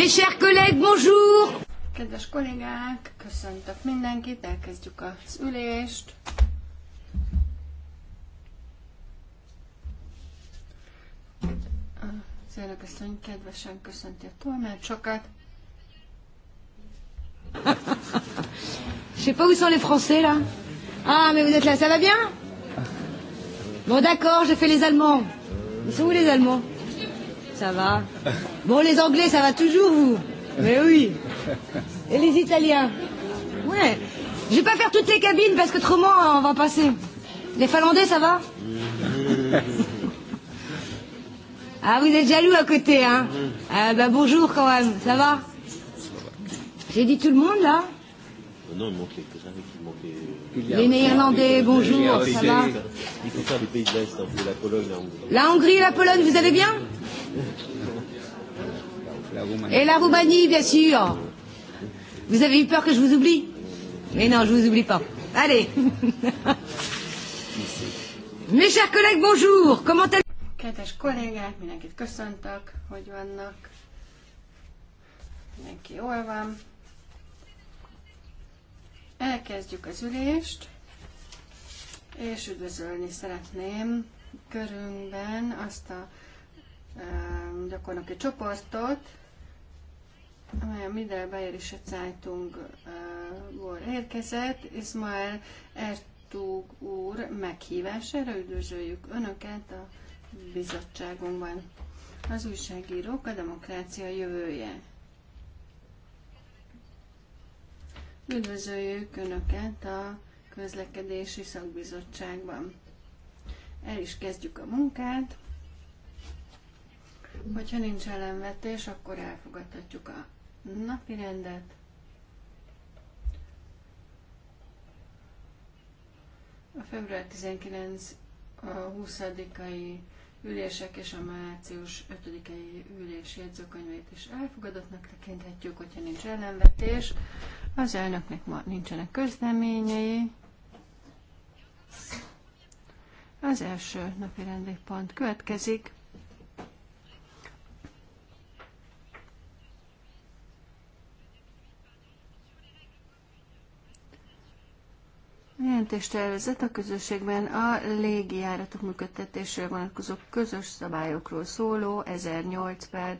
Mes chers collègues, bonjour! Kedves kollégák, köszöntök mindenkit, elkezdjük az ülést. Az elnökasszony kedvesen köszönti a tolmácsokat. Je sais pas où sont les Français là. Ah, mais vous êtes là, ça va bien Bon d'accord, je fais les Allemands. Ils sont où les Allemands ça va. Bon, les Anglais, ça va toujours, vous Mais oui. Et les Italiens Ouais. Je vais pas faire toutes les cabines parce que trop moins on va passer. Les Finlandais, ça va Ah, vous êtes jaloux à côté, hein mm. Ah, bah bonjour quand même, ça va J'ai dit tout le monde, là euh, Non, il manque les Les Néerlandais, bonjour, ça va Il faut faire des pays de l'Est, la Pologne, la Hongrie. La Hongrie et la Pologne, vous allez bien Et la Roumanie, bien sûr. Vous avez eu peur que je vous oublie Mais non, je vous oublie pas. Allez. Mes chers collègues, bonjour. Comment allez vous Kedves kollégák, mindenkit köszöntök, hogy vannak. Mindenki jól van. Elkezdjük az ülést, és üdvözölni szeretném körünkben azt a gyakornoki csoportot, amely a Midel Beérise Zeitungból érkezett. Ismael Ertug úr meghívására üdvözöljük Önöket a bizottságunkban. Az újságírók a demokrácia jövője Üdvözöljük Önöket a közlekedési szakbizottságban. El is kezdjük a munkát. Hogyha nincs ellenvetés, akkor elfogadhatjuk a napi rendet. A február 19 a 20-ai ülések és a március 5 ai ülés jegyzőkönyvét is elfogadottnak tekinthetjük, hogyha nincs ellenvetés, az elnöknek ma nincsenek közleményei. Az első napi rendi pont következik. Jelentéstervezet a közösségben a légijáratok működtetésre vonatkozó közös szabályokról szóló 1008 per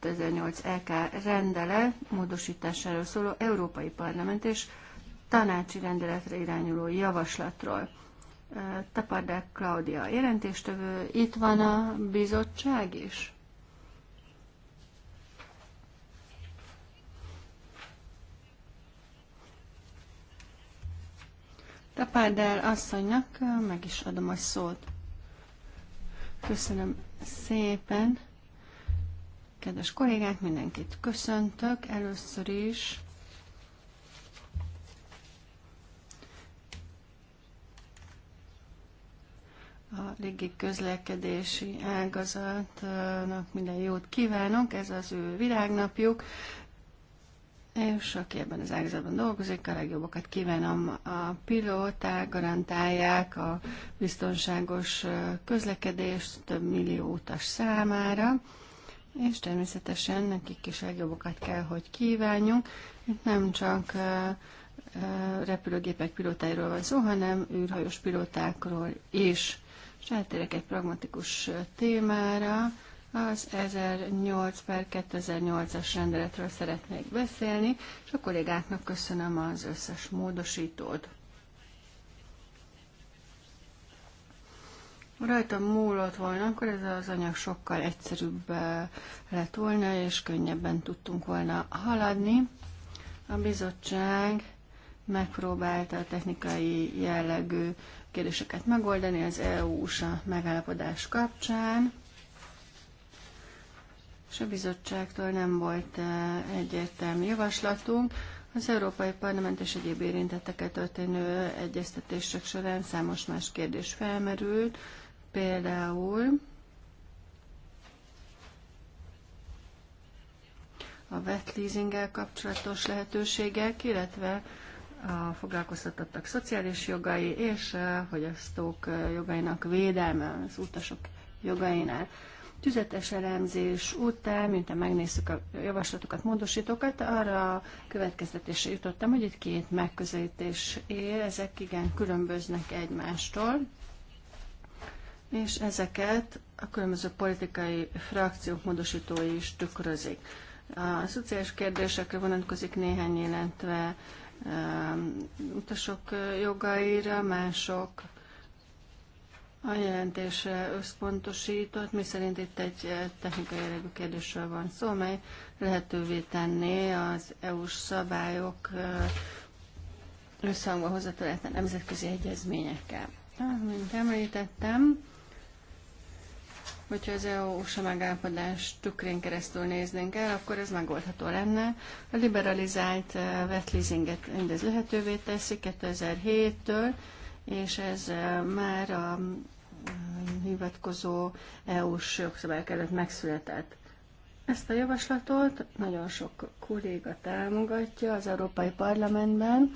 2008 EK e rendele módosításáról szóló Európai Parlament és tanácsi rendeletre irányuló javaslatról. Tapardák Klaudia jelentéstövő, itt van a bizottság is. Tapárdál asszonynak meg is adom a szót. Köszönöm szépen. Kedves kollégák, mindenkit köszöntök. Először is a légi közlekedési ágazatnak minden jót kívánok, ez az ő világnapjuk, és aki ebben az ágazatban dolgozik, a legjobbakat kívánom. A pilóták garantálják a biztonságos közlekedést több millió utas számára és természetesen nekik is legjobbokat kell, hogy kívánjunk. Itt nem csak repülőgépek pilótáiról van szó, hanem űrhajós pilótákról is. És eltérek egy pragmatikus témára, az 1008 per 2008-as rendeletről szeretnék beszélni, és a kollégáknak köszönöm az összes módosítót. rajtam múlott volna, akkor ez az anyag sokkal egyszerűbb eh, lett volna, és könnyebben tudtunk volna haladni. A bizottság megpróbálta a technikai jellegű kérdéseket megoldani az EU-USA megállapodás kapcsán, és a bizottságtól nem volt eh, egyértelmű javaslatunk. Az Európai Parlament és egyéb érintetteket történő egyeztetések során számos más kérdés felmerült, Például a vet leasinggel kapcsolatos lehetőségek, illetve a foglalkoztatottak szociális jogai és a fogyasztók jogainak védelme az utasok jogainál. Tüzetes elemzés után, mint a megnézzük a javaslatokat, módosítókat, arra következtetésre jutottam, hogy itt két megközelítés él, ezek igen különböznek egymástól és ezeket a különböző politikai frakciók módosítói is tükrözik. A szociális kérdésekre vonatkozik néhány jelentve um, utasok jogaira, mások a jelentése összpontosított, mi szerint itt egy technikai jellegű kérdésről van szó, mely lehetővé tenné az EU-s szabályok összhangba hozatalát a nemzetközi egyezményekkel. Mint említettem, Hogyha az EU-USA megállapodás tükrén keresztül néznénk el, akkor ez megoldható lenne. A liberalizált vetlizinget eh, mindez lehetővé teszi 2007-től, és ez eh, már a mm, hivatkozó EU-s jogszabályok előtt megszületett. Ezt a javaslatot nagyon sok kolléga támogatja az Európai Parlamentben,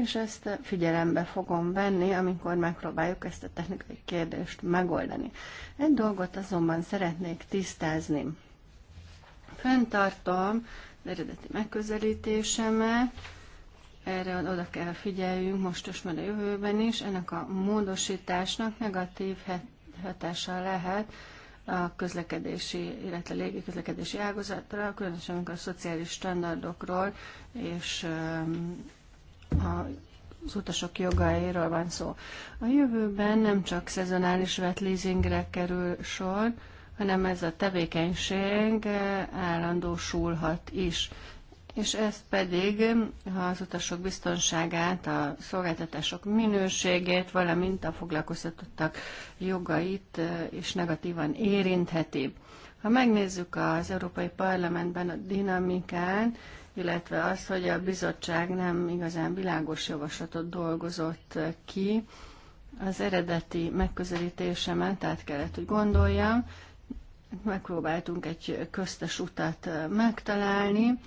és ezt figyelembe fogom venni, amikor megpróbáljuk ezt a technikai kérdést megoldani. Egy dolgot azonban szeretnék tisztázni. Fentartom az eredeti megközelítésemet, erre oda kell figyeljünk most is, mert a jövőben is, ennek a módosításnak negatív hatása lehet a közlekedési, illetve légi közlekedési ágazatra, különösen amikor a szociális standardokról és az utasok jogairól van szó. A jövőben nem csak szezonális leasingre kerül sor, hanem ez a tevékenység eh, állandósulhat is. És ez pedig ha az utasok biztonságát, a szolgáltatások minőségét, valamint a foglalkoztatottak jogait eh, is negatívan érintheti. Ha megnézzük az Európai Parlamentben a dinamikán, illetve az, hogy a bizottság nem igazán világos javaslatot dolgozott ki. Az eredeti megközelítésemen, át kellett, hogy gondoljam. Megpróbáltunk egy köztes utat megtalálni.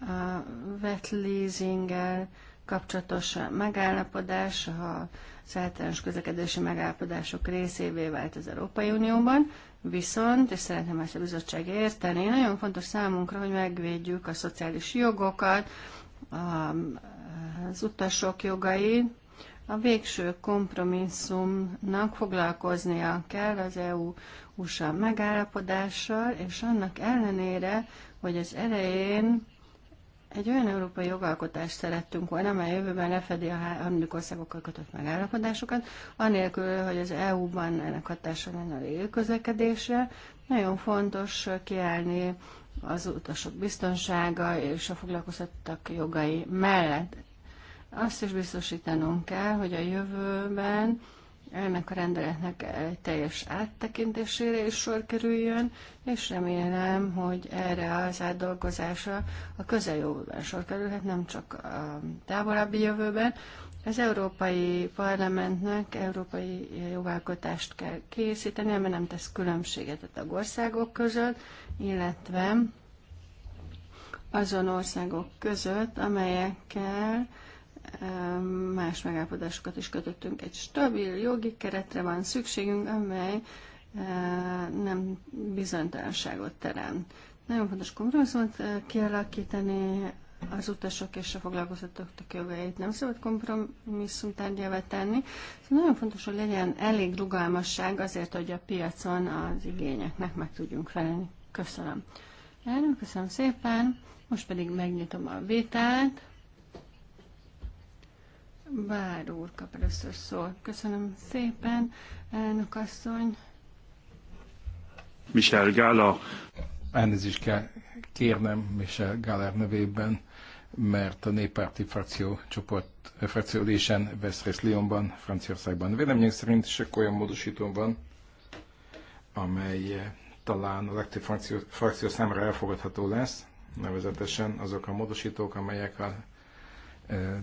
A wet leasinggel kapcsolatos megállapodás, ha az általános közlekedési megállapodások részévé vált az Európai Unióban. Viszont, és szeretném ezt a bizottság érteni, nagyon fontos számunkra, hogy megvédjük a szociális jogokat, az utasok jogait. A végső kompromisszumnak foglalkoznia kell az EU-USA megállapodással, és annak ellenére, hogy az elején egy olyan európai jogalkotást szerettünk volna, amely jövőben lefedi a harmadik országokkal kötött megállapodásokat, anélkül, hogy az EU-ban ennek hatása lenne a légközlekedésre. Nagyon fontos kiállni az utasok biztonsága és a foglalkoztattak jogai mellett. Azt is biztosítanunk kell, hogy a jövőben ennek a rendeletnek e, teljes áttekintésére is sor kerüljön, és remélem, hogy erre az átdolgozása a közeljövőben sor kerülhet, nem csak a távolabbi jövőben. Az Európai Parlamentnek európai jogalkotást kell készíteni, mert nem tesz különbséget a tagországok között, illetve azon országok között, amelyekkel más megállapodásokat is kötöttünk. Egy stabil jogi keretre van szükségünk, amely eh, nem bizonytalanságot terem. Nagyon fontos kompromisszumot eh, kialakítani, az utasok és a foglalkoztatottak jogait nem szabad kompromisszum tárgyává tenni. Szóval nagyon fontos, hogy legyen elég rugalmasság azért, hogy a piacon az igényeknek meg tudjunk felelni. Köszönöm. Elnök, köszönöm szépen. Most pedig megnyitom a vételt. Bár úr kap először szól. Köszönöm szépen, elnök asszony. Michel Gála. Elnézést kell kérnem Michel Gáler nevében, mert a néppárti frakció csoport eh, frakciódésen vesz részt Lyonban, Franciaországban. Véleményem szerint sok olyan módosítom van, amely eh, talán a legtöbb frakció, frakció számára elfogadható lesz, nevezetesen azok a módosítók, amelyek a eh,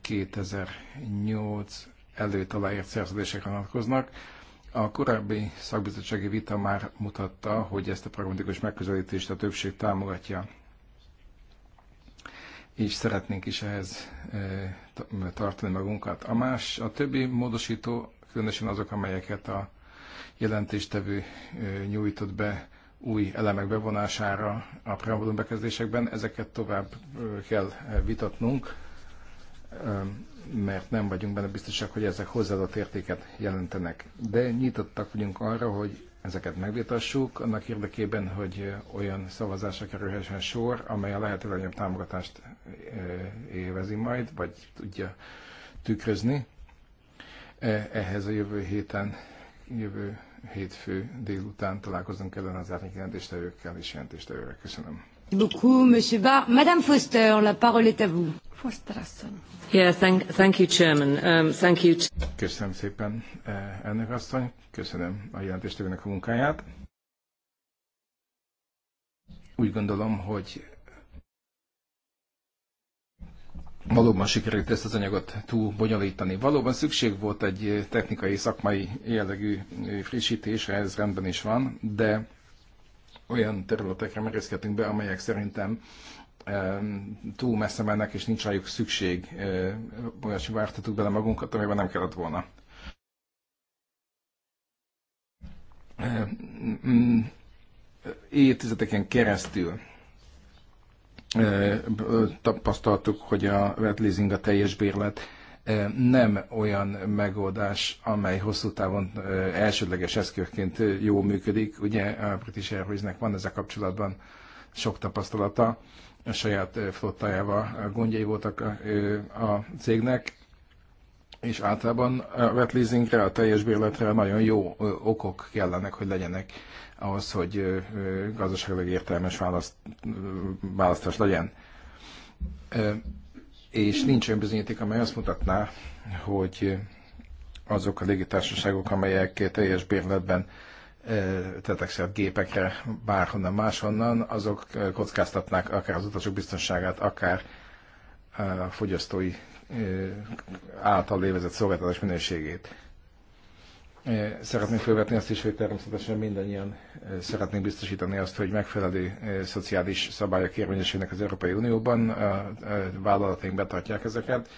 2008 előtt aláírt szerződésekre vonatkoznak. A korábbi szakbizottsági vita már mutatta, hogy ezt a pragmatikus megközelítést a többség támogatja, és szeretnénk is ehhez tartani magunkat. A más, a többi módosító, különösen azok, amelyeket a jelentéstevő nyújtott be új elemek bevonására a preambulum bekezdésekben, ezeket tovább kell vitatnunk mert nem vagyunk benne biztosak, hogy ezek hozzáadott értéket jelentenek. De nyitottak vagyunk arra, hogy ezeket megvitassuk, annak érdekében, hogy olyan szavazásra kerülhessen sor, amely a lehető legnagyobb támogatást élvezi majd, vagy tudja tükrözni. E, ehhez a jövő héten, jövő hétfő délután találkozunk ellen az árnyék jelentéstevőkkel és jelentéstevőre. Köszönöm. Beaucoup, Monsieur Barr. Madame Foster, la parole est à vous. Yeah, thank, thank you, Chairman. Um, thank you. Köszönöm szépen, eh, elnök asszony. Köszönöm a jelentéstevőnek a munkáját. Úgy gondolom, hogy valóban sikerült ezt az anyagot túl bonyolítani. Valóban szükség volt egy technikai, szakmai jellegű eh, frissítésre, ez rendben is van, de olyan területekre merészkedtünk be, amelyek szerintem túl messze mennek, és nincs rájuk szükség, olyasmi vártatuk bele magunkat, amiben nem kellett volna. Mm, évtizedeken keresztül tapasztaltuk, hogy a wetleasing a teljes bérlet nem olyan megoldás, amely hosszú távon elsődleges eszközként jó működik. Ugye a British Airwaysnek van ezzel kapcsolatban sok tapasztalata, a saját flottájával gondjai voltak a cégnek, és általában a wet leasingre, a teljes bérletre nagyon jó okok kellenek, hogy legyenek ahhoz, hogy gazdaságilag értelmes választás legyen és nincs olyan bizonyíték, amely azt mutatná, hogy azok a légitársaságok, amelyek teljes bérletben e, tettek szert gépekre bárhonnan máshonnan, azok kockáztatnák akár az utasok biztonságát, akár a fogyasztói e, által lévezett szolgáltatás minőségét. Szeretném felvetni azt is, hogy természetesen mindannyian szeretnénk biztosítani azt, hogy megfelelő szociális szabályok érvényesülnek az Európai Unióban, a vállalataink betartják ezeket,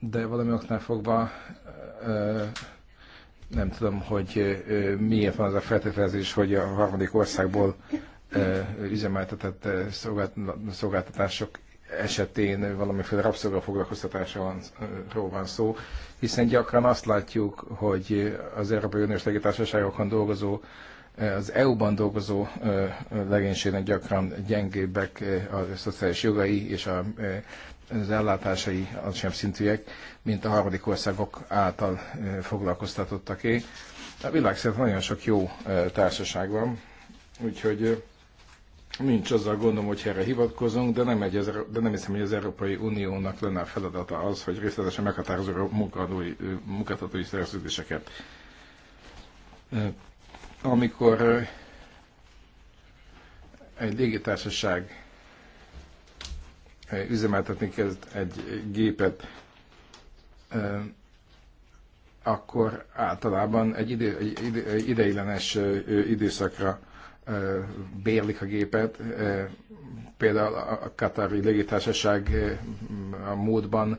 de valami oknál fogva nem tudom, hogy miért van az a feltételezés, hogy a harmadik országból üzemeltetett szolgáltatások esetén valamiféle foglalkoztatásról van szó, hiszen gyakran azt látjuk, hogy az Európai Uniós Legitársaságokon dolgozó, az EU-ban dolgozó legénységnek gyakran gyengébbek a szociális jogai és a, az ellátásai sem szintűek, mint a harmadik országok által foglalkoztatottaké. A világszerte nagyon sok jó társaság van, úgyhogy Nincs azzal gondom, hogy erre hivatkozunk, de nem, egy, de nem hiszem, hogy az Európai Uniónak lenne a feladata az, hogy részletesen meghatározó munkadói, munkáltatói szerződéseket. Amikor egy légitársaság üzemeltetni kezd egy gépet, akkor általában egy, ide, egy ide, ideiglenes időszakra bérlik a gépet. Például a Katari légitársaság a módban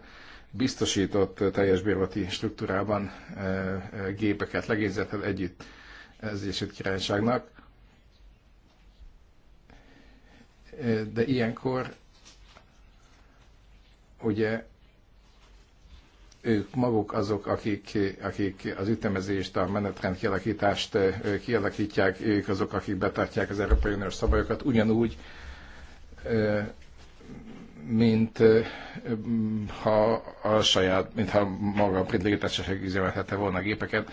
biztosított teljes bérleti struktúrában gépeket legézetet együtt az Egyesült Királyságnak. De ilyenkor ugye ők maguk azok, akik, akik az ütemezést, a menetrend kialakítást eh, kialakítják, ők azok, akik betartják az Európai Uniós szabályokat, ugyanúgy, eh, mint eh, ha a saját, mint ha maga a brit légitársaság üzemelhette volna a gépeket.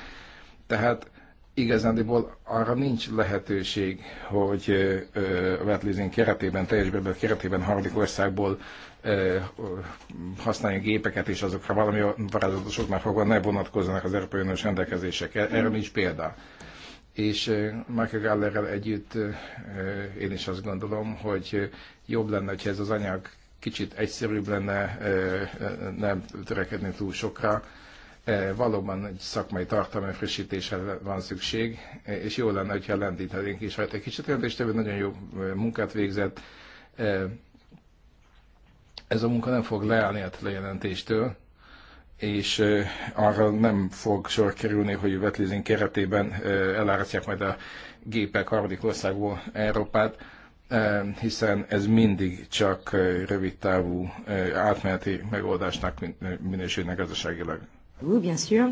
Tehát igazándiból arra nincs lehetőség, hogy a vetleasing keretében, teljes keretében harmadik országból használjon gépeket, és azokra valami már fogva ne vonatkozzanak az Európai Uniós rendelkezések. Erről mm. nincs példa. És Michael Gallerrel együtt én is azt gondolom, hogy jobb lenne, hogyha ez az anyag kicsit egyszerűbb lenne, nem törekedni túl sokra. Valóban egy szakmai tartalmi frissítésre van szükség, és jó lenne, hogyha lendíthetnénk is rajta egy kicsit. és nagyon jó munkát végzett, ez a munka nem fog leállni a lejelentéstől, és arra nem fog sor kerülni, hogy wetleasing keretében elárasztják majd a gépek harmadik országból Európát, hiszen ez mindig csak rövidtávú átmeneti megoldásnak minősülnek gazdaságilag. Bien sûr.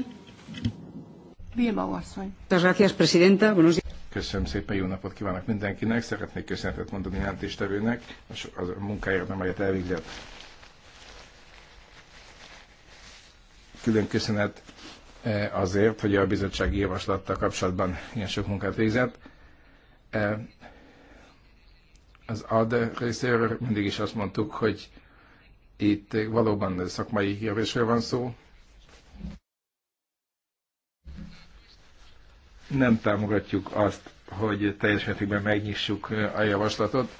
Bilbao asszony. Gracias, presidenta. Buenos Köszönöm szépen, jó napot kívánok mindenkinek. Szeretnék köszönetet mondani jelentéstevőnek a munkáért, amelyet elvégzett. Külön köszönet e, azért, hogy a bizottsági javaslattal kapcsolatban ilyen sok munkát végzett. E, az AD részéről mindig is azt mondtuk, hogy itt valóban szakmai javésről van szó, nem támogatjuk azt, hogy teljes mértékben megnyissuk a javaslatot.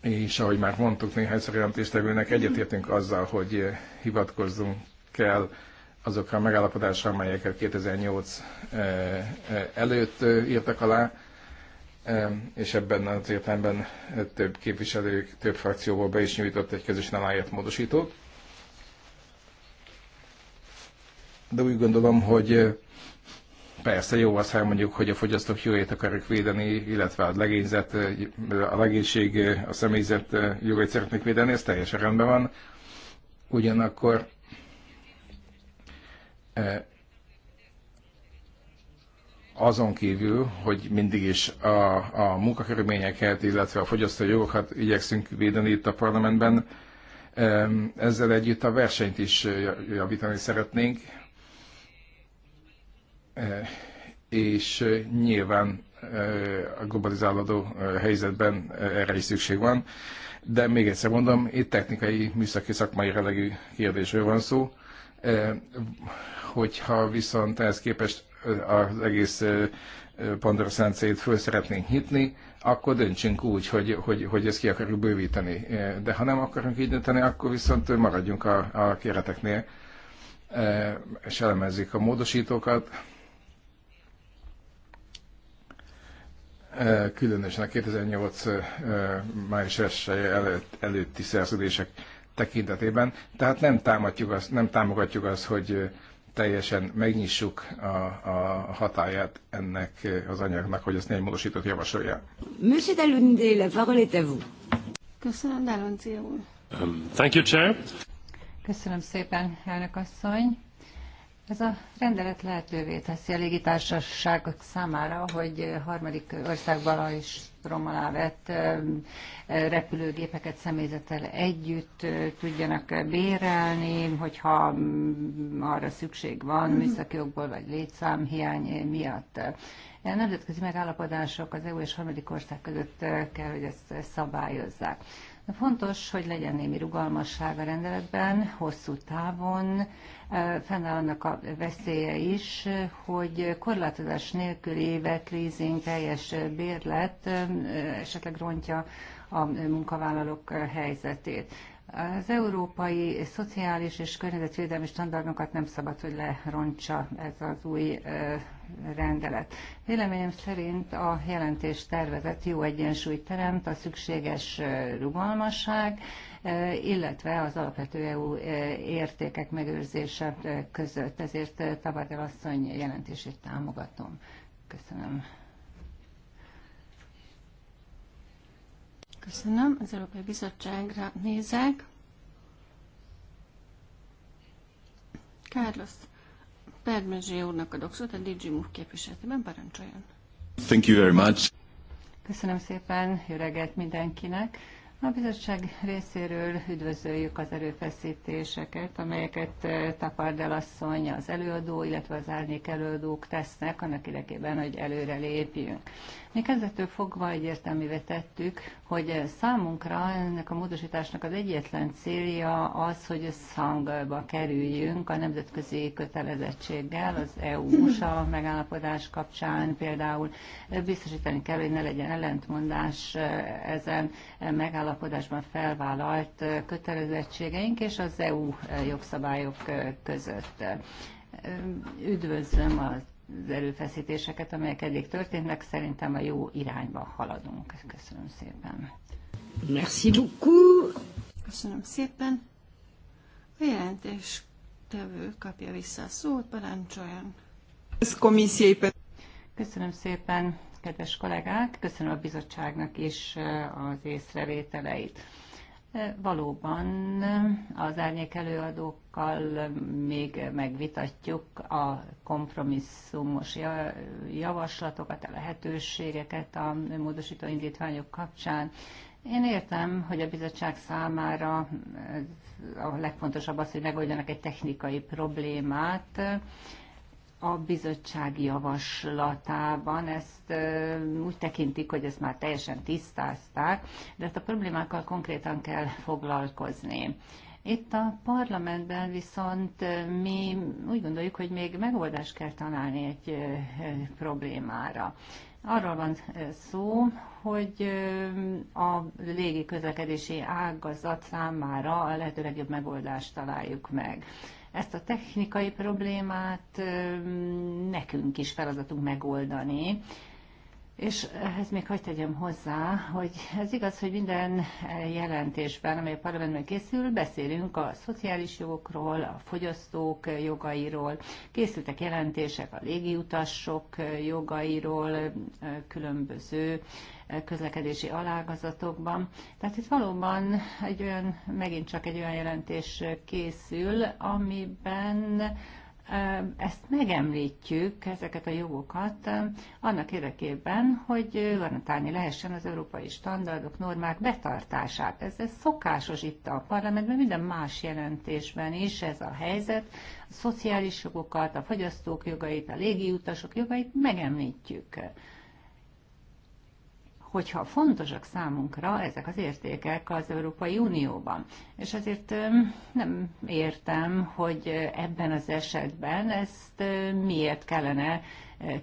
És ahogy már mondtuk néhány jelentéstevőnek, egyetértünk azzal, hogy hivatkozzunk kell azokra a megállapodásra, amelyeket 2008 előtt írtak alá, és ebben az értelemben több képviselő, több frakcióból be is nyújtott egy közösen aláírt módosítót. de úgy gondolom, hogy persze jó az, ha mondjuk, hogy a fogyasztók jogait akarjuk védeni, illetve a legényzet, a legénység, a személyzet jogait szeretnék védeni, ez teljesen rendben van. Ugyanakkor azon kívül, hogy mindig is a, a munkakörülményeket, illetve a fogyasztói jogokat igyekszünk védeni itt a parlamentben, ezzel együtt a versenyt is javítani szeretnénk, Eh, és eh, nyilván eh, a globalizálódó helyzetben erre is szükség van. De még egyszer mondom, itt technikai, műszaki, szakmai relegű kérdésről van szó. Hogyha viszont ehhez képest az egész Pandora szentszét föl szeretnénk nyitni, akkor döntsünk úgy, hogy, hogy, hogy ezt ki akarjuk bővíteni. De ha nem akarunk így dönteni, akkor viszont maradjunk a, a kéreteknél, és elemezzük a módosítókat, különösen a 2008 május esélye előtt, előtti szerződések tekintetében. Tehát nem, támogatjuk azt, nem támogatjuk azt, hogy teljesen megnyissuk a, a hatáját ennek az anyagnak, hogy ezt négy módosítót javasolja. Monsieur Dalunde, la parole est à vous. Köszönöm, Dalunde úr. Um, thank you, Chair. Köszönöm szépen, elnök asszony. Ez a rendelet lehetővé teszi a légitársaságok számára, hogy harmadik országban is rom alá vett repülőgépeket személyzettel együtt tudjanak bérelni, hogyha mm, arra szükség van mhm. műszaki okból vagy létszámhiány miatt. A nemzetközi megállapodások az EU és harmadik ország között kell, hogy ezt szabályozzák. Fontos, hogy legyen némi rugalmasság a rendeletben, hosszú távon, fennáll annak a veszélye is, hogy korlátozás nélkül évek, leasing, teljes bérlet esetleg rontja a munkavállalók helyzetét. Az európai szociális és környezetvédelmi standardokat nem szabad, hogy lerontsa ez az új rendelet. Véleményem szerint a jelentés tervezet jó egyensúlyt teremt, a szükséges rugalmasság, illetve az alapvető EU értékek megőrzése között. Ezért Tabardel asszony jelentését támogatom. Köszönöm. Köszönöm. Az Európai Bizottságra nézek. Carlos. Permezsé úrnak adok szót, a DG Move képviseletében parancsoljon. Thank you very much. Köszönöm szépen, jó reggelt mindenkinek. A bizottság részéről üdvözöljük az erőfeszítéseket, amelyeket eh, Tapardel asszony, az előadó, illetve az árnyék előadók tesznek annak érdekében, hogy előre lépjünk. Mi kezdettől fogva egyértelművé tettük, hogy számunkra ennek a módosításnak az egyetlen célja az, hogy összhangba kerüljünk a nemzetközi kötelezettséggel, az EU-USA megállapodás kapcsán például biztosítani kell, hogy ne legyen ellentmondás eh, ezen megállapodás megállapodásban felvállalt kötelezettségeink és az EU jogszabályok között. Üdvözlöm az erőfeszítéseket, amelyek eddig történnek, szerintem a jó irányba haladunk. Köszönöm szépen. Merci beaucoup. Köszönöm szépen. A jelentés tevő kapja vissza a szót, parancsoljon. Köszönöm szépen kedves kollégák, köszönöm a bizottságnak is az észrevételeit. Valóban az árnyék előadókkal még megvitatjuk a kompromisszumos javaslatokat, a lehetőségeket a módosító indítványok kapcsán. Én értem, hogy a bizottság számára a legfontosabb az, hogy megoldjanak egy technikai problémát, a bizottság javaslatában ezt úgy tekintik, hogy ezt már teljesen tisztázták, de ezt hát a problémákkal konkrétan kell foglalkozni. Itt a parlamentben viszont mi úgy gondoljuk, hogy még megoldást kell találni egy problémára. Arról van szó, hogy a légi közlekedési ágazat számára a lehető legjobb megoldást találjuk meg. Ezt a technikai problémát nekünk is feladatunk megoldani. És ehhez még hagyd tegyem hozzá, hogy ez igaz, hogy minden jelentésben, amely a parlamentben készül, beszélünk a szociális jogokról, a fogyasztók jogairól, készültek jelentések a légiutasok jogairól, különböző közlekedési alágazatokban. Tehát itt valóban egy olyan, megint csak egy olyan jelentés készül, amiben ezt megemlítjük, ezeket a jogokat, annak érdekében, hogy garantálni lehessen az európai standardok, normák betartását. Ez, ez szokásos itt a parlamentben, minden más jelentésben is ez a helyzet. A szociális jogokat, a fogyasztók jogait, a légiutasok jogait megemlítjük hogyha fontosak számunkra ezek az értékek az Európai Unióban. És azért nem értem, hogy ebben az esetben ezt miért kellene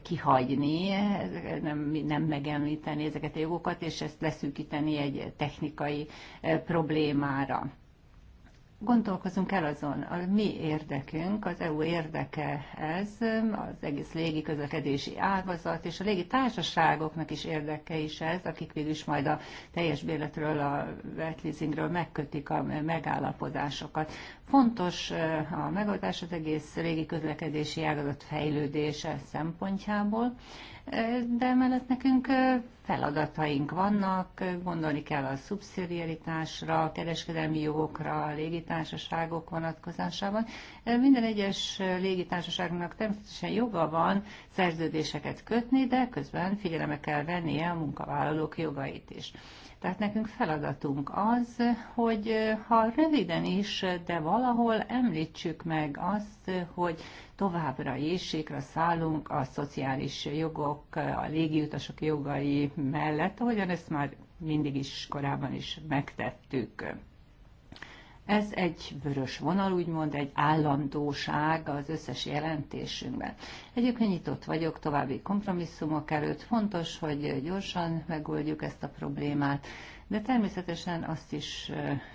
kihagyni, nem, nem megemlíteni ezeket a jogokat, és ezt leszűkíteni egy technikai problémára gondolkozunk el azon, a mi érdekünk, az EU érdeke ez, az egész légi közlekedési ágazat, és a légi társaságoknak is érdeke is ez, akik végül is majd a teljes bérletről, a wetleasingről megkötik a megállapodásokat. Fontos eh, a megoldás az egész légi közlekedési ágazat fejlődése szempontjából, eh, de mellett nekünk eh, feladataink vannak, gondolni kell a szubszidiaritásra, a kereskedelmi jogokra, a légitársaságok vonatkozásában. Minden egyes légitársaságnak természetesen joga van szerződéseket kötni, de közben figyelembe kell vennie a munkavállalók jogait is. Tehát nekünk feladatunk az, hogy ha röviden is, de valahol említsük meg azt, hogy továbbra is éjségre szállunk a szociális jogok, a légiutasok jogai mellett, ahogyan ezt már mindig is korábban is megtettük. Ez egy vörös vonal, úgymond egy állandóság az összes jelentésünkben. Egyébként nyitott vagyok további kompromisszumok előtt. Fontos, hogy gyorsan megoldjuk ezt a problémát, de természetesen azt is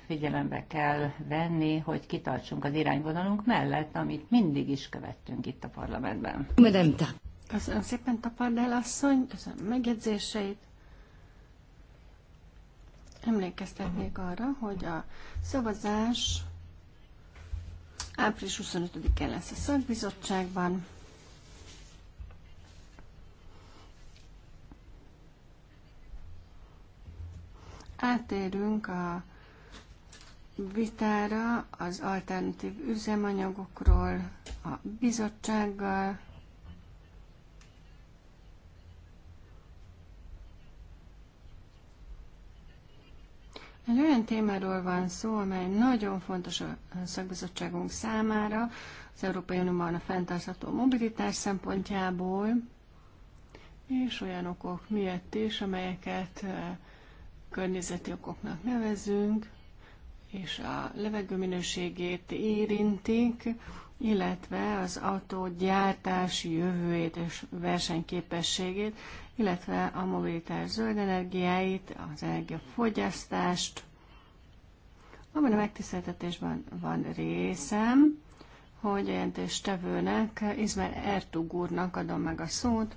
figyelembe kell venni, hogy kitartsunk az irányvonalunk mellett, amit mindig is követtünk itt a parlamentben. Madame Köszönöm szépen, Tapardel asszony, köszönöm megjegyzéseit. Emlékeztetnék arra, hogy a szavazás április 25-én lesz a szakbizottságban. Átérünk a vitára az alternatív üzemanyagokról, a bizottsággal, Egy olyan témáról van szó, amely nagyon fontos a szakbizottságunk számára, az Európai Unióban a fenntartható mobilitás szempontjából, és olyan okok miatt is, amelyeket környezeti okoknak nevezünk, és a levegő minőségét érintik, illetve az autógyártási jövőjét és versenyképességét, illetve a mobilitás zöld energiáit, az energiafogyasztást. Abban a megtiszteltetésben van részem, hogy a jelentéstevőnek, Izmer Ertug úrnak adom meg a szót,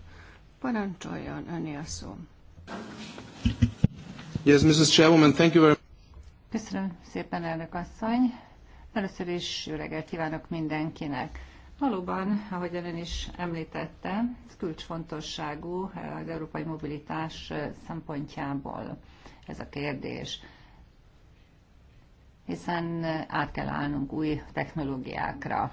parancsoljon öné a szó. Yes, Mrs. Chairwoman, thank you very much. Köszönöm szépen, elnök asszony. Először is jó reggelt kívánok mindenkinek. Valóban, ahogy ön is említette, ez kulcsfontosságú eh, az európai mobilitás eh, szempontjából ez a kérdés hiszen eh, át kell állnunk új technológiákra.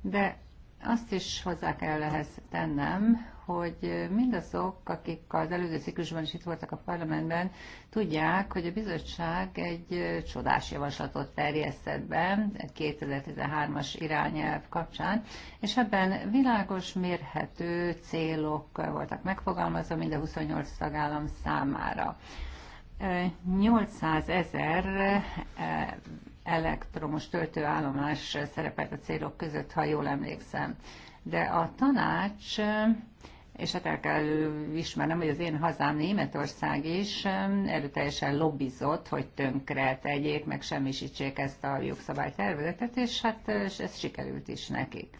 De azt is hozzá kell ehhez tennem, hogy mindazok, akik az előző ciklusban is itt voltak a parlamentben, tudják, hogy a bizottság egy csodás javaslatot terjesztett be 2013-as irányelv kapcsán, és ebben világos, mérhető célok voltak megfogalmazva mind a 28 tagállam számára. 800 ezer eh, elektromos töltőállomás szerepelt a célok között, ha jól emlékszem de a tanács és hát el kell ismernem, hogy az én hazám Németország is erőteljesen lobbizott, hogy tönkre tegyék, meg semmisítsék ezt a jogszabálytervezetet, és hát és ez sikerült is nekik.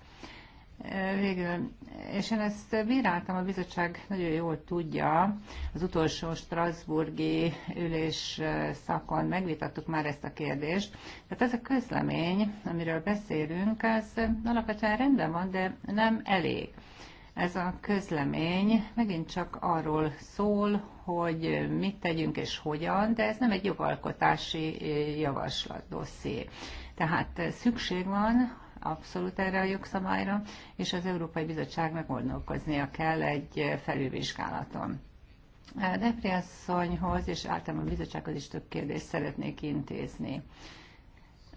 Végül, és én ezt bíráltam, a bizottság nagyon jól tudja, az utolsó Strasburgi ülés szakon megvitattuk már ezt a kérdést. Tehát ez a közlemény, amiről beszélünk, az alapvetően rendben van, de nem elég. Ez a közlemény megint csak arról szól, hogy mit tegyünk és hogyan, de ez nem egy jogalkotási javaslat dosszié. Tehát szükség van abszolút erre a jogszabályra, és az Európai Bizottságnak gondolkoznia kell egy felülvizsgálaton. Depri asszonyhoz és általában a bizottsághoz is több kérdést szeretnék intézni.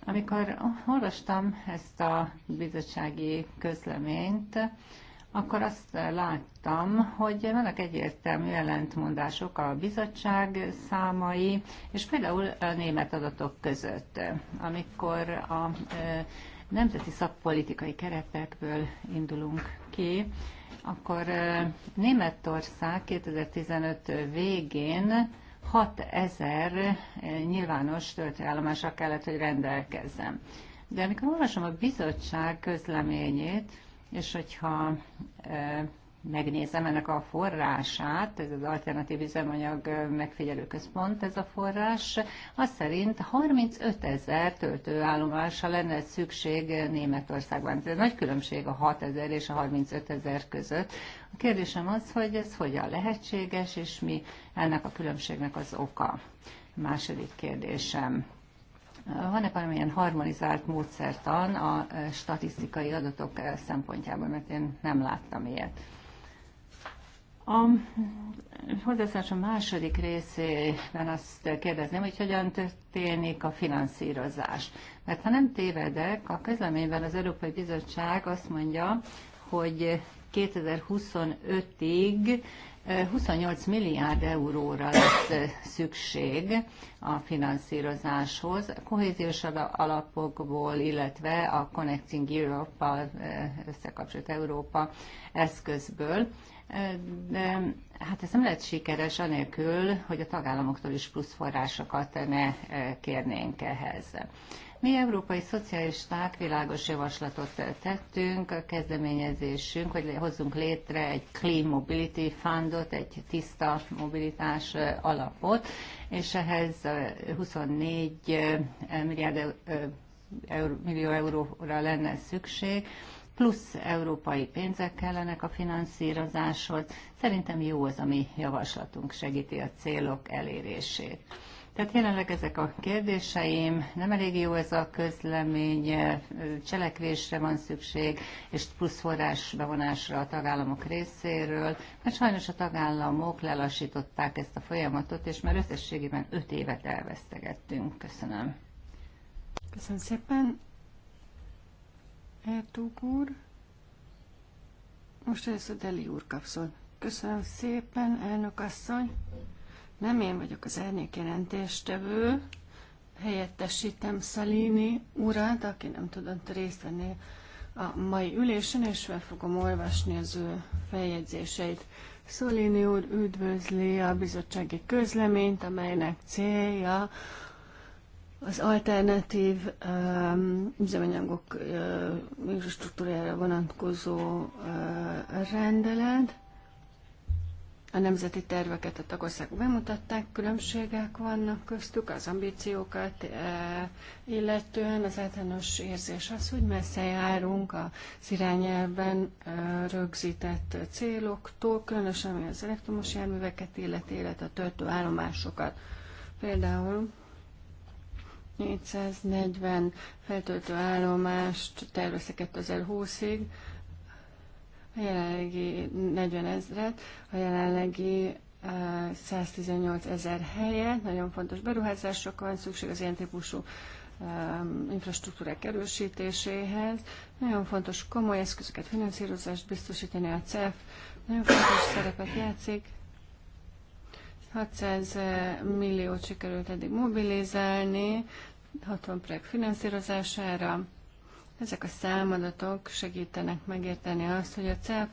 Amikor olvastam ezt a bizottsági közleményt, akkor azt láttam, hogy vannak egyértelmű ellentmondások a bizottság számai, és például a német adatok között. Amikor a nemzeti szakpolitikai keretekből indulunk ki, akkor Németország 2015 végén 6000 nyilvános töltőállomásra kellett, hogy rendelkezzen. De amikor olvasom a bizottság közleményét, és hogyha megnézem ennek a forrását, ez az Alternatív Üzemanyag Megfigyelő Központ, ez a forrás, az szerint 35 ezer töltőállomásra lenne szükség Németországban. Ez nagy különbség a 6 ezer és a 35 ezer között. A kérdésem az, hogy ez hogyan lehetséges, és mi ennek a különbségnek az oka. A második kérdésem. Van-e valamilyen harmonizált módszertan a statisztikai adatok szempontjából, mert én nem láttam ilyet. A hozzászás a második részében azt kérdezném, hogy hogyan történik a finanszírozás. Mert ha nem tévedek, a közleményben az Európai Bizottság azt mondja, hogy 2025-ig 28 eh, milliárd euróra lesz eh, szükség a finanszírozáshoz, a kohéziós alapokból, illetve a Connecting Europe-a eh, összekapcsolt Európa eszközből de hát ez nem lehet sikeres anélkül, hogy a tagállamoktól is plusz forrásokat ne kérnénk ehhez. Mi európai szocialisták világos javaslatot tettünk, a kezdeményezésünk, hogy hozzunk létre egy Clean Mobility Fundot, egy tiszta mobilitás alapot, és ehhez 24 milliárd euró, millió euróra lenne szükség, plusz európai pénzek kellenek a finanszírozáshoz. Szerintem jó az, ami javaslatunk segíti a célok elérését. Tehát jelenleg ezek a kérdéseim, nem elég jó ez a közlemény, cselekvésre van szükség, és plusz forrás bevonásra a tagállamok részéről, mert sajnos a tagállamok lelassították ezt a folyamatot, és már összességében öt évet elvesztegettünk. Köszönöm. Köszönöm szépen. Ertug úr. Most először Deli úr kapszol. Köszönöm szépen, elnök asszony. Nem én vagyok az elnök jelentéstevő, helyettesítem Szalini urat, aki nem tudott részt venni a mai ülésen, és fel fogom olvasni az ő feljegyzéseit. Szalini úr üdvözli a bizottsági közleményt, amelynek célja az alternatív um, üzemanyagok uh, struktúrájára vonatkozó uh, rendelet. A nemzeti terveket a tagországok bemutatták, különbségek vannak köztük, az ambíciókat uh, illetően az általános érzés az, hogy messze járunk az irányelben uh, rögzített céloktól, különösen ami az elektromos járműveket illeti, illetve a töltőállomásokat. Például 440 feltöltő állomást terveztek 2020-ig, a jelenlegi 40 ezret, a jelenlegi 118 ezer helyet, nagyon fontos beruházásokra van szükség az ilyen típusú infrastruktúrák erősítéséhez. Nagyon fontos komoly eszközöket, finanszírozást biztosítani a CEF, nagyon fontos szerepet játszik 600 milliót sikerült eddig mobilizálni, 60 projekt finanszírozására. Ezek a számadatok segítenek megérteni azt, hogy a CEF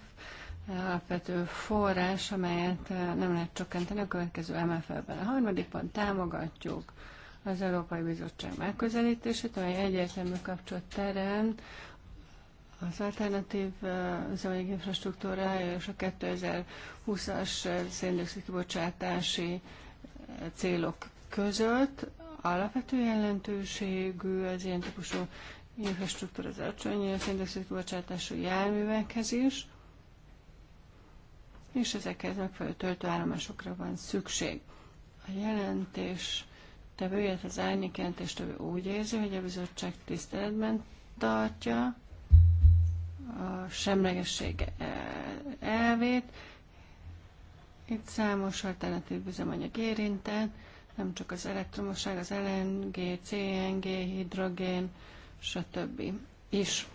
alapvető forrás, amelyet nem lehet csökkenteni a következő MFL-ben. A harmadik pont támogatjuk az Európai Bizottság megközelítését, amely egyértelmű kapcsolat teremt az alternatív üzemanyag infrastruktúrája és a 2020-as széndiokszid kibocsátási célok között alapvető jelentőségű az ilyen típusú infrastruktúra az alacsony széndiokszid kibocsátású járművekhez is, és ezekhez megfelelő töltőállomásokra van szükség. A jelentés tevője az árnyék jelentéstevő úgy érzi, hogy a bizottság tiszteletben tartja a semlegesség e, elvét. Itt számos alternatív üzemanyag érintett, nem csak az elektromosság, az LNG, CNG, hidrogén, stb. is.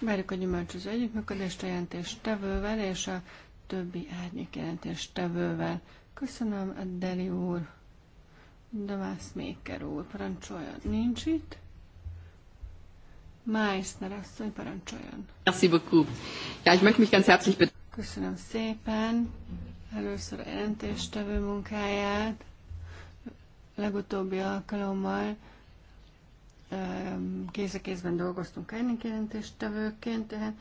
Várjuk a gyümölcsöző együttműködést a jelentéstevővel és a többi árnyék jelentéstevővel. Köszönöm, Deli úr, Domász Méker úr, parancsolja, nincs itt. Meissner asszony, parancsoljon. Merci beaucoup. Ja, ich möchte mich ganz herzlich Köszönöm szépen. Először a jelentéstevő munkáját. Legutóbbi alkalommal kéz a kézben dolgoztunk ennek jelentéstevőként, tehát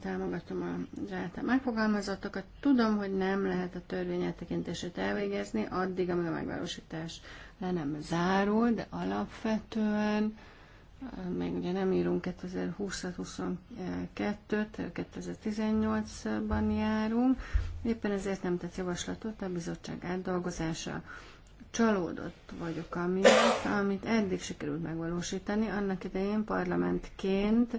támogatom a által megfogalmazottakat. Tudom, hogy nem lehet a törvény eltekintését elvégezni addig, amíg a megvalósítás le nem zárul, de alapvetően még ugye nem írunk 2020-22-t, 2018-ban járunk, éppen ezért nem tett javaslatot a bizottság átdolgozása. Csalódott vagyok amiatt, amit eddig sikerült megvalósítani, annak idején parlamentként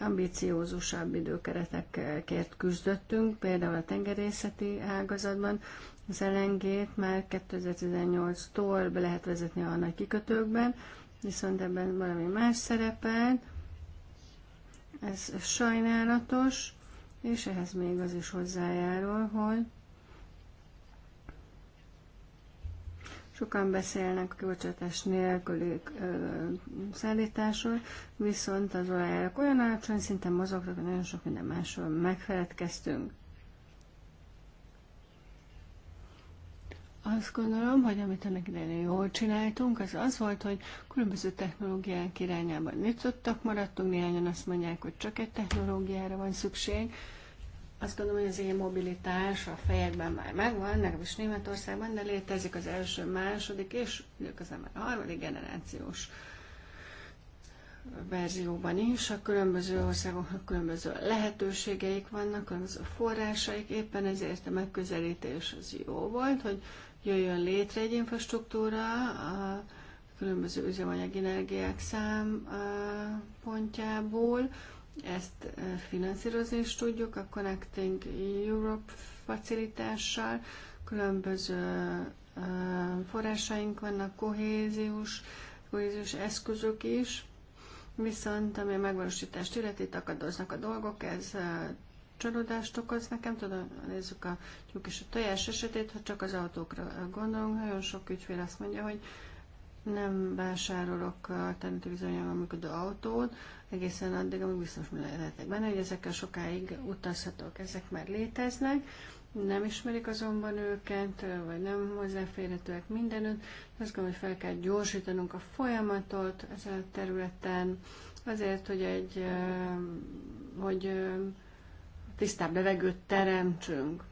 ambiciózusabb időkeretekért küzdöttünk, például a tengerészeti ágazatban, az elengét már 2018-tól be lehet vezetni a nagy kikötőkben, viszont ebben valami más szerepel. Ez sajnálatos, és ehhez még az is hozzájárul, hogy Sokan beszélnek a kibocsátás nélküli szállításról, viszont az olajárak olyan alacsony szinten mozognak, hogy nagyon sok minden másról megfeledkeztünk. Azt gondolom, hogy amit ennek idején jól csináltunk, az az volt, hogy különböző technológiák irányában nyitottak maradtunk, néhányan azt mondják, hogy csak egy technológiára van szükség. Azt gondolom, hogy az én mobilitás a fejekben már megvan, legalábbis Németországban, de létezik az első, második és időközben már a harmadik generációs verzióban is. A különböző országoknak különböző lehetőségeik vannak, különböző forrásaik, éppen ezért a megközelítés az jó volt, hogy jöjjön létre egy infrastruktúra a különböző üzemanyag energiák szempontjából. Ezt e, finanszírozni is tudjuk a Connecting Europe facilitással. Különböző e, forrásaink vannak, kohéziós, kohéziós eszközök is, viszont ami a megvalósítást illeti, takadoznak a dolgok, ez e, csalódást okoz nekem. Tudom, nézzük a tyúk és a tojás esetét, ha csak az autókra gondolunk, nagyon sok ügyfél azt mondja, hogy nem vásárolok alternatív bizonyosan működő autót, egészen addig, amíg biztos lehetek benne, hogy ezekkel sokáig utazhatok. Ezek már léteznek, nem ismerik azonban őket, vagy nem hozzáférhetőek mindenütt. Azt gondolom, hogy fel kell gyorsítanunk a folyamatot ezen a területen, azért, hogy egy, hogy tisztább levegőt teremtsünk.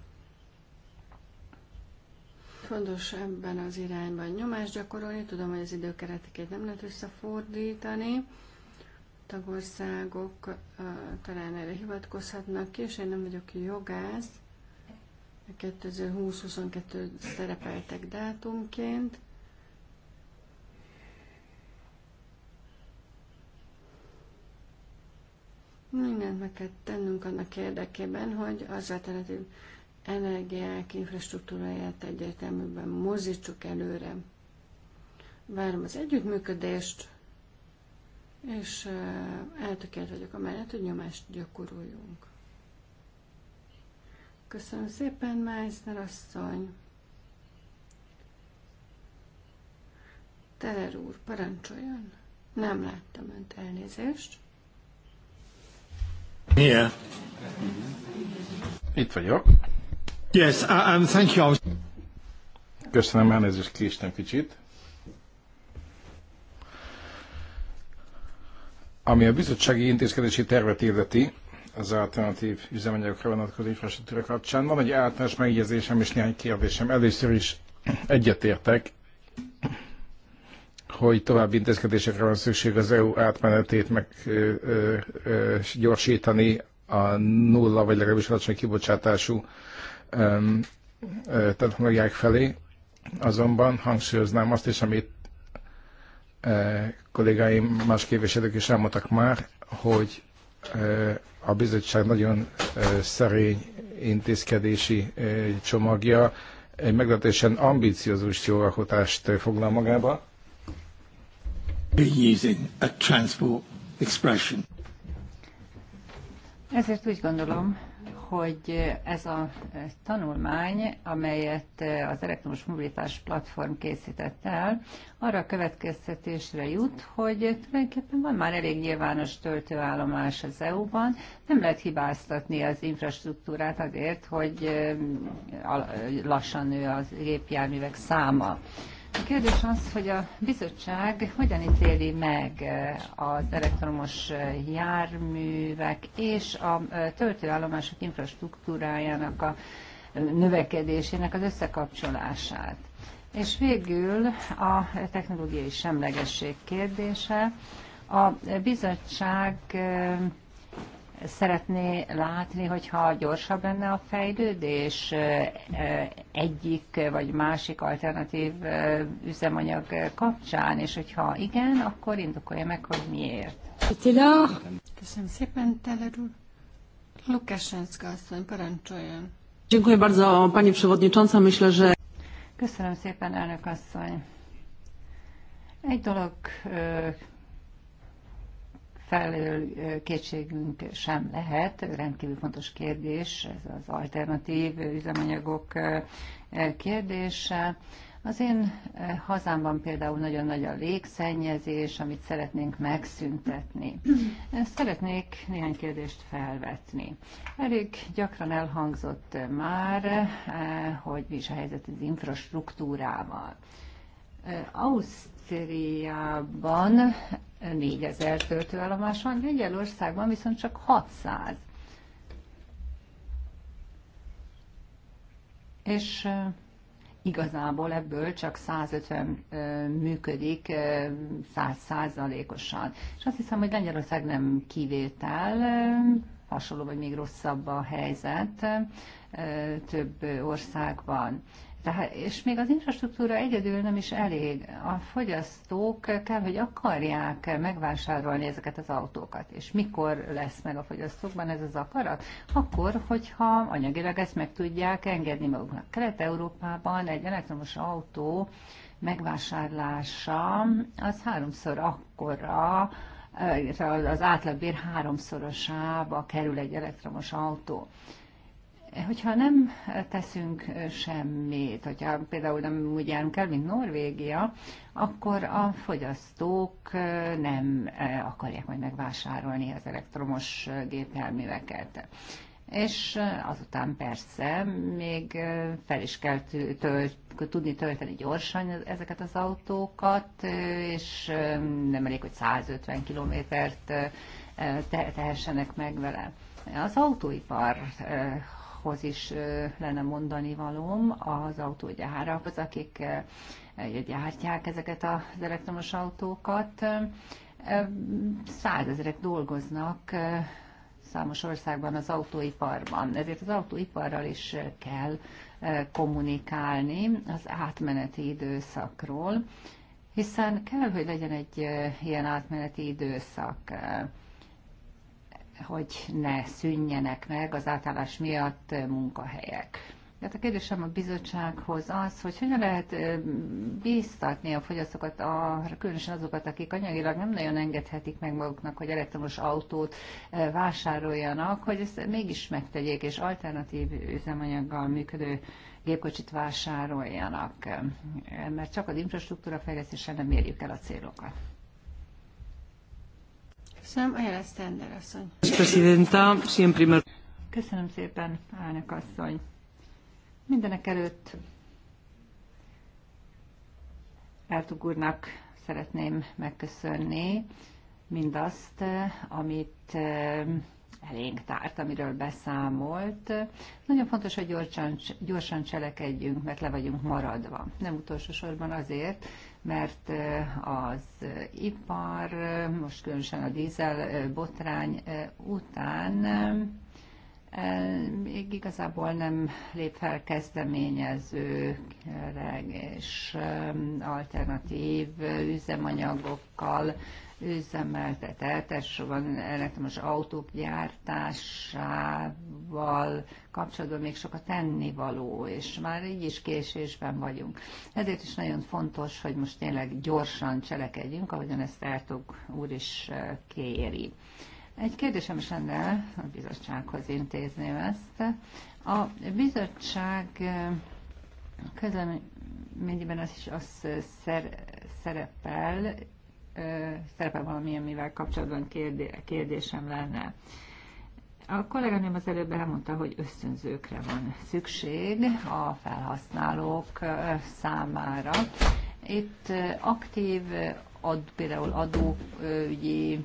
Fontos ebben az irányban nyomást gyakorolni. Tudom, hogy az időkereteket nem lehet összefordítani. Tagországok uh, talán erre hivatkozhatnak ki, és én nem vagyok jogász. 2020-22 szerepeltek dátumként. Mindent meg kell tennünk annak érdekében, hogy az alternatív energiák infrastruktúráját egyértelműben mozítsuk előre. Várom az együttműködést, és eltökélt vagyok mellett, hogy nyomást gyakoroljunk. Köszönöm szépen, Meissner asszony! Teller úr, parancsoljon! Nem láttam önt elnézést. Yeah. Itt vagyok. Yes, uh, um, thank you. Köszönöm, elnézést késtem kicsit. Ami a bizottsági intézkedési tervet illeti, az alternatív üzemanyagokra vonatkozó infrastruktúra kapcsán. Van egy általános megjegyzésem és néhány kérdésem. Először is egyetértek hogy további intézkedésekre van szükség az EU átmenetét meg ö, ö, ö, gyorsítani a nulla vagy legalábbis alacsony kibocsátású ö, ö, technológiák felé. Azonban hangsúlyoznám azt is, amit ö, kollégáim, más képviselők is elmondtak már, hogy ö, a bizottság nagyon ö, szerény intézkedési ö, csomagja egy meglehetősen ambiciózus jogalkotást foglal magába Using a transport expression. Ezért úgy gondolom, hogy ez a tanulmány, amelyet az elektromos mobilitás platform készített el, arra a következtetésre jut, hogy tulajdonképpen van már elég nyilvános töltőállomás az EU-ban, nem lehet hibáztatni az infrastruktúrát azért, hogy lassan nő az gépjárművek száma. A kérdés az, hogy a bizottság hogyan ítéli meg eh, az elektromos eh, járművek és a eh, töltőállomások infrastruktúrájának a növekedésének az összekapcsolását. És végül a technológiai semlegesség kérdése. A bizottság szeretné látni, hogyha gyorsabb lenne a fejlődés egyik vagy másik alternatív üzemanyag kapcsán, és hogyha igen, akkor indokolja meg, hogy miért. Köszönöm szépen, Teller úr. Lukasenszka asszony, parancsoljon. Dziękuję bardzo, pani przewodnicząca. Myślę, że... Köszönöm szépen, elnök asszony. Egy dolog felől kétségünk sem lehet. Rendkívül fontos kérdés ez az alternatív üzemanyagok kérdése. Az én hazámban például nagyon nagy a légszennyezés, amit szeretnénk megszüntetni. Szeretnék néhány kérdést felvetni. Elég gyakran elhangzott már, hogy mi is a helyzet az infrastruktúrával. Ausztria Ausztriában 4000 töltőállomás van, Lengyelországban viszont csak 600. És igazából ebből csak 150 működik 100 osan És azt hiszem, hogy Lengyelország nem kivétel, hasonló vagy még rosszabb a helyzet több országban. Tehát, és még az infrastruktúra egyedül nem is elég. A fogyasztók kell, hogy akarják megvásárolni ezeket az autókat. És mikor lesz meg a fogyasztókban ez az akarat? Akkor, hogyha anyagilag ezt meg tudják engedni maguknak. Kelet-Európában egy elektromos autó megvásárlása az háromszor akkora, eh, az átlagbér háromszorosába kerül egy elektromos autó. Hogyha nem teszünk semmit, hogyha például nem úgy járunk el, mint Norvégia, akkor a fogyasztók nem eh, akarják majd megvásárolni az elektromos gépjárműveket. És eh, azután persze még eh, fel is kell tölt, tudni tölteni gyorsan ezeket az autókat, és nem elég, hogy 150 kilométert tehessenek meg vele. Az autóipar hoz is lenne mondani valóm az az akik gyártják ezeket az elektromos autókat. Százezerek dolgoznak számos országban az autóiparban. Ezért az autóiparral is kell kommunikálni az átmeneti időszakról, hiszen kell, hogy legyen egy ilyen átmeneti időszak hogy ne szűnjenek meg az átállás miatt munkahelyek. Tehát a kérdésem a bizottsághoz az, hogy hogyan lehet bíztatni a fogyasztókat, a, különösen azokat, akik anyagilag nem nagyon engedhetik meg maguknak, hogy elektromos autót vásároljanak, hogy ezt mégis megtegyék, és alternatív üzemanyaggal működő gépkocsit vásároljanak, mert csak az infrastruktúra fejlesztéssel nem érjük el a célokat. Köszönöm, asszony. Köszönöm szépen, elnök asszony. Mindenek előtt Eltug úrnak szeretném megköszönni mindazt, amit ehm, elénk tárt, amiről beszámolt. Nagyon fontos, hogy gyorsan, gyorsan cselekedjünk, mert le vagyunk maradva. Nem utolsó sorban azért, mert az ipar, most különösen a dízel botrány után e, még igazából nem lép fel kezdeményező és alternatív üzemanyagokkal üzemeltetett, van elektromos autók gyártásával kapcsolatban még sok a tennivaló, és már így is késésben vagyunk. Ezért is nagyon fontos, hogy most tényleg gyorsan cselekedjünk, ahogyan ezt Ertug úr is kéri. Egy kérdésem is lenne, a bizottsághoz intézném ezt. A bizottság közleményében az is az szer, szerepel, szerepel valamilyen, mivel kapcsolatban kérdésem lenne. A kolléganőm az előbb elmondta, hogy ösztönzőkre van szükség a felhasználók számára. Itt aktív, ad, például adóügyi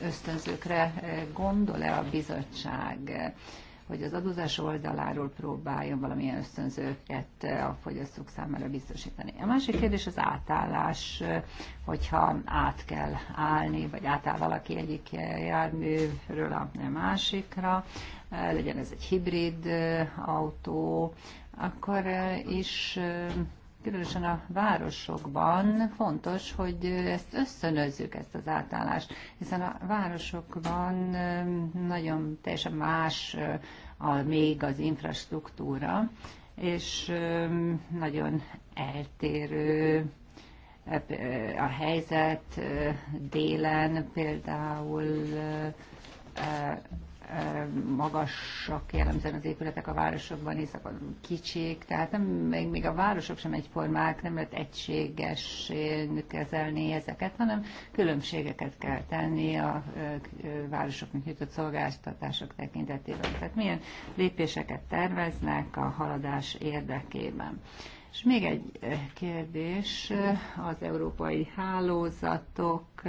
ösztönzőkre gondol-e a bizottság? hogy az adózás oldaláról próbáljon valamilyen ösztönzőket eh, a fogyasztók számára biztosítani. A másik kérdés az átállás, eh, hogyha át kell állni, vagy átáll valaki egyik eh, járműről a másikra, legyen ez egy hibrid autó, akkor is különösen a városokban fontos, hogy ezt összönözzük, ezt az átállást, hiszen a városokban nagyon teljesen más a, még az infrastruktúra, és nagyon eltérő a helyzet délen például magasak jellemzően az épületek a városokban, a kicsik, tehát nem, még, még a városok sem egyformák, nem lehet egységes kezelni ezeket, hanem különbségeket kell tenni a városoknak nyújtott szolgáltatások tekintetében. Tehát milyen lépéseket terveznek a haladás érdekében. És még egy kérdés, az európai hálózatok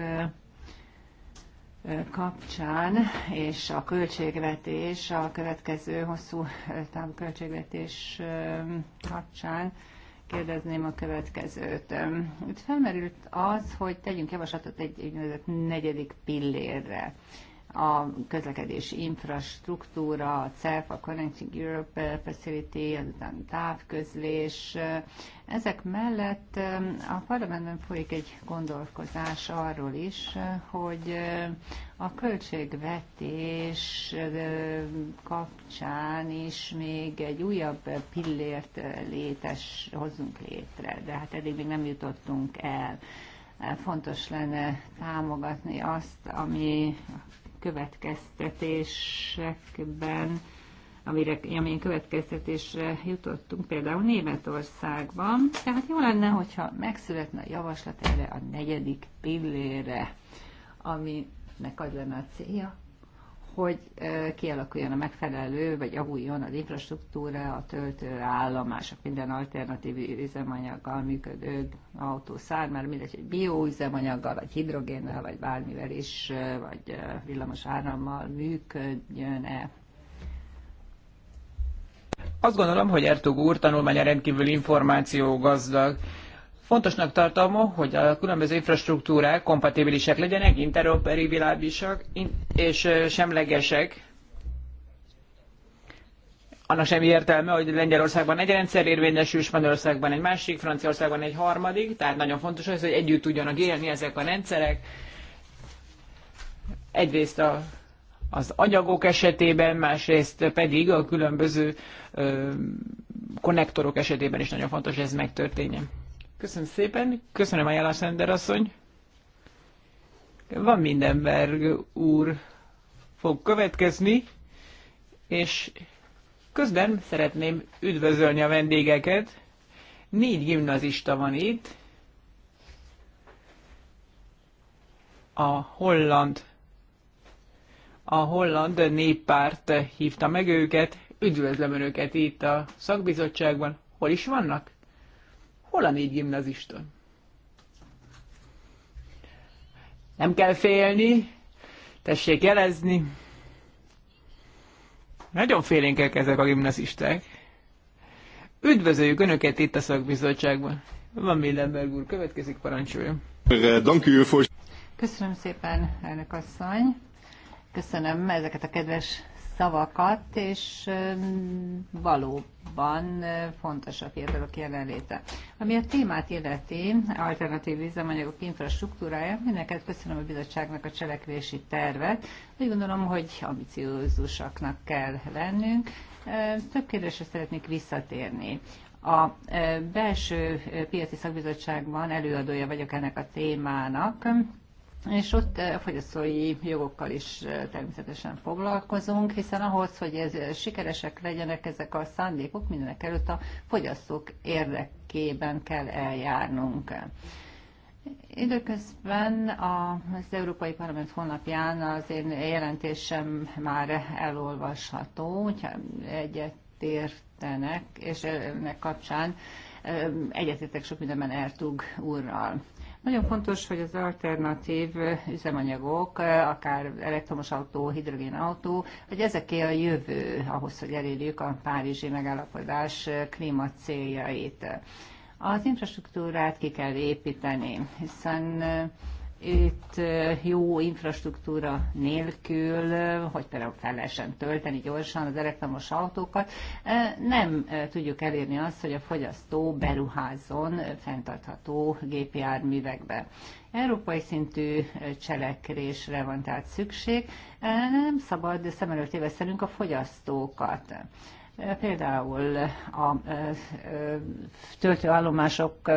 kapcsán, és a költségvetés, a következő hosszú távú költségvetés kapcsán kérdezném a következőt. Itt felmerült az, hogy tegyünk javaslatot egy úgynevezett negyedik pillérre. A közlekedési infrastruktúra, a CEF, a Connecting Europe Facility, azután távközlés, ezek mellett a parlamentben folyik egy gondolkozás arról is, eh, hogy eh, a költségvetés eh, kapcsán is még egy újabb pillért létes hozzunk létre, de hát eddig még nem jutottunk el. Fontos lenne támogatni azt, ami a következtetésekben amire, amilyen következtetésre jutottunk például Németországban. Tehát jó lenne, hogyha megszületne a javaslat erre a negyedik pillére, aminek az lenne a célja, hogy kialakuljon a megfelelő, vagy javuljon az infrastruktúra, a töltőállomások, minden alternatív üzemanyaggal működő autószár, mert mindegy, hogy bioüzemanyaggal, vagy hidrogénnel, vagy bármivel is, vagy villamos árammal működjön-e. Azt gondolom, hogy Ertug úr tanulmánya rendkívül információ gazdag. Fontosnak tartom, hogy a különböző infrastruktúrák kompatibilisek legyenek, interoperibilábisak és semlegesek. Annak semmi értelme, hogy Lengyelországban egy rendszer érvényesül, Spanyolországban egy másik, Franciaországban egy harmadik, tehát nagyon fontos az, hogy együtt tudjanak élni ezek a rendszerek. Egyrészt a az anyagok esetében, másrészt pedig a különböző ö, konnektorok esetében is nagyon fontos, hogy ez megtörténjen. Köszönöm szépen, köszönöm Ajala Szender asszony. Van berg úr fog következni, és közben szeretném üdvözölni a vendégeket. Négy gimnazista van itt, a holland a holland néppárt hívta meg őket. Üdvözlöm Önöket itt a szakbizottságban. Hol is vannak? Hol a négy gimnazistön? Nem kell félni, tessék jelezni. Nagyon félénkek ezek a gimnazisták. Üdvözöljük Önöket itt a szakbizottságban. Van Millenberg úr, következik parancsoljon. Köszönöm szépen, elnök asszony. Köszönöm ezeket a kedves szavakat, és valóban fontos a fiatalok jelenléte. Ami a témát illeti, alternatív üzemanyagok infrastruktúrája, mindenket köszönöm a bizottságnak a cselekvési tervet. Úgy gondolom, hogy ambiciózusaknak kell lennünk. Több kérdésre szeretnék visszatérni. A belső piaci szakbizottságban előadója vagyok ennek a témának, és ott a eh, fogyasztói jogokkal is eh, természetesen foglalkozunk, hiszen ahhoz, hogy ez eh, sikeresek legyenek ezek a szándékok, mindenek előtt a fogyasztók érdekében kell eljárnunk. Időközben az Európai Parlament honlapján az én jelentésem már elolvasható, hogyha egyet értenek, és ennek kapcsán egyetértek sok mindenben Ertug úrral. Nagyon fontos, hogy az alternatív üzemanyagok, akár elektromos autó, hidrogén autó, hogy ezeké a jövő ahhoz, hogy elérjük a párizsi megállapodás klíma céljait. Az infrastruktúrát ki kell építeni, hiszen itt jó infrastruktúra nélkül, hogy például fel lehessen tölteni gyorsan az elektromos autókat, nem tudjuk elérni azt, hogy a fogyasztó beruházzon fenntartható művekbe. Európai szintű cselekrésre van tehát szükség, nem szabad szem előtt évesztenünk a fogyasztókat. Például a töltőállomások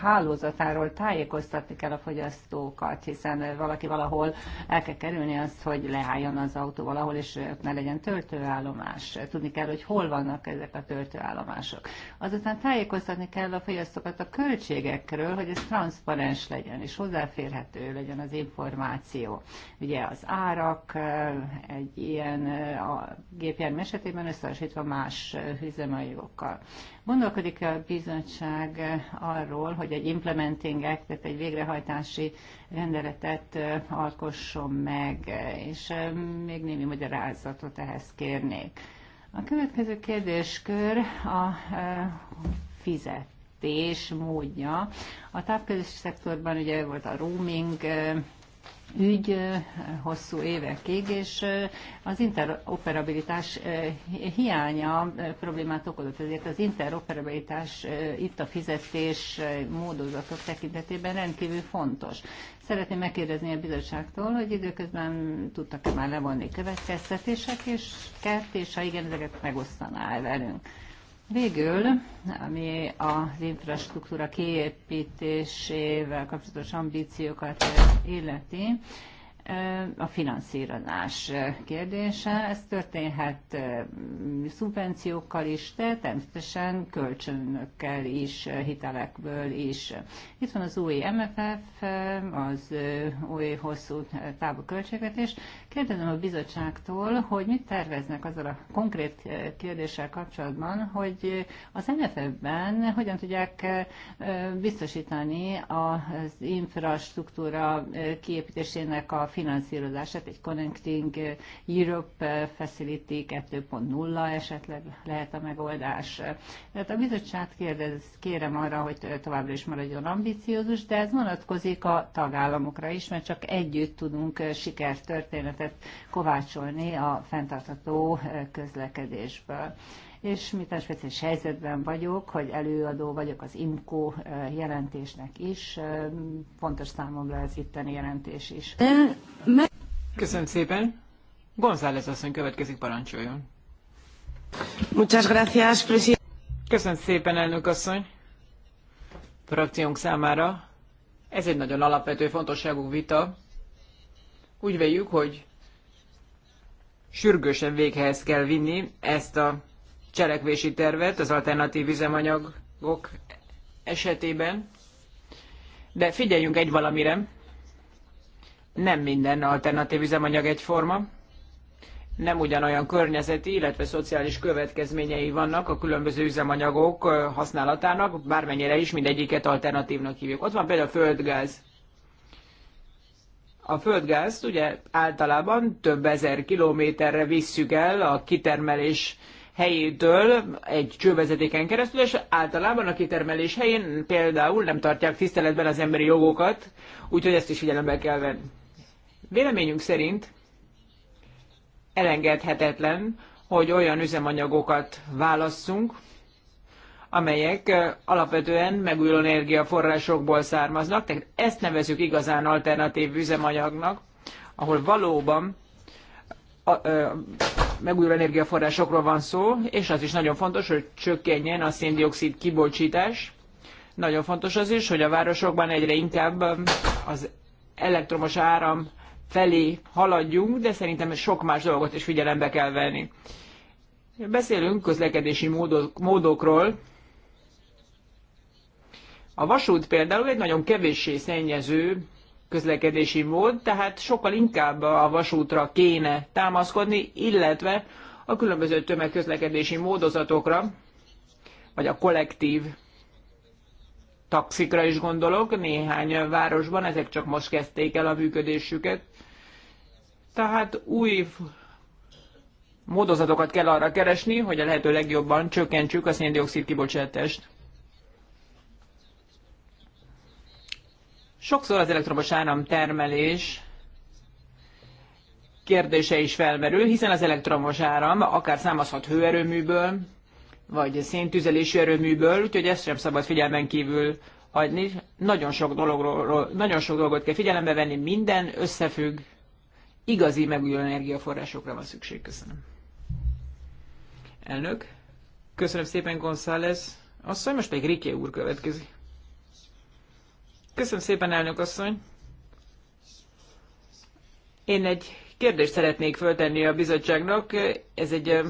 hálózatáról tájékoztatni kell a fogyasztókat, hiszen valaki valahol el kell kerülni azt, hogy leálljon az autó valahol, és ott ne legyen töltőállomás. Tudni kell, hogy hol vannak ezek a töltőállomások. Azután tájékoztatni kell a fogyasztókat a költségekről, hogy ez transzparens legyen, és hozzáférhető legyen az információ. Ugye az árak egy ilyen a gépjármű esetében összehasonlítható a más üzemanyagokkal. Gondolkodik a bizottság arról, hogy egy implementing act, tehát egy végrehajtási rendeletet alkosson meg, és még némi magyarázatot ehhez kérnék. A következő kérdéskör a fizet fizetés módja. A távközlési szektorban ugye volt a roaming ügy hosszú évekig, és az interoperabilitás hiánya problémát okozott. Ezért az interoperabilitás itt a fizetés módozatok tekintetében rendkívül fontos. Szeretném megkérdezni a bizottságtól, hogy időközben tudtak-e már levonni következtetéseket, és ha igen, ezeket megosztaná velünk. Végül, ami az infrastruktúra kiépítésével kapcsolatos ambíciókat illeti, a finanszírozás kérdése. Ez történhet szubvenciókkal is, de természetesen kölcsönökkel is, hitelekből is. Itt van az új MFF, az új hosszú távú költségvetés. Kérdezem a bizottságtól, hogy mit terveznek azzal a konkrét kérdéssel kapcsolatban, hogy az MFF-ben hogyan tudják biztosítani az infrastruktúra kiépítésének a finanszírozását, egy Connecting Europe Facility 2.0 esetleg lehet a megoldás. Tehát a bizottság kérdez, kérem arra, hogy továbbra is maradjon ambiciózus, de ez vonatkozik a tagállamokra is, mert csak együtt tudunk sikertörténetet kovácsolni a fenntartható közlekedésből és miután speciális helyzetben vagyok, hogy előadó vagyok az IMCO jelentésnek is, fontos számomra ez itteni jelentés is. Köszönöm szépen. González asszony következik, parancsoljon. Muchas gracias, presidente. Köszönöm szépen, elnök asszony. Frakciónk számára ez egy nagyon alapvető fontosságú vita. Úgy véljük, hogy sürgősen véghez kell vinni ezt a cselekvési tervet az alternatív üzemanyagok esetében, de figyeljünk egy valamire, nem minden alternatív üzemanyag egyforma, nem ugyanolyan környezeti, illetve szociális következményei vannak a különböző üzemanyagok használatának, bármennyire is mindegyiket alternatívnak hívjuk. Ott van például a földgáz. A földgázt ugye általában több ezer kilométerre visszük el a kitermelés helyétől egy csővezetéken keresztül, és általában a kitermelés helyén például nem tartják tiszteletben az emberi jogokat, úgyhogy ezt is figyelembe kell venni. Véleményünk szerint elengedhetetlen, hogy olyan üzemanyagokat válasszunk, amelyek alapvetően megújuló energiaforrásokból származnak, tehát ezt nevezük igazán alternatív üzemanyagnak, ahol valóban a, megújuló energiaforrásokról van szó, és az is nagyon fontos, hogy csökkenjen a széndiokszid kibocsítás. Nagyon fontos az is, hogy a városokban egyre inkább um, az elektromos áram felé haladjunk, de szerintem sok más dolgot is figyelembe kell venni. Beszélünk közlekedési módok, módokról. A vasút például egy nagyon kevéssé szennyező közlekedési mód, tehát sokkal inkább a vasútra kéne támaszkodni, illetve a különböző tömegközlekedési módozatokra, vagy a kollektív taxikra is gondolok, néhány városban, ezek csak most kezdték el a működésüket. Tehát új módozatokat kell arra keresni, hogy a lehető legjobban csökkentsük a széndiokszid kibocsátást. Sokszor az elektromos áramtermelés kérdése is felmerül, hiszen az elektromos áram akár számozhat hőerőműből, vagy széntüzelésű erőműből, úgyhogy ezt sem szabad figyelmen kívül hagyni. Nagyon sok, dologról, nagyon sok dolgot kell figyelembe venni, minden összefügg, igazi megújuló energiaforrásokra van szükség. Köszönöm. Elnök, köszönöm szépen González. mondja, most egy Riké úr következik. Köszönöm szépen, elnök asszony. Én egy kérdést szeretnék föltenni a bizottságnak. Ez egy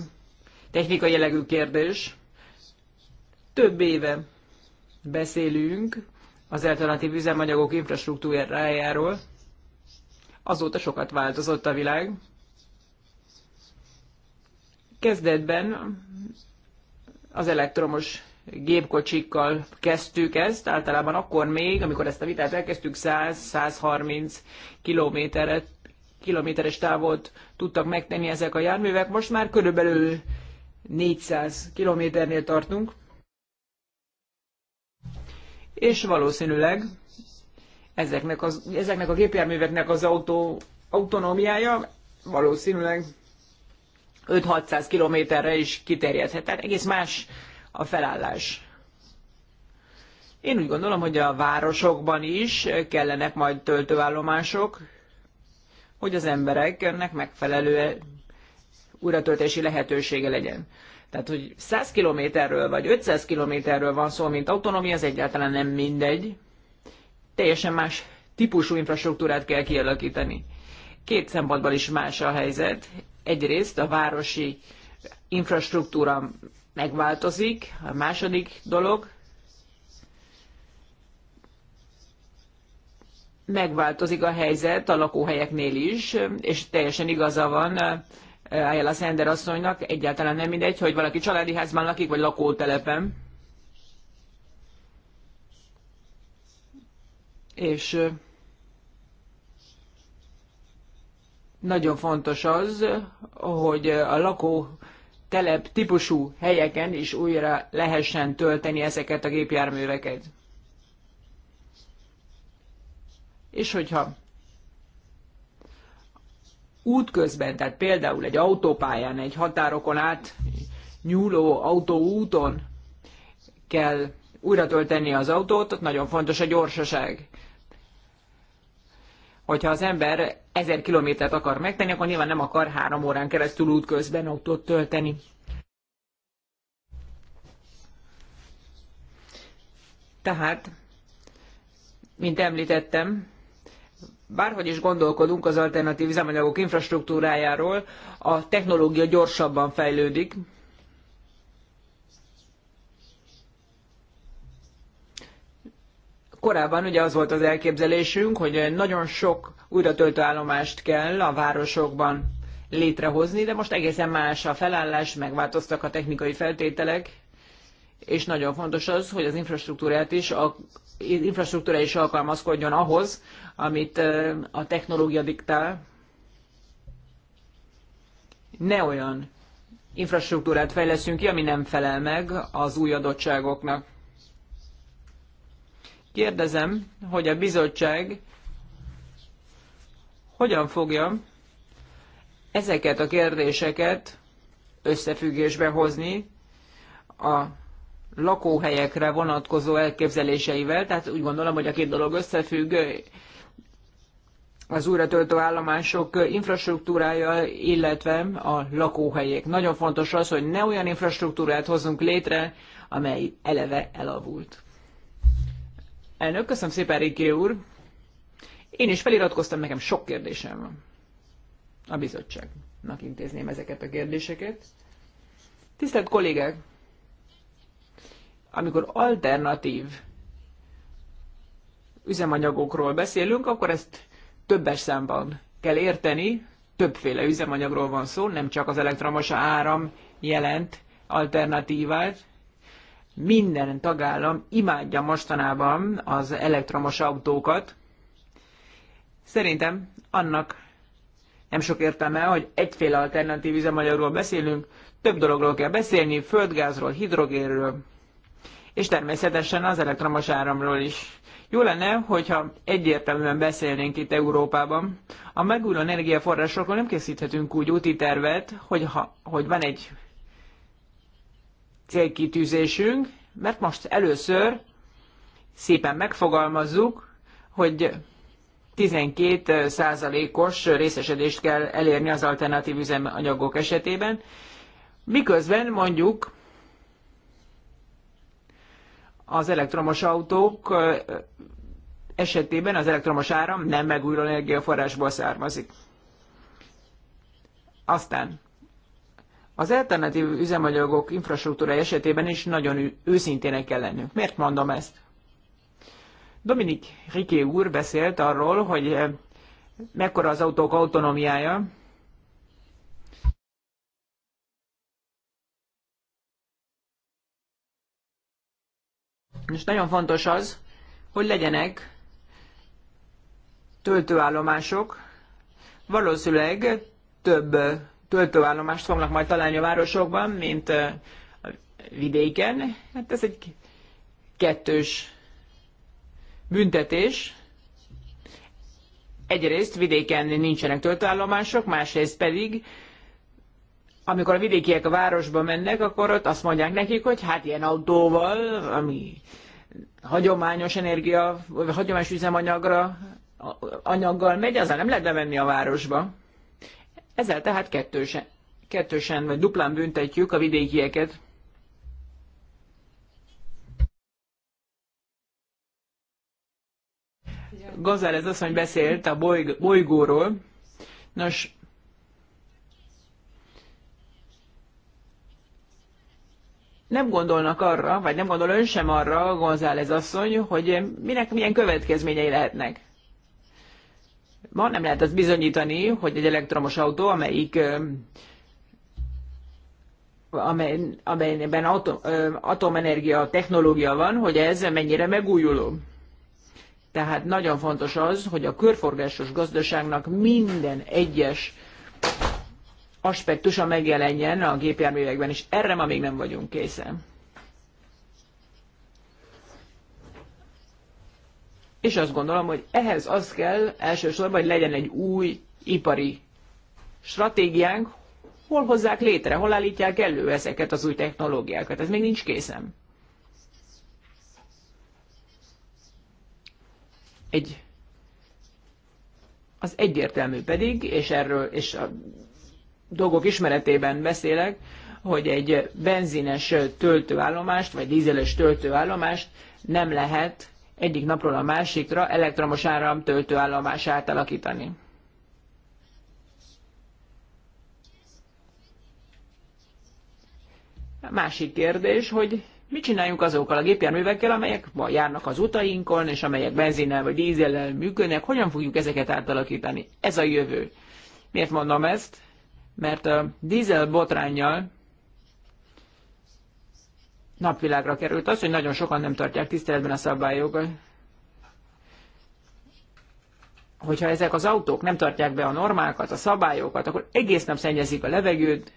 technikai jellegű kérdés. Több éve beszélünk az alternatív üzemanyagok infrastruktúrájáról. Azóta sokat változott a világ. Kezdetben az elektromos gépkocsikkal kezdtük ezt, általában akkor még, amikor ezt a vitát elkezdtük, 100-130 kilométeret, kilométeres távot tudtak megtenni ezek a járművek, most már körülbelül 400 kilométernél tartunk, és valószínűleg ezeknek, az, ezeknek a gépjárműveknek az autó autonómiája valószínűleg 5-600 kilométerre is kiterjedhet. Tehát egész más a felállás. Én úgy gondolom, hogy a városokban is kellenek majd töltőállomások, hogy az embereknek megfelelő újratöltési lehetősége legyen. Tehát, hogy 100 kilométerről vagy 500 kilométerről van szó, mint autonómia, az egyáltalán nem mindegy. Teljesen más típusú infrastruktúrát kell kialakítani. Két szempontból is más a helyzet. Egyrészt a városi infrastruktúra megváltozik. A második dolog, megváltozik a helyzet a lakóhelyeknél is, és teljesen igaza van eh, Ayala Sender asszonynak, egyáltalán nem mindegy, hogy valaki családi házban lakik, vagy lakótelepen. És eh, nagyon fontos az, hogy a lakó telep típusú helyeken is újra lehessen tölteni ezeket a gépjárműveket. És hogyha útközben, tehát például egy autópályán, egy határokon át nyúló autóúton kell újra tölteni az autót, ott nagyon fontos a gyorsaság hogyha az ember ezer kilométert akar megtenni, akkor nyilván nem akar három órán keresztül útközben autót tölteni. Tehát, mint említettem, bárhogy is gondolkodunk az alternatív üzemanyagok infrastruktúrájáról, a technológia gyorsabban fejlődik, Korábban ugye az volt az elképzelésünk, hogy nagyon sok töltőállomást kell a városokban létrehozni, de most egészen más a felállás, megváltoztak a technikai feltételek, és nagyon fontos az, hogy az infrastruktúrát is, a infrastruktúra is alkalmazkodjon ahhoz, amit a technológia diktál. Ne olyan infrastruktúrát fejleszünk ki, ami nem felel meg az új adottságoknak. Kérdezem, hogy a bizottság hogyan fogja ezeket a kérdéseket összefüggésbe hozni a lakóhelyekre vonatkozó elképzeléseivel, tehát úgy gondolom, hogy a két dolog összefügg, az újra töltő állomások infrastruktúrája, illetve a lakóhelyek. Nagyon fontos az, hogy ne olyan infrastruktúrát hozzunk létre, amely eleve elavult. Elnök, köszönöm szépen, Régi úr. Én is feliratkoztam, nekem sok kérdésem van. A bizottságnak intézném ezeket a kérdéseket. Tisztelt kollégák, amikor alternatív üzemanyagokról beszélünk, akkor ezt többes számban kell érteni, többféle üzemanyagról van szó, nem csak az elektromos áram jelent alternatívát, minden tagállam imádja mostanában az elektromos autókat. Szerintem annak nem sok értelme, hogy egyféle alternatív üzemanyagról beszélünk, több dologról kell beszélni, földgázról, hidrogénről, és természetesen az elektromos áramról is. Jó lenne, hogyha egyértelműen beszélnénk itt Európában. A megújuló energiaforrásokról nem készíthetünk úgy úti tervet, hogy, ha, hogy van egy célkitűzésünk, mert most először szépen megfogalmazzuk, hogy 12 os részesedést kell elérni az alternatív üzemanyagok esetében, miközben mondjuk az elektromos autók esetében az elektromos áram nem megújuló energiaforrásból származik. Aztán az alternatív üzemanyagok infrastruktúra esetében is nagyon őszintének kell lennünk. Miért mondom ezt? Dominik Riké úr beszélt arról, hogy eh, mekkora az autók autonómiája, És nagyon fontos az, hogy legyenek töltőállomások, valószínűleg több eh, töltőállomást fognak majd találni a városokban, mint a vidéken. Hát ez egy kettős büntetés. Egyrészt vidéken nincsenek töltőállomások, másrészt pedig amikor a vidékiek a városba mennek, akkor ott azt mondják nekik, hogy hát ilyen autóval, ami hagyományos energia, vagy hagyományos üzemanyagra, anyaggal megy, azzal nem lehet bemenni a városba. Ezzel tehát kettősen, kettősen vagy duplán büntetjük a vidékieket. Gazel ez hogy beszélt a bolyg, bolygóról. Nos, nem gondolnak arra, vagy nem gondol ön sem arra, González asszony, hogy minek milyen következményei lehetnek. Ma nem lehet azt bizonyítani, hogy egy elektromos autó, amelyik amely, amelyben atom, atomenergia technológia van, hogy ez mennyire megújuló. Tehát nagyon fontos az, hogy a körforgásos gazdaságnak minden egyes aspektusa megjelenjen a gépjárművekben, és erre ma még nem vagyunk készen. és azt gondolom, hogy ehhez az kell elsősorban, hogy legyen egy új ipari stratégiánk, hol hozzák létre, hol állítják elő ezeket az új technológiákat. Ez még nincs készen. Egy, az egyértelmű pedig, és erről, és a dolgok ismeretében beszélek, hogy egy benzines töltőállomást, vagy dízeles töltőállomást nem lehet egyik napról a másikra elektromos áram állomás átalakítani. A másik kérdés, hogy mit csináljunk azokkal a gépjárművekkel, amelyek ma járnak az utainkon, és amelyek benzinnel vagy dízellel működnek, hogyan fogjuk ezeket átalakítani? Ez a jövő. Miért mondom ezt? Mert a dízel botrányjal napvilágra került az, hogy nagyon sokan nem tartják tiszteletben a szabályokat. Hogyha ezek az autók nem tartják be a normákat, a szabályokat, akkor egész nap szennyezik a levegőt,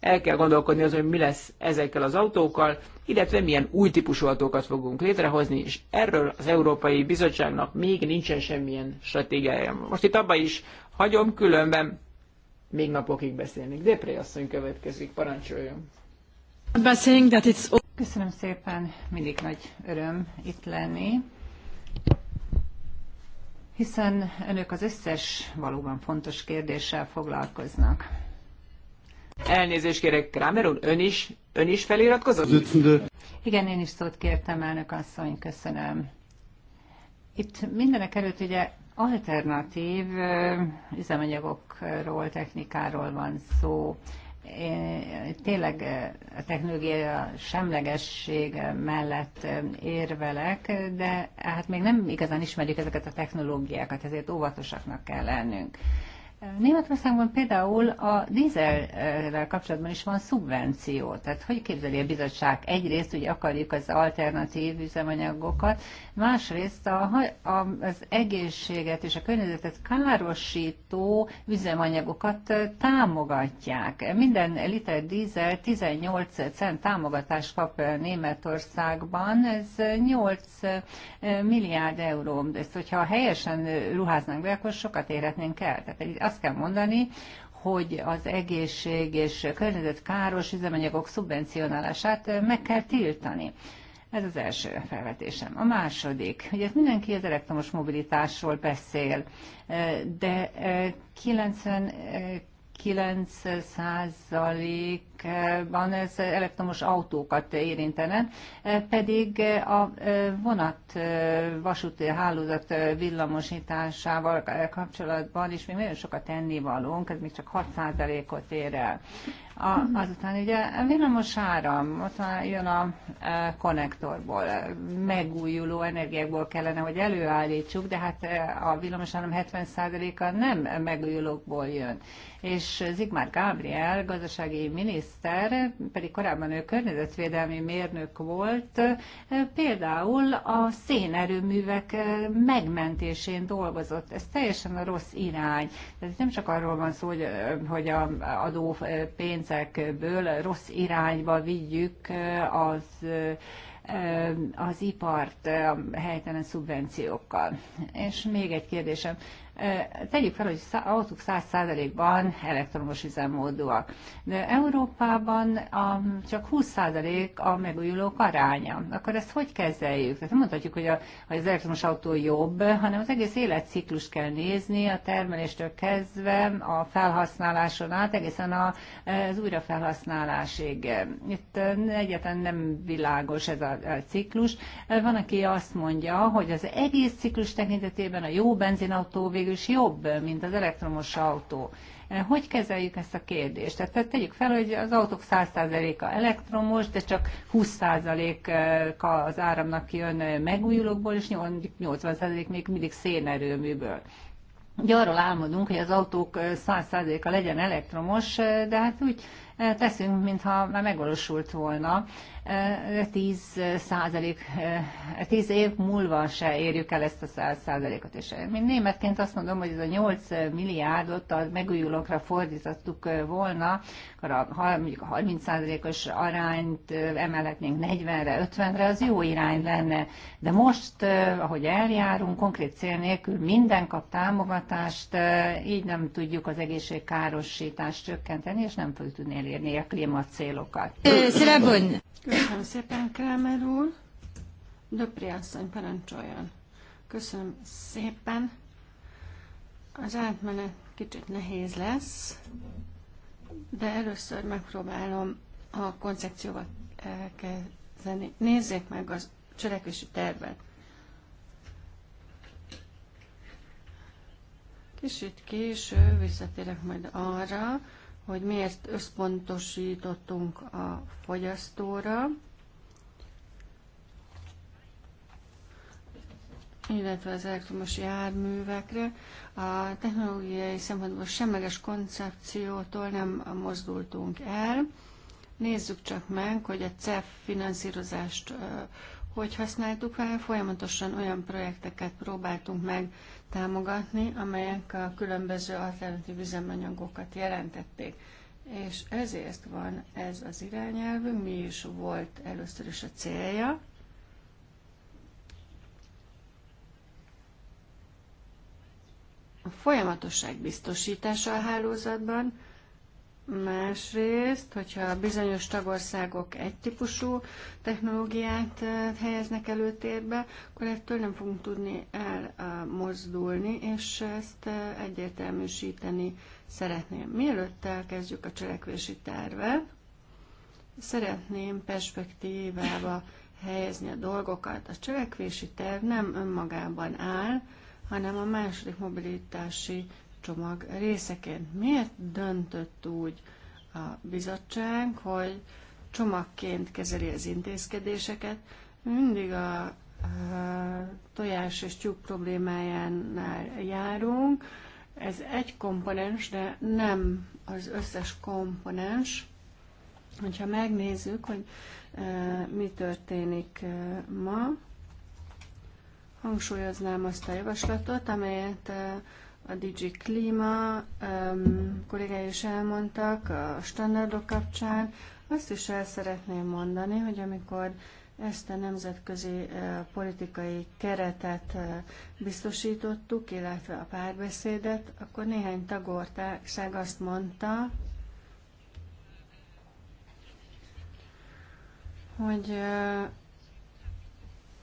el kell gondolkodni az, hogy mi lesz ezekkel az autókkal, illetve milyen új típusú autókat fogunk létrehozni, és erről az Európai Bizottságnak még nincsen semmilyen stratégiája. Most itt abba is hagyom, különben még napokig beszélnék. Depré asszony következik, parancsoljon. Köszönöm szépen, mindig nagy öröm itt lenni, hiszen önök az összes valóban fontos kérdéssel foglalkoznak. Elnézést kérek, Kramer úr, ön is, ön is feliratkozott? Igen, én is szót kértem, elnök asszony, köszönöm. Itt mindenek előtt ugye alternatív üzemanyagokról, technikáról van szó tényleg eh, a technológia semlegesség mellett eh, érvelek, de hát még nem igazán ismerjük ezeket a technológiákat, ezért óvatosaknak kell lennünk. Németországban például a dízelrel kapcsolatban is van szubvenció. Tehát hogy képzeli a bizottság? Egyrészt ugye akarjuk az alternatív üzemanyagokat, másrészt a, a, az egészséget és a környezetet károsító üzemanyagokat támogatják. Minden liter dízel 18 cent támogatást kap Németországban, ez 8 milliárd euró. Ezt hogyha helyesen ruháznánk be, akkor sokat érhetnénk el. Tehát azt kell mondani, hogy az egészség és környezetkáros üzemanyagok szubvencionálását meg kell tiltani. Ez az első felvetésem. A második, hogy ez mindenki az elektromos mobilitásról beszél, de 90 eh, 9%-ban ez elektromos autókat érintene, pedig a vonat vasúti hálózat villamosításával kapcsolatban is még nagyon sokat tennivalónk, ez még csak 6%-ot ér el. A, azután ugye a villamos áram, ott jön a e, konnektorból, e, megújuló energiákból kellene, hogy előállítsuk, de hát e, a villamos áram 70%-a nem megújulókból jön. És Zigmár Gabriel, gazdasági miniszter, pedig korábban ő környezetvédelmi mérnök volt, például a szénerőművek megmentésén dolgozott. Ez teljesen a rossz irány. Tehát nem csak arról van szó, hogy, hogy a adó pénz pénzekből rossz irányba vigyük eh, az eh, az ipart eh, helytelen szubvenciókkal. És még egy kérdésem. Tegyük fel, hogy autók 100%-ban elektromos üzemmódúak, de Európában a, csak 20% a megújulók aránya. Akkor ezt hogy kezeljük? Tehát nem mondhatjuk, hogy, a, hogy az elektromos autó jobb, hanem az egész életciklus kell nézni, a termeléstől kezdve a felhasználáson át, egészen a, az újrafelhasználásig. Itt egyetlen nem világos ez a, a ciklus. Van, aki azt mondja, hogy az egész ciklus tekintetében a jó benzinautó végül végül is jobb, mint az elektromos autó. Hogy kezeljük ezt a kérdést? Tehát tegyük fel, hogy az autók 100%-a elektromos, de csak 20%-a az áramnak jön megújulókból, és 80% még mindig szénerőműből. Ugye arról álmodunk, hogy az autók 100%-a legyen elektromos, de hát úgy eh, teszünk, mintha már megvalósult volna. 10 százalék, 10 év múlva se érjük el ezt a 100 százalékot. És én németként azt mondom, hogy ez a 8 milliárdot a megújulókra fordítottuk eh, volna, akkor a, mondjuk a 30 százalékos arányt eh, emelhetnénk 40-re, 50-re, az jó irány lenne. De most, eh, ahogy eljárunk, konkrét cél nélkül minden kap támogatást, így nem tudjuk az egészségkárosítást csökkenteni, és nem fogjuk tudni elérni a klímacélokat. C'est Köszönöm szépen, Krámer úr. Döpri asszony, parancsoljon. Köszönöm szépen. Az átmenet kicsit nehéz lesz, de először megpróbálom a koncepcióval elkezdeni. Nézzék meg az cselekvési tervet. Kicsit késő, visszatérek majd arra, hogy miért összpontosítottunk a fogyasztóra, illetve az elektromos járművekre. A technológiai szempontból semleges koncepciótól nem mozdultunk el. Nézzük csak meg, hogy a CEF finanszírozást hogy használtuk fel, folyamatosan olyan projekteket próbáltunk meg támogatni, amelyek a különböző alternatív üzemanyagokat jelentették. És ezért van ez az irányelvünk, mi is volt először is a célja, a folyamatosság biztosítása a hálózatban, Másrészt, hogyha bizonyos tagországok egy típusú technológiát eh, helyeznek előtérbe, akkor ettől nem fogunk tudni elmozdulni, és ezt eh, egyértelműsíteni szeretném. Mielőtt elkezdjük a cselekvési tervet, szeretném perspektívába helyezni a dolgokat. A cselekvési terv nem önmagában áll, hanem a második mobilitási csomag részeként. Miért döntött úgy a bizottság, hogy csomagként kezeli az intézkedéseket? Mindig a, tojás és tyúk problémájánál járunk. Ez egy komponens, de nem az összes komponens. Hogyha megnézzük, hogy e, mi történik e, ma, hangsúlyoznám azt a javaslatot, amelyet e, a DG Klíma um, kollégái is elmondtak a standardok kapcsán. Azt is el szeretném mondani, hogy amikor ezt a nemzetközi uh, politikai keretet uh, biztosítottuk, illetve a párbeszédet, akkor néhány tagország azt mondta, hogy uh,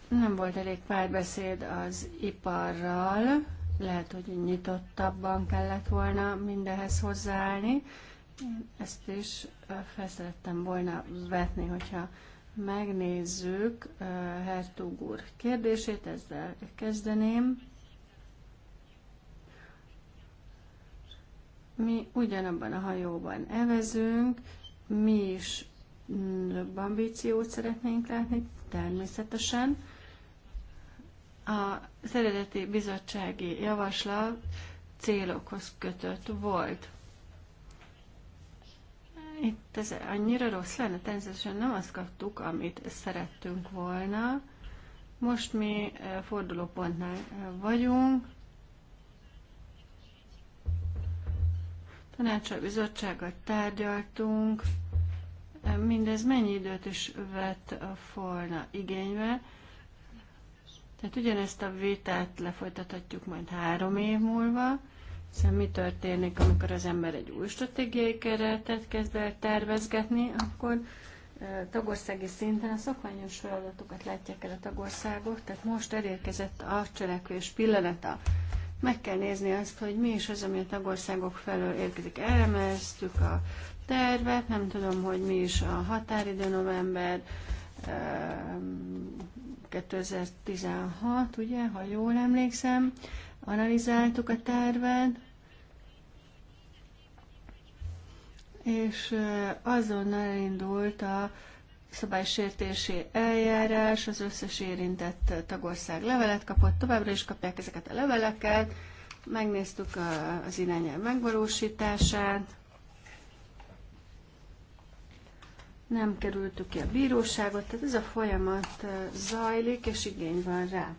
nem volt elég párbeszéd az iparral, lehet, hogy nyitottabban kellett volna mindehez hozzáállni. Én ezt is felszerettem volna vetni, hogyha megnézzük Hertug úr kérdését, ezzel kezdeném. Mi ugyanabban a hajóban evezünk, mi is több ambíciót szeretnénk látni, természetesen, az eredeti bizottsági javaslat célokhoz kötött volt. Itt ez annyira rossz lenne, természetesen nem azt kaptuk, amit szerettünk volna. Most mi eh, fordulópontnál eh, vagyunk. Tanácsa bizottsággal tárgyaltunk. Eh, mindez mennyi időt is vett volna igénybe, tehát ugyanezt a vitát lefolytathatjuk majd három év múlva, hiszen szóval mi történik, amikor az ember egy új stratégiai keretet kezd el tervezgetni, akkor tagországi szinten a szokványos feladatokat látják el a tagországok, tehát most elérkezett a cselekvés pillanata. Meg kell nézni azt, hogy mi is az, ami a tagországok felől érkezik. Elemeztük a tervet, nem tudom, hogy mi is a határidő november, 2016, ugye, ha jól emlékszem, analizáltuk a tervet, és azonnal elindult a szabálysértési eljárás, az összes érintett tagország levelet kapott, továbbra is kapják ezeket a leveleket, megnéztük az irányelv megvalósítását, nem kerültük ki a bíróságot, tehát ez a folyamat eh, zajlik, és igény van rá.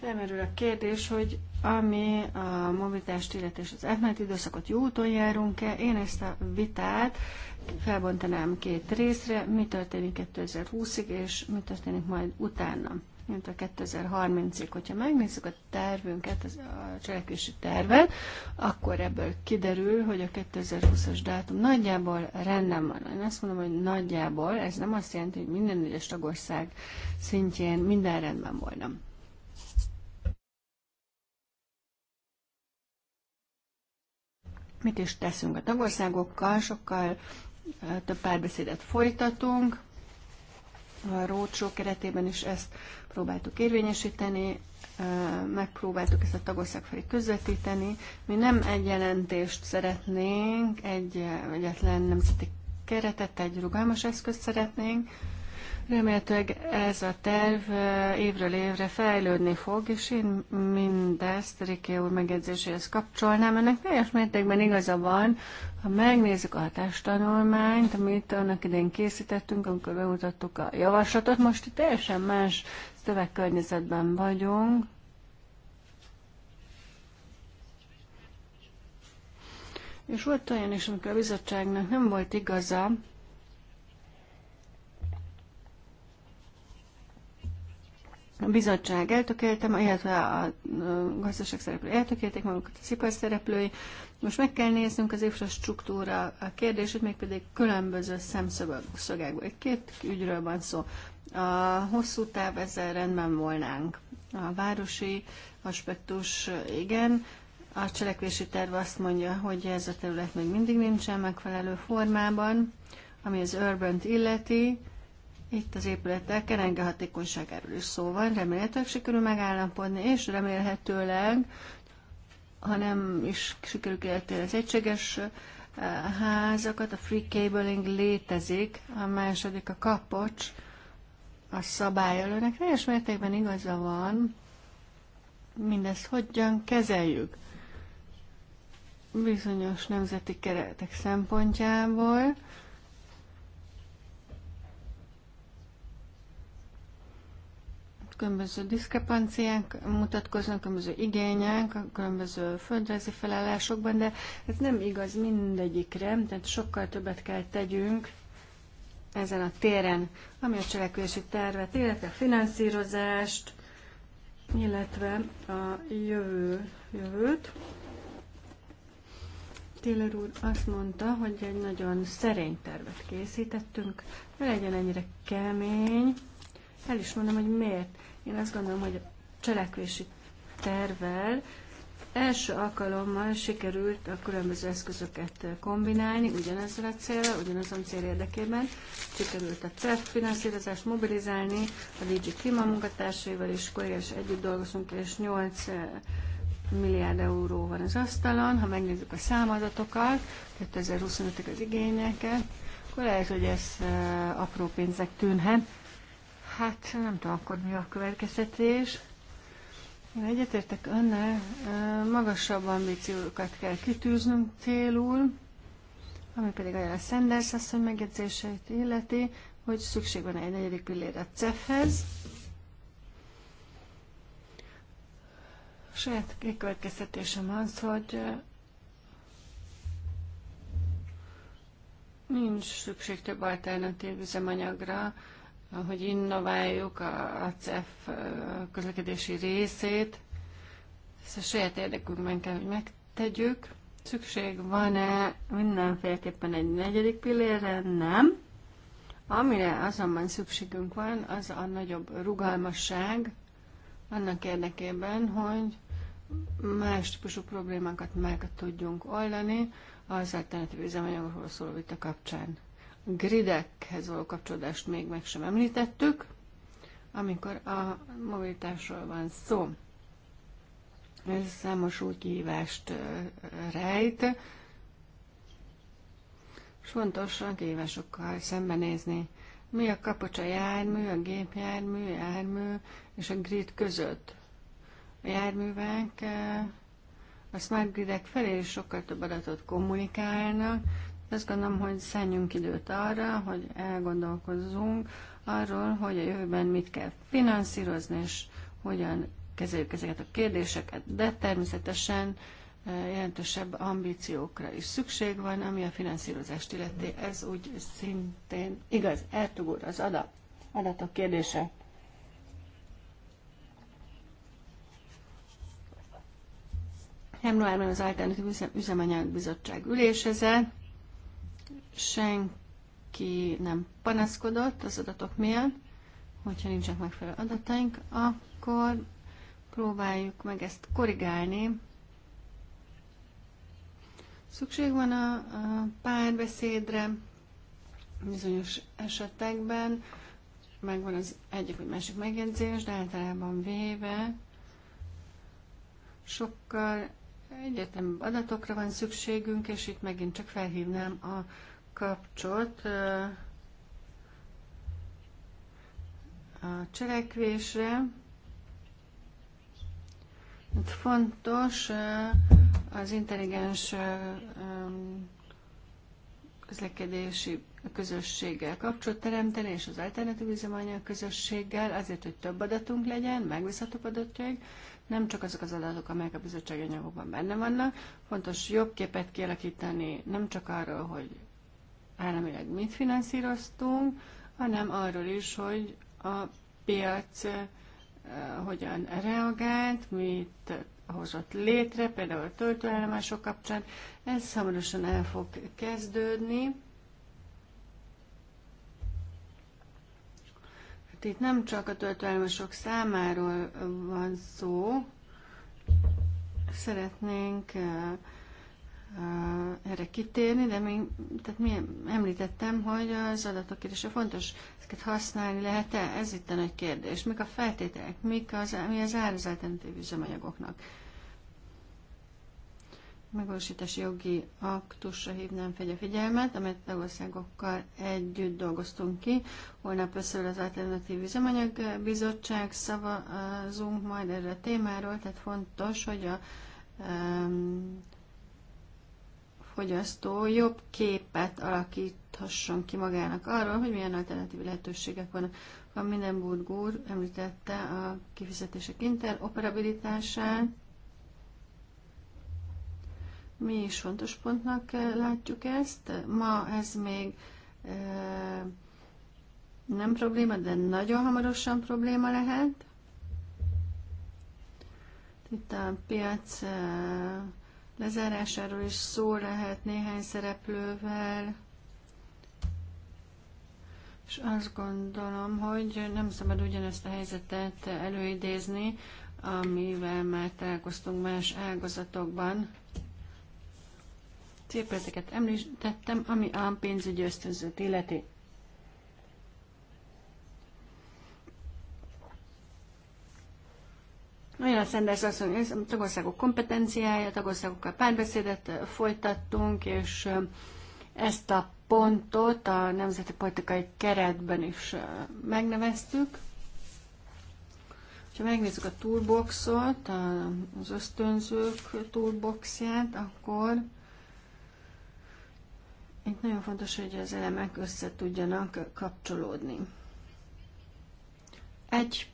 Felmerül a kérdés, hogy ami a mobilitást illet és az átmeneti időszakot jó úton járunk-e, én ezt a vitát felbontanám két részre, mi történik 2020-ig, és mi történik majd utána a 2030-ig. Hogyha megnézzük a tervünket, a cselekvési tervet, akkor ebből kiderül, hogy a 2020-as dátum nagyjából rendben van. Én azt mondom, hogy nagyjából, ez nem azt jelenti, hogy minden egyes tagország szintjén minden rendben volna. Mit is teszünk a tagországokkal? Sokkal több párbeszédet folytatunk, a rócsó keretében is ezt próbáltuk érvényesíteni, megpróbáltuk ezt a tagország felé közvetíteni. Mi nem egy jelentést szeretnénk, egy egyetlen nemzeti keretet, egy rugalmas eszközt szeretnénk. Remélhetőleg ez a terv évről évre fejlődni fog, és én mindezt Riké úr megjegyzéséhez kapcsolnám. Ennek teljes mértékben igaza van, ha megnézzük a hatástanulmányt, amit annak idén készítettünk, amikor bemutattuk a javaslatot, most teljesen más szövegkörnyezetben vagyunk, És volt olyan is, amikor a bizottságnak nem volt igaza, a bizottság eltökélte, illetve a gazdaság szereplői eltökélték magukat, a szipar szereplői. Most meg kell néznünk az infrastruktúra a kérdését, mégpedig különböző szemszögekből. Két ügyről van szó. A hosszú táv ezzel rendben volnánk. A városi aspektus igen, a cselekvési terv azt mondja, hogy ez a terület még mindig nincsen megfelelő formában, ami az urban illeti. Itt az épületek hatékonyságáról is szó van, remélhetőleg sikerül megállapodni, és remélhetőleg, ha nem is sikerül kiérteni az egységes eh, házakat, a free cabling létezik, a második a kapocs, a szabályelőnek teljes mértékben igaza van, mindezt hogyan kezeljük bizonyos nemzeti keretek szempontjából. Különböző diszkrepanciák mutatkoznak, különböző igények, különböző földrajzi felállásokban, de ez nem igaz mindegyikre, tehát sokkal többet kell tegyünk ezen a téren, ami a cselekvési tervet, illetve a finanszírozást, illetve a jövő, jövőt. Taylor úr azt mondta, hogy egy nagyon szerény tervet készítettünk, ne legyen ennyire kemény. El is mondom, hogy miért. Én azt gondolom, hogy a cselekvési tervvel Első alkalommal sikerült a különböző eszközöket kombinálni ugyanezzel a célra, ugyanazon cél érdekében. Sikerült a CEF finanszírozást mobilizálni, a DG Klima munkatársaival is kollégás együtt dolgozunk, és 8 eh, milliárd euró van az asztalon. Ha megnézzük a számadatokat, 2025-ig az igényeket, akkor lehet, hogy ez eh, apró pénzek tűnhet. Hát nem tudom, akkor mi a következtetés. Én egyetértek önnel, magasabb ambíciókat kell kitűznünk célul, ami pedig a Sanders asszony megjegyzéseit illeti, hogy szükség van egy negyedik pillér a CEF-hez. Saját kikövetkeztetésem az, hogy nincs szükség több alternatív üzemanyagra, hogy innováljuk a CEF közlekedési részét. Ezt a saját érdekünkben kell, hogy megtegyük. Szükség van-e mindenféleképpen egy negyedik pillérre? Nem. Amire azonban szükségünk van, az a nagyobb rugalmasság annak érdekében, hogy más típusú problémákat meg tudjunk oldani az alternatív üzemanyagokról szóló vita kapcsán gridekhez való kapcsolódást még meg sem említettük, amikor a mobilitásról van szó. Ez számos új kihívást rejt, és fontos a kihívásokkal szembenézni. Mi a kapocsa jármű, a gépjármű, jármű és a grid között? A járművek a smart gridek felé is sokkal több adatot kommunikálnak, azt gondolom, hogy szálljunk időt arra, hogy elgondolkozzunk arról, hogy a jövőben mit kell finanszírozni, és hogyan kezeljük ezeket a kérdéseket, de természetesen eh, jelentősebb ambíciókra is szükség van, ami a finanszírozást illeti. Ez úgy szintén igaz. Ertug az adat, adatok kérdése. Januárban az Alternatív Üzemanyag Bizottság ülésezett, senki nem panaszkodott az adatok miatt, hogyha nincsenek megfelelő adataink, akkor próbáljuk meg ezt korrigálni. Szükség van a, a párbeszédre bizonyos esetekben, megvan az egyik vagy másik megjegyzés, de általában véve sokkal egyetem adatokra van szükségünk, és itt megint csak felhívnám a kapcsot a cselekvésre. Itt fontos az intelligens közlekedési közösséggel kapcsolat teremteni, és az alternatív üzemanyag közösséggel, azért, hogy több adatunk legyen, megbízhatóbb adatjaink, nem csak azok az adatok, amelyek a bizottsági anyagokban benne vannak. Fontos jobb képet kialakítani, nem csak arról, hogy államileg mit finanszíroztunk, hanem arról is, hogy a piac eh, hogyan reagált, mit hozott létre, például a töltőállomások kapcsán. Ez hamarosan el fog kezdődni. Hát itt nem csak a töltőállomások számáról van szó, szeretnénk eh, erre kitérni, de még, tehát mi említettem, hogy az adatok a fontos, ezeket használni lehet-e? Ez itt a nagy kérdés. Mik a feltételek? Mik az, mi az ár az alternatív üzemanyagoknak? Megvalósítási jogi aktusra hívnám fel a figyelmet, amelyet tagországokkal együtt dolgoztunk ki. Holnap összeül az Alternatív Üzemanyag Bizottság, szavazunk majd erről a témáról, tehát fontos, hogy a um, fogyasztó jobb képet alakíthasson ki magának arról, hogy milyen alternatív lehetőségek vannak. Van Mindenburg úr említette a kifizetések interoperabilitását. Mi is fontos pontnak látjuk ezt. Ma ez még nem probléma, de nagyon hamarosan probléma lehet. Itt a piac lezárásáról is szó lehet néhány szereplővel, és azt gondolom, hogy nem szabad ugyanezt a helyzetet előidézni, amivel már találkoztunk más ágazatokban. Cépleteket említettem, ami a pénzügyi ösztönzőt illeti. Olyan Sanders azt mondja, hogy a tagországok kompetenciája, a tagországokkal párbeszédet folytattunk, és ezt a pontot a nemzeti politikai keretben is megneveztük. Ha megnézzük a toolboxot, az ösztönzők toolboxját, akkor itt nagyon fontos, hogy az elemek össze tudjanak kapcsolódni. Egy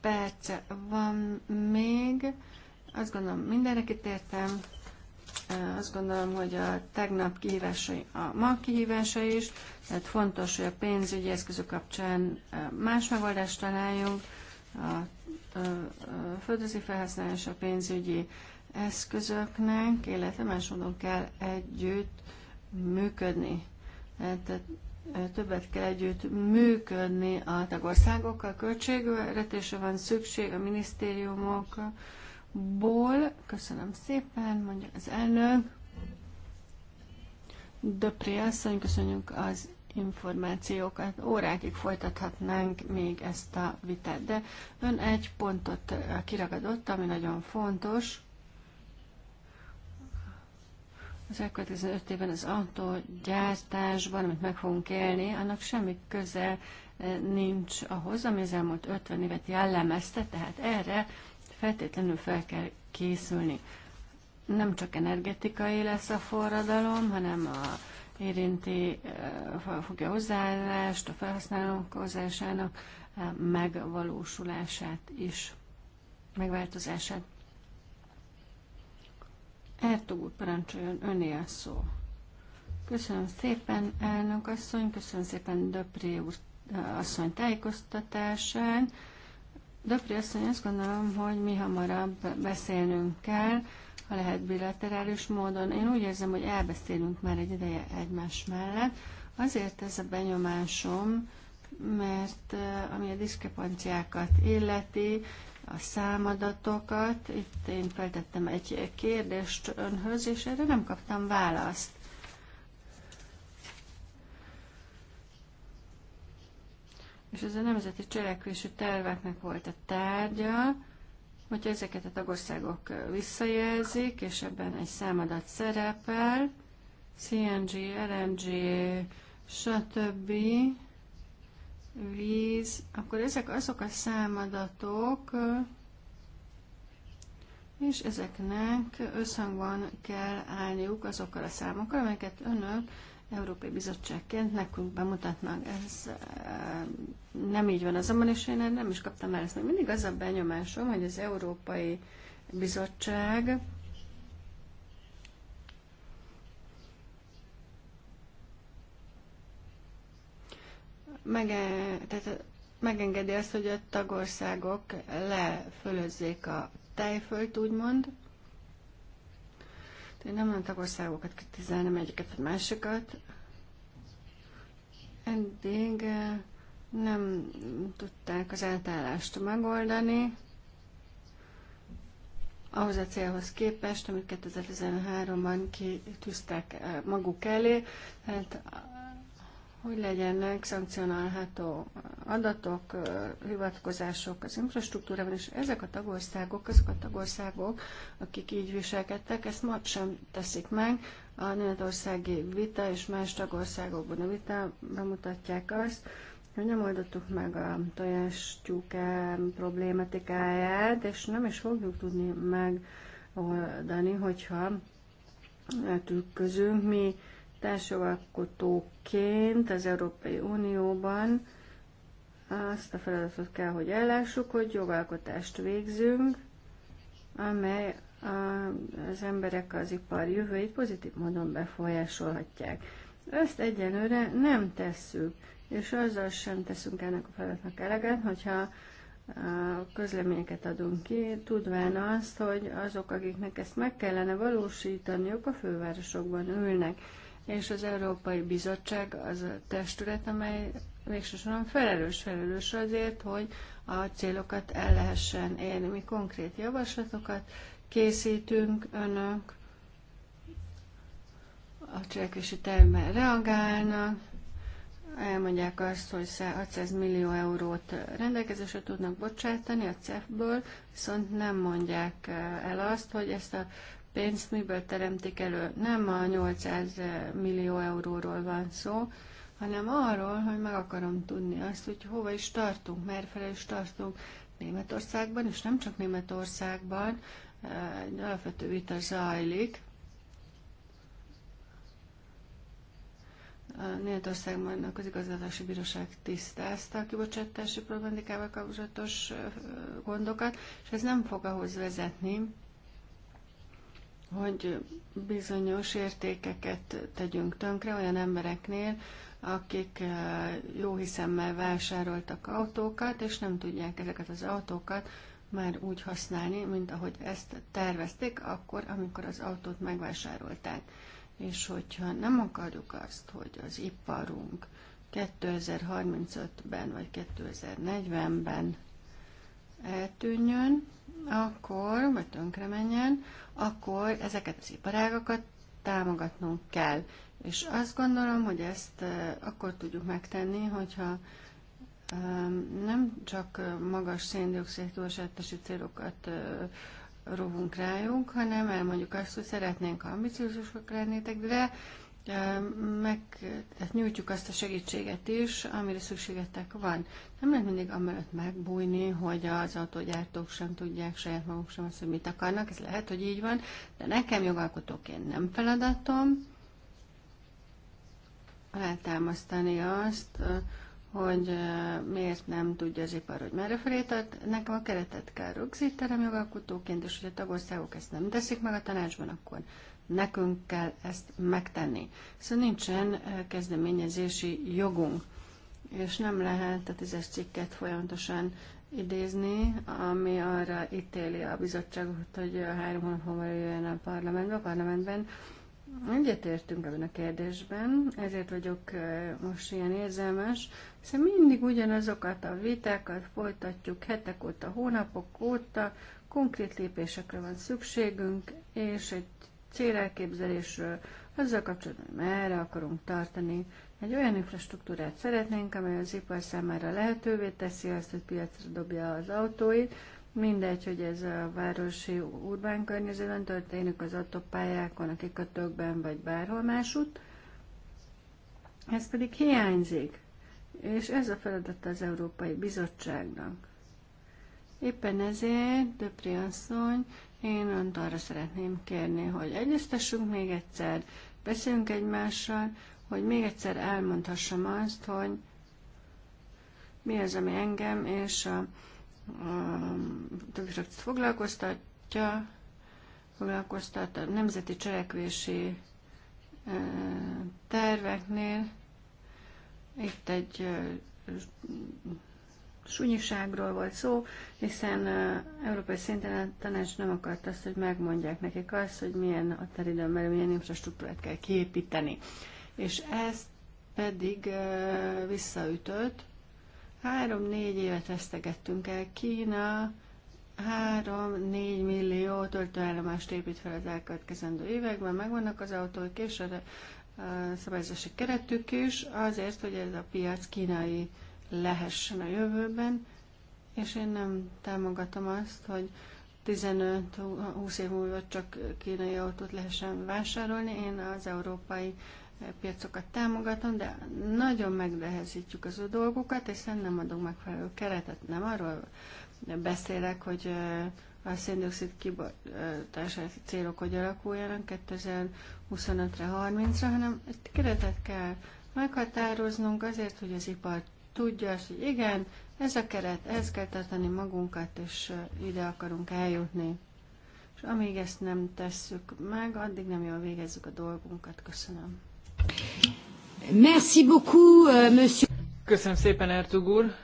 perce van még. Azt gondolom, mindenre kitértem. Azt gondolom, hogy a tegnap kihívásai a ma kihívása is, tehát fontos, hogy a pénzügyi eszközök kapcsán más megoldást találjunk. A földrajzi felhasználás a pénzügyi eszközöknek, illetve más módon kell együtt működni. Tehát többet kell együtt működni a tagországokkal. Költségvetésre van szükség a minisztériumokból. Köszönöm szépen, mondja az elnök. Döpré asszony, köszönjük az információkat. Órákig folytathatnánk még ezt a vitát, de ön egy pontot kiragadott, ami nagyon fontos. Az elkövetkező öt évben az autógyártásban, amit meg fogunk élni, annak semmi köze e, nincs ahhoz, ami az elmúlt 50 évet jellemezte, tehát erre feltétlenül fel kell készülni. Nem csak energetikai lesz a forradalom, hanem a érinti e, fogja a hozzáállást, a felhasználók hozzásának e, megvalósulását is, megváltozását. Ertug úr, parancsoljon, öné a szó. Köszönöm szépen, elnök asszony, köszönöm szépen Döpré úr asszony tájékoztatásán. Döpré asszony, azt gondolom, hogy mi hamarabb beszélnünk kell, ha lehet bilaterális módon. Én úgy érzem, hogy elbeszélünk már egy ideje egymás mellett. Azért ez a benyomásom, mert ami a diszkrepanciákat illeti, a számadatokat. Itt én feltettem egy kérdést önhöz, és erre nem kaptam választ. És ez a nemzeti cselekvési terveknek volt a tárgya, hogyha ezeket a tagországok visszajelzik, és ebben egy számadat szerepel, CNG, LNG, stb víz, akkor ezek azok a számadatok, és ezeknek összhangban kell állniuk azokkal a számokkal, amelyeket önök Európai Bizottságként nekünk bemutatnak. Ez eh, nem így van azonban, és én nem is kaptam el ezt. Még mindig az a benyomásom, hogy az Európai Bizottság mege, tehát megengedi azt, hogy a tagországok lefölözzék a tejfölt, úgymond. Tehát nem a tagországokat kritizálni, nem egyiket vagy másikat. Eddig eh, nem tudták az átállást megoldani. Ahhoz a célhoz képest, amit 2013-ban kitűztek eh, maguk elé, tehát hogy legyenek szankcionálható adatok, hivatkozások az infrastruktúrában, és ezek a tagországok, azok a tagországok, akik így viselkedtek, ezt ma sem teszik meg. A németországi vita és más tagországokban a vita bemutatják azt, hogy nem oldottuk meg a tyúke problématikáját, és nem is fogjuk tudni megoldani, hogyha tükközünk mi társjogalkotóként az Európai Unióban azt a feladatot kell, hogy ellássuk, hogy jogalkotást végzünk, amely az emberek az ipar jövőjét pozitív módon befolyásolhatják. Ezt egyenőre nem tesszük, és azzal sem teszünk ennek a feladatnak eleget, hogyha közleményeket adunk ki, tudván azt, hogy azok, akiknek ezt meg kellene valósítaniuk, a fővárosokban ülnek és az Európai Bizottság az a testület, amely végsősorban felelős felelős azért, hogy a célokat el lehessen érni. Mi konkrét javaslatokat készítünk önök, a cselekvési tervben reagálnak, elmondják azt, hogy 600 millió eurót rendelkezésre tudnak bocsátani a CEF-ből, viszont nem mondják el azt, hogy ezt a pénzt miből teremtik elő. Nem a 800 millió euróról van szó, hanem arról, hogy meg akarom tudni azt, hogy hova is tartunk, merfele is tartunk Németországban, és nem csak Németországban, egy alapvető vita zajlik. Németországban a közigazgatási bíróság tisztázta a kibocsátási problematikával kapcsolatos gondokat, és ez nem fog ahhoz vezetni, hogy bizonyos értékeket tegyünk tönkre olyan embereknél, akik eh, jó hiszemmel vásároltak autókat, és nem tudják ezeket az autókat már úgy használni, mint ahogy ezt tervezték akkor, amikor az autót megvásárolták. És hogyha nem akarjuk azt, hogy az iparunk 2035-ben vagy 2040-ben eltűnjön, akkor, vagy tönkre menjen, akkor ezeket az iparágakat támogatnunk kell. És azt gondolom, hogy ezt akkor tudjuk megtenni, hogyha nem csak magas széndiokszid kibocsátási célokat rovunk rájuk, hanem elmondjuk azt, hogy szeretnénk ambiciózusok lennétek, de meg, tehát nyújtjuk azt a segítséget is, amire szükségetek van. Nem lehet mindig amellett megbújni, hogy az autógyártók sem tudják saját maguk sem azt, hogy mit akarnak, ez lehet, hogy így van, de nekem jogalkotóként nem feladatom eltámasztani azt, hogy miért nem tudja az ipar, hogy merre felé tart. Nekem a keretet kell rögzítenem jogalkotóként, és hogy a tagországok ezt nem teszik meg a tanácsban, akkor nekünk kell ezt megtenni. Szóval nincsen eh, kezdeményezési jogunk, és nem lehet a tízes cikket folyamatosan idézni, ami arra ítéli a bizottságot, hogy három hónap múlva jöjjön a parlamentbe, a parlamentben. Egyetértünk ebben a kérdésben, ezért vagyok eh, most ilyen érzelmes, hiszen mindig ugyanazokat a vitákat folytatjuk hetek óta, hónapok óta, konkrét lépésekre van szükségünk, és egy célelképzelésről, azzal kapcsolatban, hogy merre akarunk tartani. Egy olyan infrastruktúrát szeretnénk, amely az ipar számára lehetővé teszi azt, hogy piacra dobja az autóit, Mindegy, hogy ez a városi urbán környezetben történik, az autópályákon, a kikötőkben, vagy bárhol másút. Ez pedig hiányzik, és ez a feladat az Európai Bizottságnak. Éppen ezért Döpri asszony én önt arra szeretném kérni, hogy egyeztessünk még egyszer, beszéljünk egymással, hogy még egyszer elmondhassam azt, hogy mi az, ami engem és a, a többi frakciót foglalkoztatja, foglalkoztat a nemzeti cselekvési e, terveknél. Itt egy e, sunyiságról volt szó, hiszen európai szinten a tanács nem akart azt, hogy megmondják nekik azt, hogy milyen teridőn belül milyen infrastruktúrát kell kiépíteni. És ez pedig visszaütött. Három-négy évet vesztegettünk el. Kína 3-4 millió töltőállomást épít fel az elkövetkezendő években, megvannak az autók és a szabályozási keretük is, azért, hogy ez a piac kínai lehessen a jövőben, és én nem támogatom azt, hogy 15-20 év múlva csak kínai autót lehessen vásárolni. Én az európai piacokat támogatom, de nagyon megnehezítjük az ő dolgukat, hiszen nem adunk megfelelő keretet. Nem arról beszélek, hogy a széndiokszid kibocsátási célok hogy alakuljanak 2025-re, 30-ra, hanem egy keretet kell meghatároznunk azért, hogy az ipar tudja azt, hogy igen, ez a keret, ez kell tartani magunkat, és ide akarunk eljutni. És amíg ezt nem tesszük meg, addig nem jól végezzük a dolgunkat. Köszönöm. Merci beaucoup, euh, monsieur. Köszönöm szépen, Ertug úr.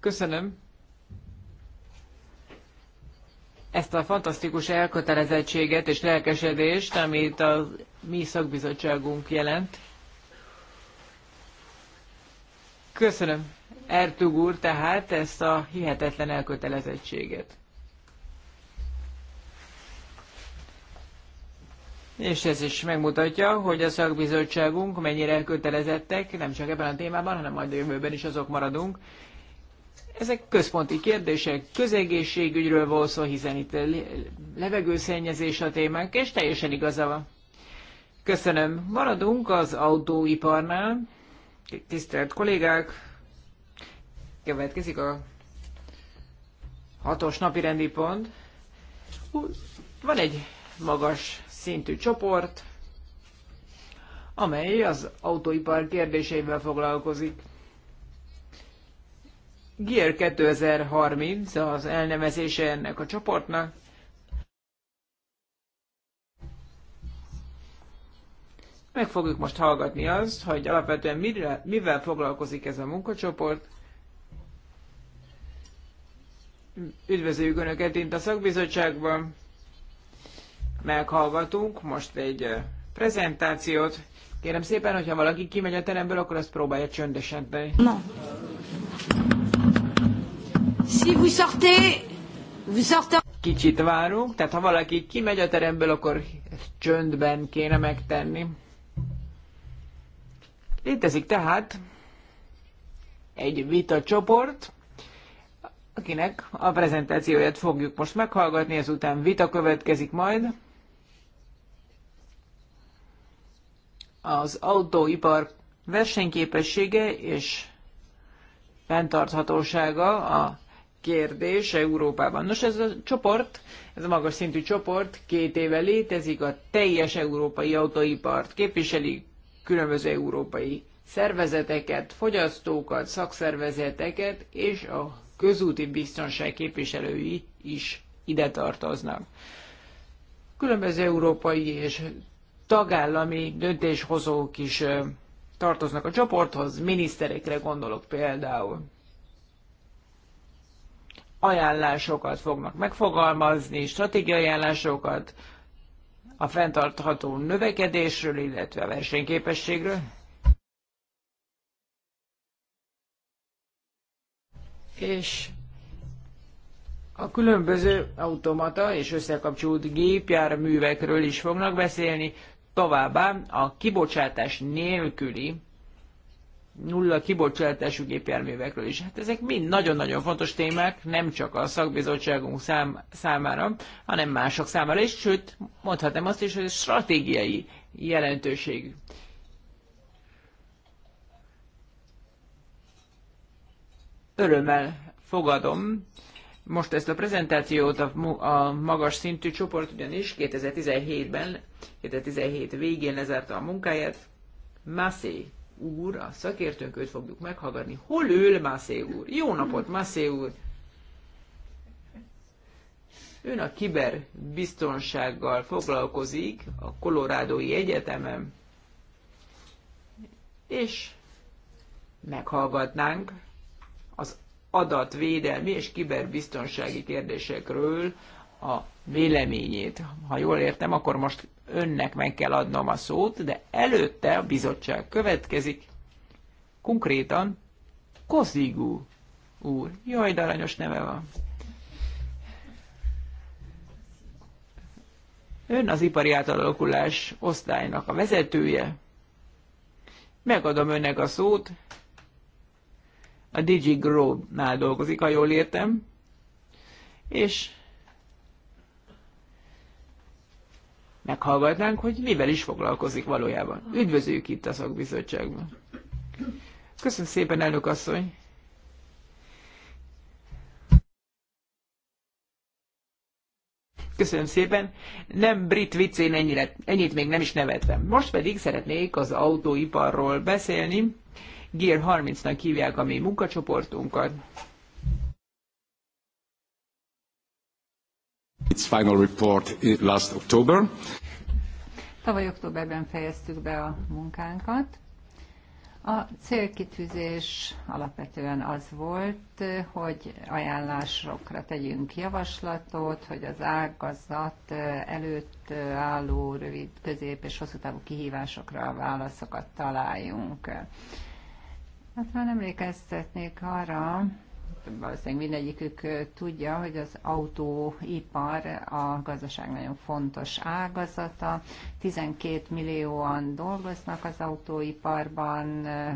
Köszönöm. Ezt a fantasztikus elkötelezettséget és lelkesedést, amit a mi szakbizottságunk jelent. Köszönöm Ertug úr tehát ezt a hihetetlen elkötelezettséget. És ez is megmutatja, hogy a szakbizottságunk mennyire elkötelezettek, nem csak ebben a témában, hanem majd a jövőben is azok maradunk. Ezek központi kérdések, közegészségügyről volt szó, hiszen itt levegőszennyezés a témánk, és teljesen igaza van. Köszönöm. Maradunk az autóiparnál. Tisztelt kollégák! Következik a hatos napi rendi pont. Van egy magas szintű csoport, amely az autóipar kérdéseivel foglalkozik. Gear 2030 az elnevezése ennek a csoportnak. Meg fogjuk most hallgatni azt, hogy alapvetően mire, mivel foglalkozik ez a munkacsoport. Üdvözöljük Önöket itt a szakbizottságban. Meghallgatunk most egy prezentációt. Kérem szépen, hogyha valaki kimegy a teremből, akkor azt próbálja csöndesen tenni. No. Si vous sortez, vous sortez... Kicsit várunk, tehát ha valaki kimegy a teremből, akkor csöndben kéne megtenni. Létezik tehát egy vita csoport, akinek a prezentációját fogjuk most meghallgatni, ezután vita következik majd. Az autóipar versenyképessége és fenntarthatósága a kérdés Európában. Nos, ez a csoport, ez a magas szintű csoport két éve létezik, a teljes európai autóipart képviselik, különböző európai szervezeteket, fogyasztókat, szakszervezeteket és a közúti biztonság képviselői is ide tartoznak. Különböző európai és tagállami döntéshozók is tartoznak a csoporthoz, miniszterekre gondolok például. Ajánlásokat fognak megfogalmazni, stratégiai ajánlásokat, a fenntartható növekedésről, illetve a versenyképességről. És a különböző automata és összekapcsolt gépjárművekről is fognak beszélni, továbbá a kibocsátás nélküli nulla kibocsátású gépjárművekről is. Hát ezek mind nagyon-nagyon fontos témák, nem csak a szakbizottságunk szám, számára, hanem mások számára is, sőt, mondhatnám azt is, hogy ez stratégiai jelentőségű. Örömmel fogadom most ezt a prezentációt a, a magas szintű csoport ugyanis 2017-ben, 2017 végén lezárta a munkáját. Massé úr, a szakértőnk, őt fogjuk meghallgatni. Hol ül Massé úr? Jó napot, Massé úr! Ön a kiberbiztonsággal foglalkozik a Kolorádói Egyetemen, és meghallgatnánk az adatvédelmi és kiberbiztonsági kérdésekről a véleményét. Ha jól értem, akkor most önnek meg kell adnom a szót, de előtte a bizottság következik. Konkrétan Kozigú úr. Jaj, de aranyos neve van. Ön az ipari átalakulás osztálynak a vezetője. Megadom önnek a szót. A Digi DigiGrow-nál dolgozik, ha jól értem. És meghallgatnánk, hogy mivel is foglalkozik valójában. Üdvözöljük itt a szakbizottságban. Köszönöm szépen, elnök asszony! Köszönöm szépen. Nem brit viccén ennyire, ennyit még nem is nevettem. Most pedig szeretnék az autóiparról beszélni. Gear 30-nak hívják a mi munkacsoportunkat. Its final report last October. Tavaly októberben fejeztük be a munkánkat. A célkitűzés alapvetően az volt, hogy ajánlásokra tegyünk javaslatot, hogy az ágazat előtt álló rövid, közép és hosszú távú kihívásokra válaszokat találjunk. Hát már emlékeztetnék arra, valószínűleg mindegyikük tudja, hogy az autóipar a gazdaság nagyon fontos ágazata. 12 millióan dolgoznak az autóiparban,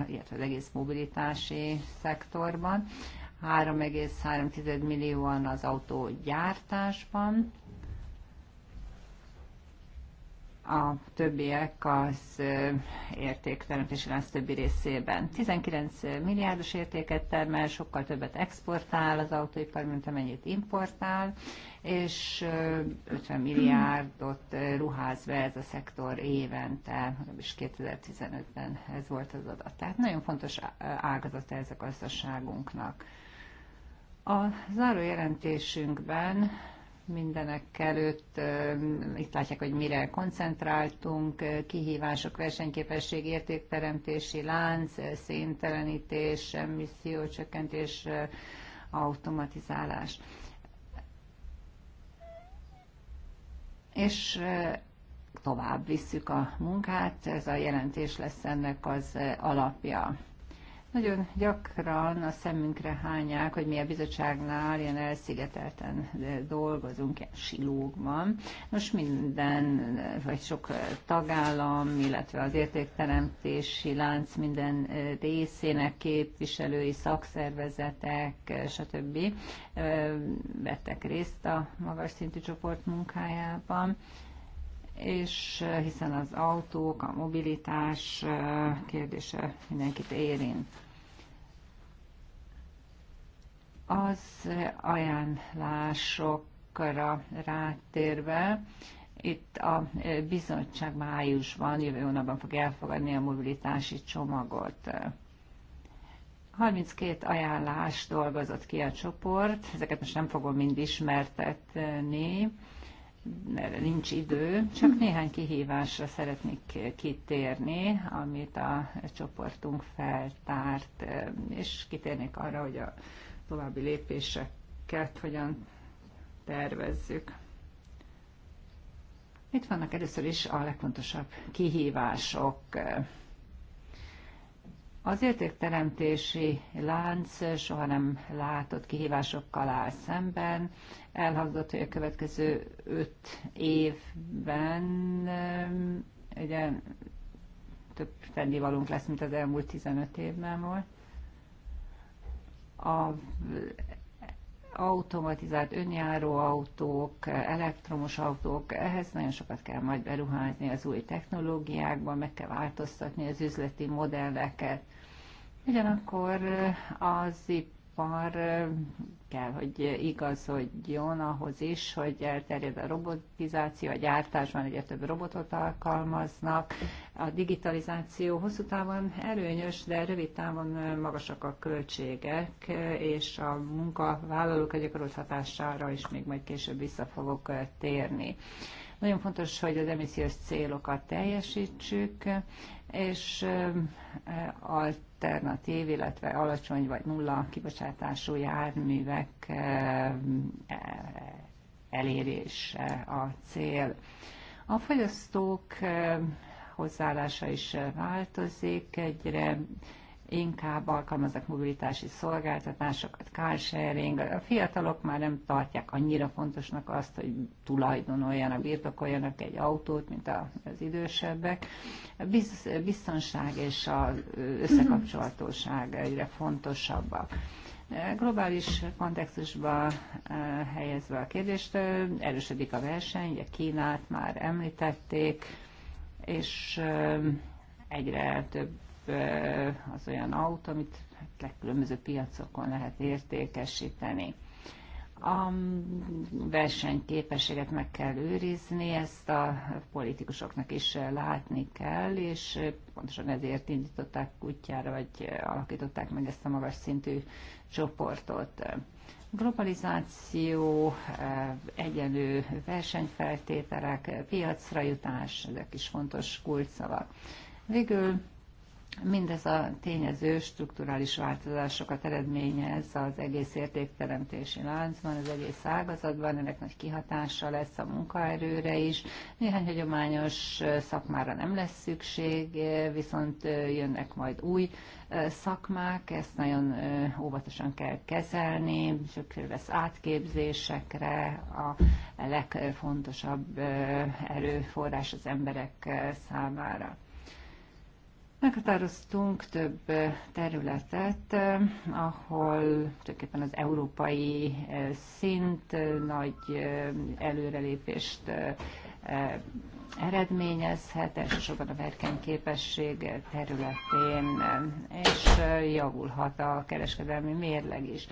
illetve az egész mobilitási szektorban. 3,3 millióan az autógyártásban, a többiek az értékteremtési lánc többi részében. 19 milliárdos értéket termel, sokkal többet exportál az autóipar, mint amennyit importál, és 50 milliárdot ruház be ez a szektor évente, és 2015-ben ez volt az adat. Tehát nagyon fontos ágazata ez a gazdaságunknak. A záró jelentésünkben mindenek előtt. Itt látják, hogy mire koncentráltunk, kihívások, versenyképesség, értékteremtési lánc, széntelenítés, missziócsökkentés, automatizálás. És tovább visszük a munkát, ez a jelentés lesz ennek az alapja. Nagyon gyakran a szemünkre hányák, hogy mi a bizottságnál ilyen elszigetelten eh, dolgozunk, ilyen silókban. Most minden, eh, vagy sok eh, tagállam, illetve az értékteremtési lánc minden részének képviselői szakszervezetek, stb. vettek részt a magas szintű csoport munkájában és eh, hiszen az autók, a mobilitás eh, kérdése mindenkit érint. Az ajánlásokra rátérve, itt a eh, bizottság májusban, jövő hónapban fog elfogadni a mobilitási csomagot. 32 ajánlás dolgozott ki a csoport, ezeket most nem fogom mind ismertetni, erre nincs idő, csak néhány kihívásra szeretnék kitérni, amit a csoportunk feltárt, és kitérnék arra, hogy a további lépéseket hogyan tervezzük. Itt vannak először is a legfontosabb kihívások, az értékteremtési lánc soha nem látott kihívásokkal áll szemben. Elhangzott, hogy a következő öt évben um, ugye több tennivalónk lesz, mint az elmúlt 15 évben volt. A automatizált önjáró autók, elektromos autók, ehhez nagyon sokat kell majd beruházni az új technológiákban, meg kell változtatni az üzleti modelleket. Ugyanakkor az ipar kell, hogy igazodjon ahhoz is, hogy elterjed a robotizáció, a gyártásban egyre több robotot alkalmaznak. A digitalizáció hosszú távon erőnyös, de rövid távon magasak a költségek, és a munkavállalók egy gyakorolt hatására is még majd később vissza fogok térni. Nagyon fontos, hogy az emissziós célokat teljesítsük, és alternatív, illetve alacsony vagy nulla kibocsátású járművek e, elérése a cél. A fogyasztók hozzáállása is változik, egyre inkább alkalmaznak mobilitási szolgáltatásokat, carsharing, a fiatalok már nem tartják annyira fontosnak azt, hogy tulajdonoljanak, birtokoljanak egy autót, mint az idősebbek. A biztonság és az összekapcsolatóság egyre fontosabbak. Globális kontextusba eh, helyezve a kérdést, eh, erősödik a verseny, a Kínát már említették, és eh, egyre több az olyan autó, amit hát legkülönböző piacokon lehet értékesíteni. A versenyképességet meg kell őrizni, ezt a politikusoknak is látni kell, és pontosan ezért indították kutyára, vagy alakították meg ezt a magas szintű csoportot. Globalizáció, egyenlő versenyfeltételek, piacra jutás, ezek is fontos kulcsszavak. Végül Mindez a tényező strukturális változásokat eredményez az egész értékteremtési láncban, az egész ágazatban, ennek nagy kihatása lesz a munkaerőre is. Néhány hagyományos szakmára nem lesz szükség, viszont jönnek majd új szakmák, ezt nagyon óvatosan kell kezelni, szükség lesz átképzésekre, a legfontosabb erőforrás az emberek számára. Meghatároztunk több területet, ahol tulajdonképpen az európai szint nagy előrelépést eredményezhet, elsősorban a verkenyképesség területén, és javulhat a kereskedelmi mérleg is.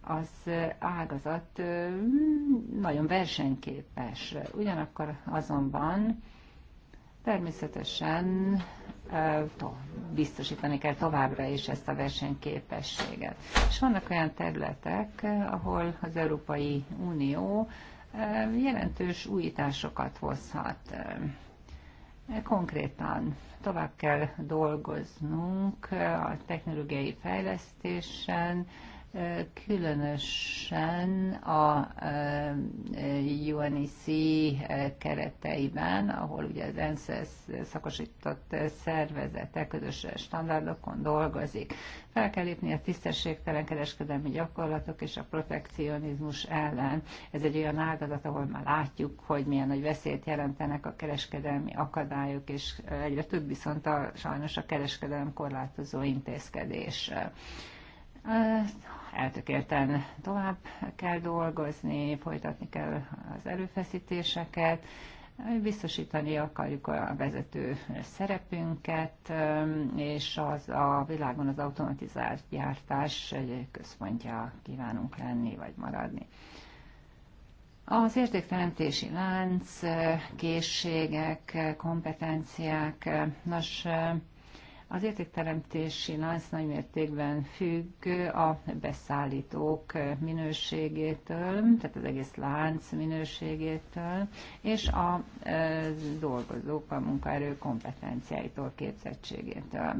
Az ágazat nagyon versenyképes, ugyanakkor azonban természetesen biztosítani kell továbbra is ezt a versenyképességet. És vannak olyan területek, ahol az Európai Unió jelentős újításokat hozhat. Konkrétan tovább kell dolgoznunk a technológiai fejlesztésen, különösen a UNEC kereteiben, ahol ugye az ENSZ szakosított szervezete közös standardokon dolgozik. Fel kell lépni a tisztességtelen kereskedelmi gyakorlatok és a protekcionizmus ellen. Ez egy olyan ágazat, ahol már látjuk, hogy milyen nagy veszélyt jelentenek a kereskedelmi akadályok, és egyre több viszont a, sajnos a kereskedelem korlátozó intézkedés eltökélten tovább kell dolgozni, folytatni kell az erőfeszítéseket, biztosítani akarjuk a vezető szerepünket, és az a világon az automatizált gyártás egy központja kívánunk lenni vagy maradni. Az értékteremtési lánc, készségek, kompetenciák, nos, az értékteremtési lánc nagy mértékben függ a beszállítók minőségétől, tehát az egész lánc minőségétől, és a e, dolgozók, a munkaerő kompetenciáitól, képzettségétől.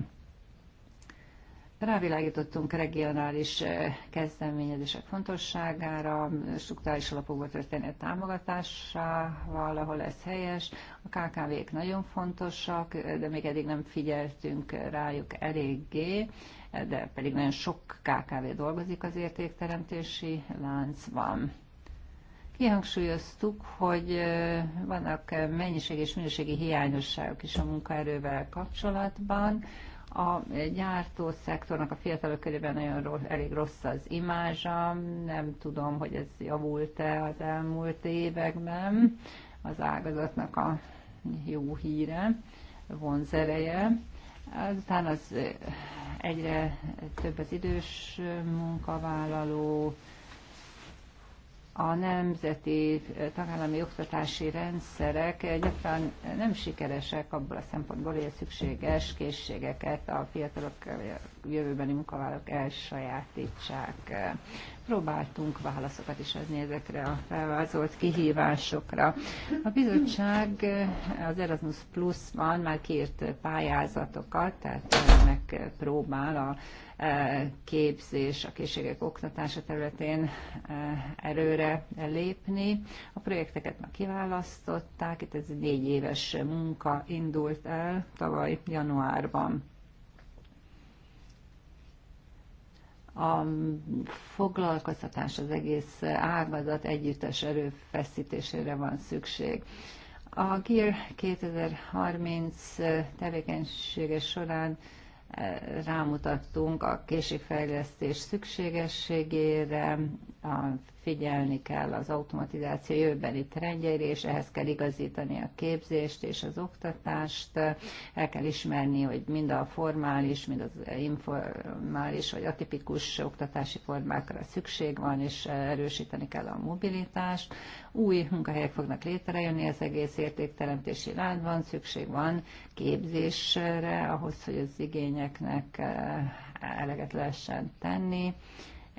Rávilágítottunk regionális eh, kezdeményezések fontosságára, struktúrális alapokba történő támogatásával, ahol ez helyes. A KKV-k nagyon fontosak, de még eddig nem figyeltünk rájuk eléggé, de pedig nagyon sok KKV dolgozik az értékteremtési láncban. Kihangsúlyoztuk, hogy eh, vannak eh, mennyiség és minőségi hiányosságok is a munkaerővel kapcsolatban, a szektornak a fiatalok körében nagyon rossz, elég rossz az imázsa, nem tudom, hogy ez javult-e az elmúlt években, az ágazatnak a jó híre, vonzereje. Azután az eh, egyre több az idős munkavállaló, a nemzeti eh, tagállami oktatási rendszerek eh, gyakran eh, nem sikeresek abból a szempontból, hogy a szükséges készségeket a fiatalok jövőbeni munkavállalók elsajátítsák. Próbáltunk válaszokat is adni ezekre a felvázolt kihívásokra. A bizottság az Erasmus plus van, már kért pályázatokat, tehát megpróbál a e, képzés, a készségek oktatása területén erőre lépni. A projekteket már kiválasztották, itt ez egy négy éves munka indult el tavaly januárban. a foglalkoztatás, az egész ágazat együttes erőfeszítésére van szükség. A GEAR 2030 tevékenysége során eh, rámutattunk a készségfejlesztés szükségességére, figyelni kell az automatizáció jövőbeli trendjeire, és ehhez kell igazítani a képzést és az oktatást. El kell ismerni, hogy mind a formális, mind az informális vagy atipikus oktatási formákra szükség van, és erősíteni kell a mobilitást. Új munkahelyek fognak létrejönni, az egész értékteremtési láncban szükség van képzésre, ahhoz, hogy az igényeknek eh, eleget lehessen tenni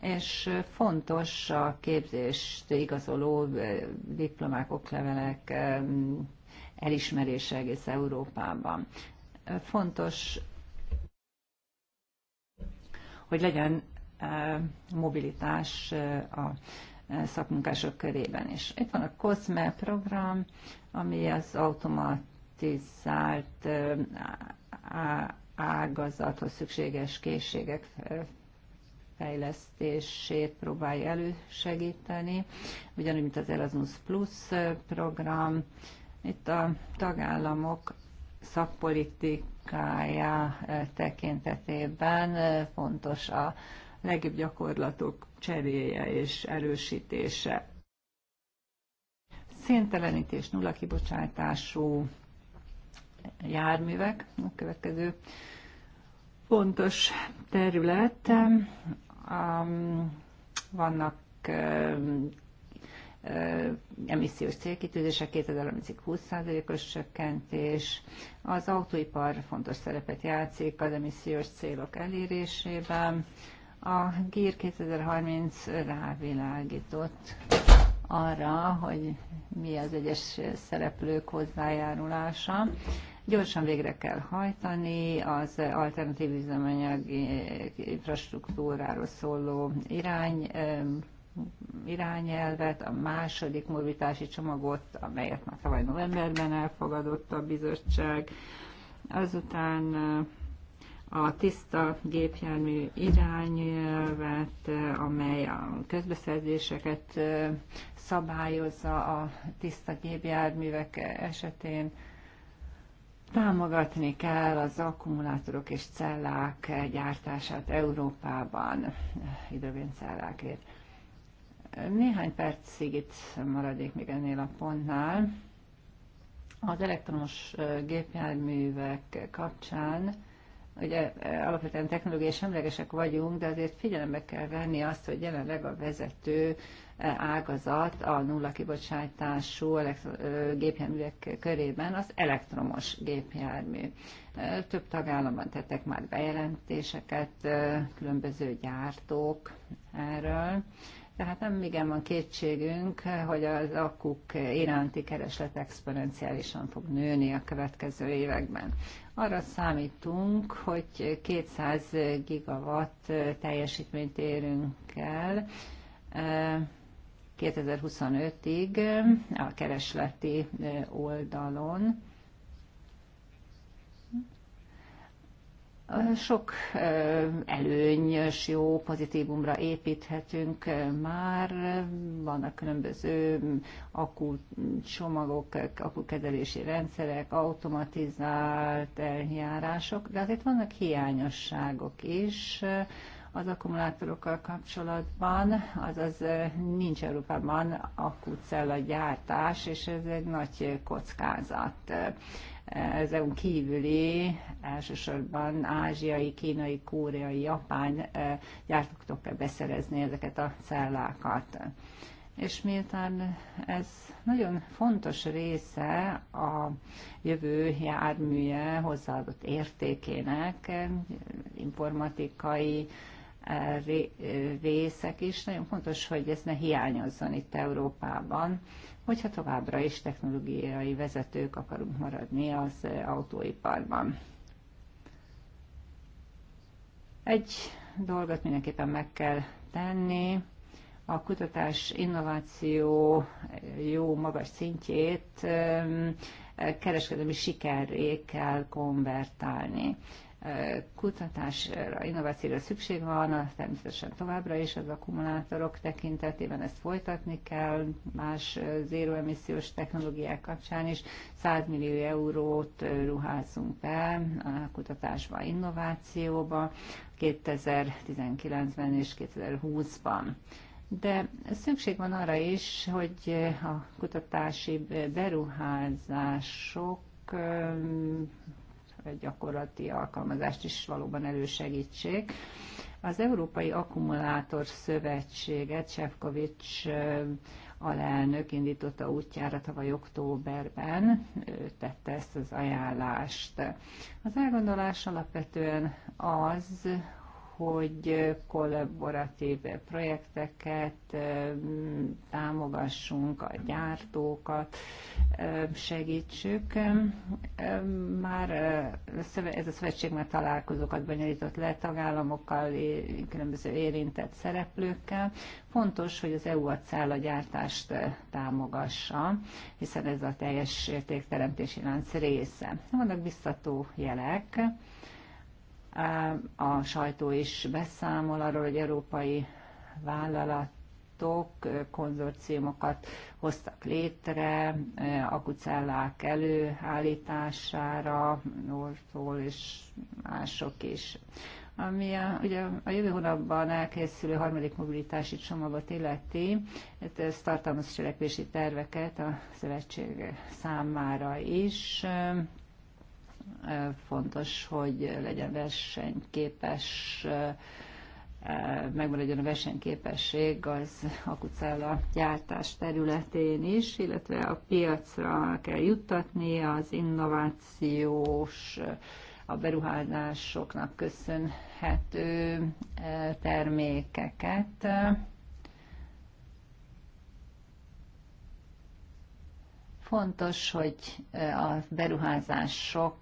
és fontos a képzést igazoló eh, diplomák, oklevelek elismerése egész Európában. Fontos, hogy legyen eh, mobilitás eh, a szakmunkások körében is. Itt van a COSME program, ami az automatizált ágazathoz szükséges készségek fejlesztését próbálja elősegíteni, ugyanúgy, mint az Erasmus Plus program. Itt a tagállamok szakpolitikája tekintetében fontos a legjobb gyakorlatok cseréje és erősítése. Széntelenítés, nulla kibocsátású járművek, a következő fontos terület vannak emissziós célkitűzések, 2030-ig 20%-os csökkentés. Az autóipar fontos szerepet játszik az emissziós célok elérésében. A GIR 2030 rávilágított arra, hogy mi az egyes szereplők hozzájárulása Gyorsan végre kell hajtani az alternatív üzemanyag infrastruktúráról szóló irány, irányelvet, a második mobilitási csomagot, amelyet már tavaly novemberben elfogadott a bizottság, azután eh, a tiszta gépjármű irányelvet, eh, amely a közbeszerzéseket eh, szabályozza a tiszta gépjárművek esetén, Támogatni kell az akkumulátorok és cellák gyártását Európában, hidrogén cellákért. Néhány percig itt maradék még ennél a pontnál. Az elektromos gépjárművek kapcsán ugye alapvetően technológiai semlegesek vagyunk, de azért figyelembe kell venni azt, hogy jelenleg a vezető ágazat a nulla kibocsátású gépjárművek körében az elektromos gépjármű. Több tagállamban tettek már bejelentéseket különböző gyártók erről. Tehát nem igen van kétségünk, hogy az akuk iránti kereslet exponenciálisan fog nőni a következő években. Arra számítunk, hogy 200 gigawatt teljesítményt érünk el, 2025-ig a keresleti oldalon. Sok előnyös, jó pozitívumra építhetünk már, vannak különböző csomagok, akut kezelési rendszerek, automatizált eljárások, de azért vannak hiányosságok is, az akkumulátorokkal kapcsolatban, azaz nincs Európában akkucella gyártás, és ez egy nagy kockázat. Ezen kívüli elsősorban ázsiai, kínai, koreai, japán gyártóktól kell beszerezni ezeket a cellákat. És miután ez nagyon fontos része a jövő járműje hozzáadott értékének, informatikai, vészek is. Nagyon fontos, hogy ez ne hiányozzon itt Európában, hogyha továbbra is technológiai vezetők akarunk maradni az autóiparban. Egy dolgot mindenképpen meg kell tenni, a kutatás innováció jó magas szintjét kereskedelmi sikerré kell konvertálni kutatásra, innovációra szükség van, természetesen továbbra is az akkumulátorok tekintetében ezt folytatni kell, más emissziós technológiák kapcsán is 100 millió eurót ruházunk be a kutatásba, innovációba 2019-ben és 2020-ban de szükség van arra is, hogy a kutatási beruházások gyakorlati alkalmazást is valóban elősegítsék. Az Európai Akkumulátor Szövetséget Csefkovics alelnök indította útjára tavaly októberben, ő tette ezt az ajánlást. Az elgondolás alapvetően az, hogy kollaboratív projekteket támogassunk, a gyártókat segítsük. Már ez a szövetség már találkozókat bonyolított le tagállamokkal, különböző érintett szereplőkkel. Fontos, hogy az EU a gyártást támogassa, hiszen ez a teljes értékteremtési lánc része. Vannak biztató jelek, a sajtó is beszámol arról, hogy európai vállalatok konzorciumokat hoztak létre, akucellák előállítására, ortól és mások is ami a, ugye a jövő hónapban elkészülő harmadik mobilitási csomagot illeti, hát ez tartalmaz cselekvési terveket a szövetség számára is, Fontos, hogy legyen versenyképes, megmaradjon a versenyképesség az akucella gyártás területén is, illetve a piacra kell juttatni az innovációs a beruházásoknak köszönhető termékeket. Fontos, hogy a beruházások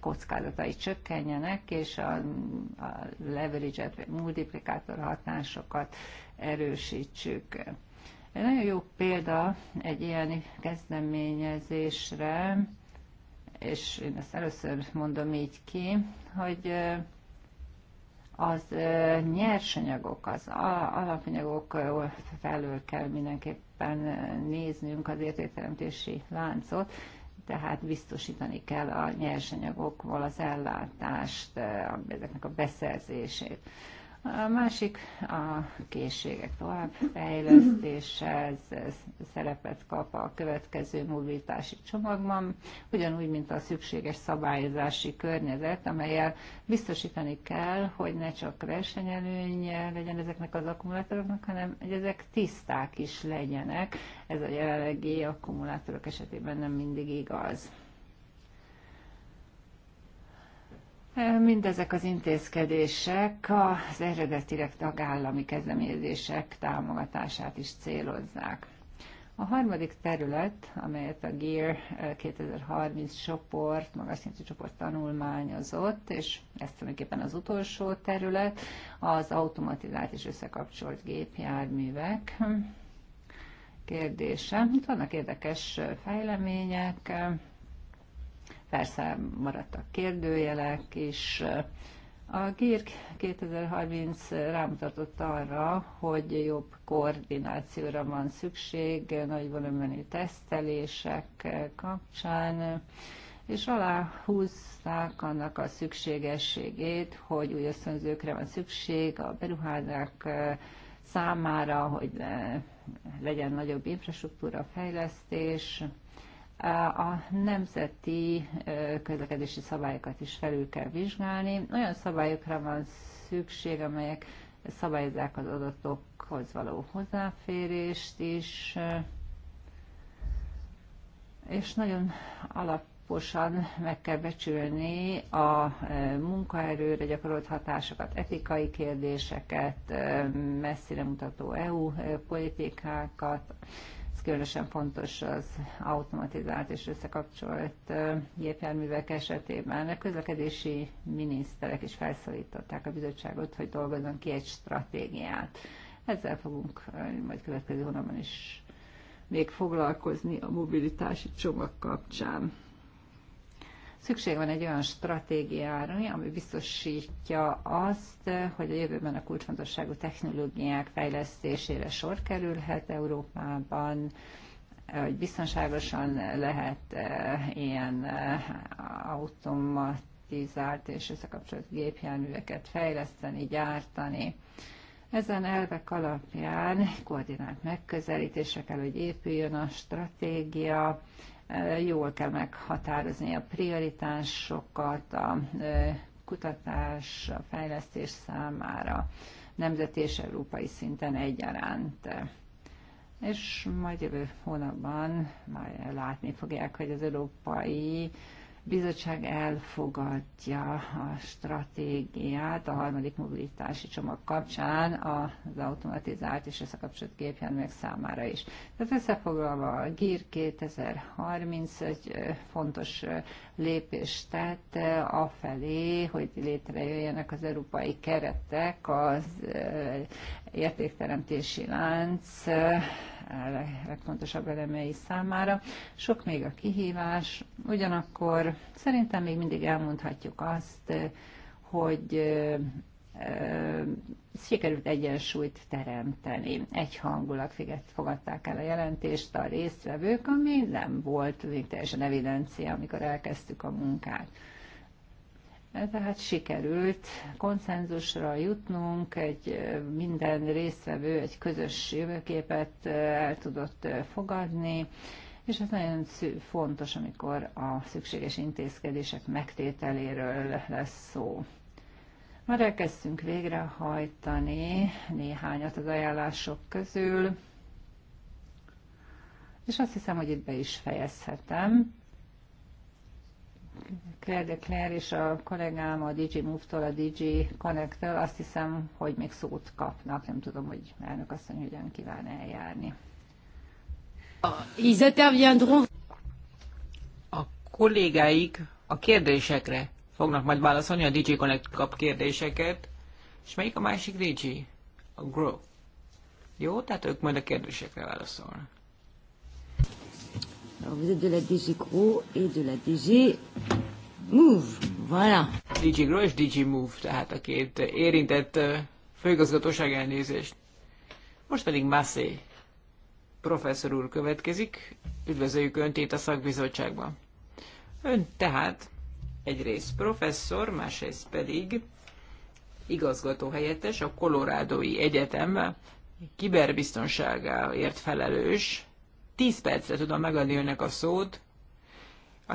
kockázatai csökkenjenek, és a, a leverage multiplikátor hatásokat erősítsük. Egy nagyon jó példa egy ilyen kezdeményezésre, és én ezt először mondom így ki, hogy az nyersanyagok, az alapanyagok felől kell mindenképpen néznünk az értékteremtési láncot, tehát biztosítani kell a nyersanyagokból az ellátást, ezeknek a beszerzését. A másik a készségek továbbfejlesztése, ez szerepet kap a következő mobilitási csomagban, ugyanúgy, mint a szükséges szabályozási környezet, amelyel biztosítani kell, hogy ne csak versenyelőny legyen ezeknek az akkumulátoroknak, hanem hogy ezek tiszták is legyenek. Ez a jelenlegi akkumulátorok esetében nem mindig igaz. Mindezek az intézkedések az eredetileg tagállami kezdeményezések támogatását is célozzák. A harmadik terület, amelyet a GEAR 2030 eh, csoport, magas szintű csoport tanulmányozott, és ez tulajdonképpen az utolsó terület, az automatizált és összekapcsolt gépjárművek kérdése. Itt vannak érdekes fejlemények, Persze maradtak kérdőjelek, és eh, a GIRK 2030 rámutatott arra, hogy jobb koordinációra van szükség nagy volumenű tesztelések kapcsán, és aláhúzták annak a szükségességét, hogy új ösztönzőkre van szükség a beruházák eh, számára, hogy legyen nagyobb infrastruktúra fejlesztés, a nemzeti közlekedési szabályokat is felül kell vizsgálni. Olyan szabályokra van szükség, amelyek szabályozzák az adatokhoz való hozzáférést is, és nagyon alaposan meg kell becsülni a munkaerőre gyakorolt hatásokat, etikai kérdéseket, messzire mutató EU politikákat, különösen fontos az automatizált és összekapcsolt gépjárművek esetében. A közlekedési miniszterek is felszólították a bizottságot, hogy dolgozzon ki egy stratégiát. Ezzel fogunk majd következő hónapban is még foglalkozni a mobilitási csomag kapcsán. Szükség van egy olyan stratégiára, ami biztosítja azt, hogy a jövőben a kulcsfontosságú technológiák fejlesztésére sor kerülhet Európában, hogy biztonságosan lehet eh, ilyen eh, automatizált és összekapcsolt gépjárműveket fejleszteni, gyártani. Ezen elvek alapján koordinált megközelítésre kell, hogy épüljön a stratégia, jól kell meghatározni a prioritásokat, a kutatás, a fejlesztés számára, nemzeti és európai szinten egyaránt. És majd jövő hónapban már látni fogják, hogy az európai bizottság elfogadja a stratégiát a harmadik mobilitási csomag kapcsán az automatizált és összekapcsolt gépjárművek számára is. Tehát összefoglalva a GIR 2030 egy fontos lépést tett afelé, hogy létrejöjjenek az európai keretek az értékteremtési lánc legfontosabb elemei számára. Sok még a kihívás, ugyanakkor szerintem még mindig elmondhatjuk azt, hogy sikerült egyensúlyt teremteni. Egy Egyhangulag fogadták el a jelentést a résztvevők, ami nem volt még teljesen evidencia, amikor elkezdtük a munkát. Tehát sikerült konszenzusra jutnunk, egy minden résztvevő egy közös jövőképet el tudott fogadni, és ez nagyon fontos, amikor a szükséges intézkedések megtételéről lesz szó. Már elkezdtünk végrehajtani néhányat az ajánlások közül, és azt hiszem, hogy itt be is fejezhetem. Claire de Claire és a kollégám a DJ Move-tól, a DJ connect azt hiszem, hogy még szót kapnak. Nem tudom, hogy elnök asszony hogyan kíván eljárni. A kollégáik a kérdésekre fognak majd válaszolni, a DJ Connect kap kérdéseket. És melyik a másik DJ A Grow. Jó, tehát ők majd a kérdésekre válaszolnak. Alors vous êtes de la DG Crow et de la DG Move. Voilà. DG Crow et DG Move, tehát a két érintett főigazgatóság elnézést. Most pedig Massé professzor úr következik. Üdvözöljük Önt itt a szakbizottságban. Ön tehát egyrészt professzor, másrészt pedig igazgató helyettes a Kolorádói Egyetem kiberbiztonságáért felelős 10 percre tudom megadni önnek a szót a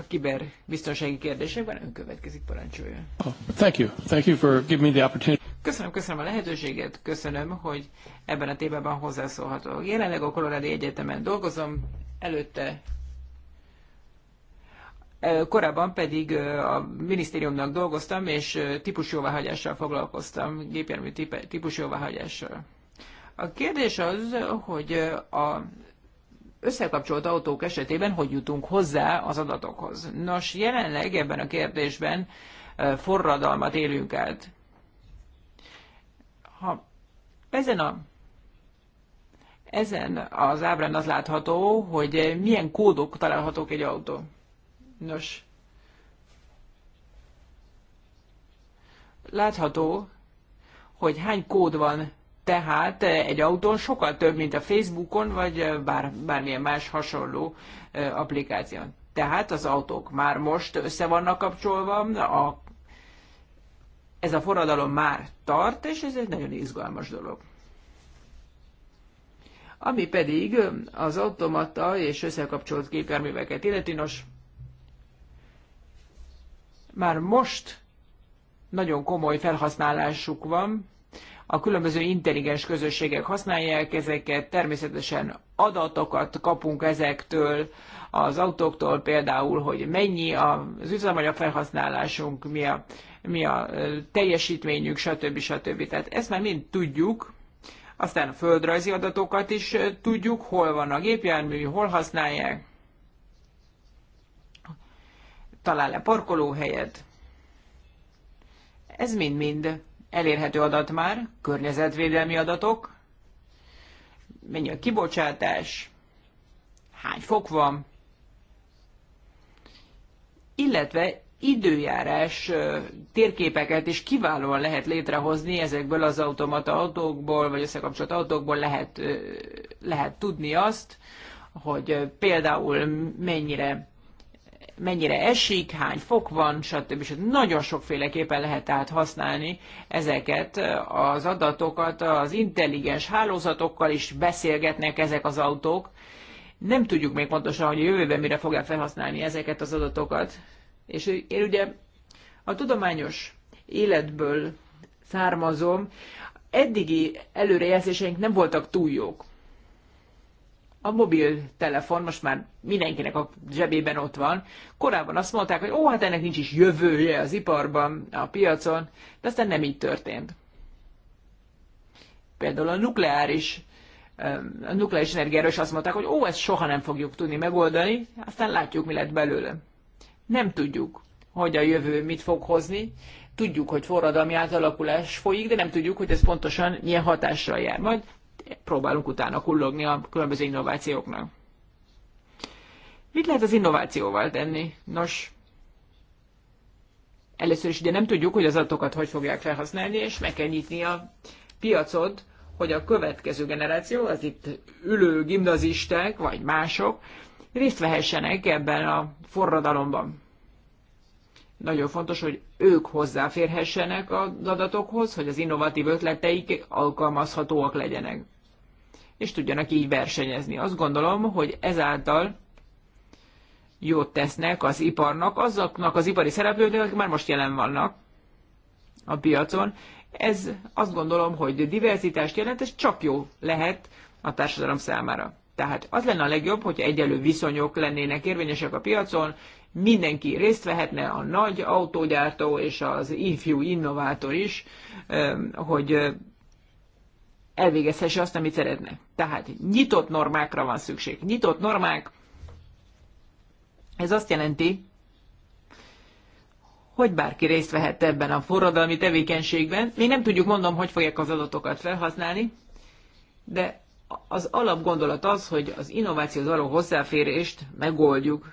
biztonsági kérdésekben. Ön következik, parancsoljon. Oh, thank you. Thank you for giving me the opportunity. Köszönöm, köszönöm a lehetőséget, köszönöm, hogy ebben a témában hozzászólhatok. Jelenleg a Colorado Egyetemen dolgozom, előtte Korábban pedig a minisztériumnak dolgoztam, és típusjóváhagyással foglalkoztam, gépjármű típusjóváhagyással. A kérdés az, hogy a összekapcsolt autók esetében hogy jutunk hozzá az adatokhoz. Nos, jelenleg ebben a kérdésben forradalmat élünk át. Ha ezen a ezen az ábrán az látható, hogy milyen kódok találhatók egy autó. Nos, látható, hogy hány kód van tehát egy autón sokkal több, mint a Facebookon, vagy bár, bármilyen más hasonló applikáción. Tehát az autók már most össze vannak kapcsolva, a, ez a forradalom már tart, és ez egy nagyon izgalmas dolog. Ami pedig az automata és összekapcsolt gépjárműveket illeti, nos, már most nagyon komoly felhasználásuk van, a különböző intelligens közösségek használják ezeket, természetesen adatokat kapunk ezektől, az autóktól például, hogy mennyi az üzemanyag felhasználásunk, mi a, mi a teljesítményük, stb. stb. Tehát ezt már mind tudjuk, aztán a földrajzi adatokat is tudjuk, hol van a gépjármű, hol használják, talál-e parkolóhelyet. Ez mind-mind elérhető adat már, környezetvédelmi adatok, mennyi a kibocsátás, hány fok van, illetve időjárás térképeket is kiválóan lehet létrehozni ezekből az automata autókból, vagy összekapcsolt autókból lehet, lehet tudni azt, hogy például mennyire mennyire esik, hány fok van, stb. stb. Nagyon sokféleképpen lehet tehát használni ezeket az adatokat, az intelligens hálózatokkal is beszélgetnek ezek az autók. Nem tudjuk még pontosan, hogy a jövőben mire fogják felhasználni ezeket az adatokat. És én ugye a tudományos életből származom, eddigi előrejelzéseink nem voltak túl jók a mobiltelefon most már mindenkinek a zsebében ott van. Korábban azt mondták, hogy ó, hát ennek nincs is jövője az iparban, a piacon, de aztán nem így történt. Például a nukleáris a nukleáris energiáról is azt mondták, hogy ó, ezt soha nem fogjuk tudni megoldani, aztán látjuk, mi lett belőle. Nem tudjuk, hogy a jövő mit fog hozni, tudjuk, hogy forradalmi átalakulás folyik, de nem tudjuk, hogy ez pontosan milyen hatással jár. Majd próbálunk utána kullogni a különböző innovációknak. Mit lehet az innovációval tenni? Nos, először is ugye nem tudjuk, hogy az adatokat hogy fogják felhasználni, és meg kell nyitni a piacot, hogy a következő generáció, az itt ülő gimnazisták, vagy mások részt vehessenek ebben a forradalomban. Nagyon fontos, hogy ők hozzáférhessenek az adatokhoz, hogy az innovatív ötleteik alkalmazhatóak legyenek és tudjanak így versenyezni. Azt gondolom, hogy ezáltal jót tesznek az iparnak, azoknak az ipari szereplőknek, akik már most jelen vannak a piacon. Ez azt gondolom, hogy diverzitást jelent, és csak jó lehet a társadalom számára. Tehát az lenne a legjobb, hogy egyelő viszonyok lennének érvényesek a piacon, mindenki részt vehetne, a nagy autógyártó és az ifjú innovátor is, hogy elvégezhesse azt, amit szeretne. Tehát nyitott normákra van szükség. Nyitott normák, ez azt jelenti, hogy bárki részt vehet ebben a forradalmi tevékenységben. Még nem tudjuk, mondom, hogy fogják az adatokat felhasználni, de az alapgondolat az, hogy az innovációhoz való hozzáférést megoldjuk.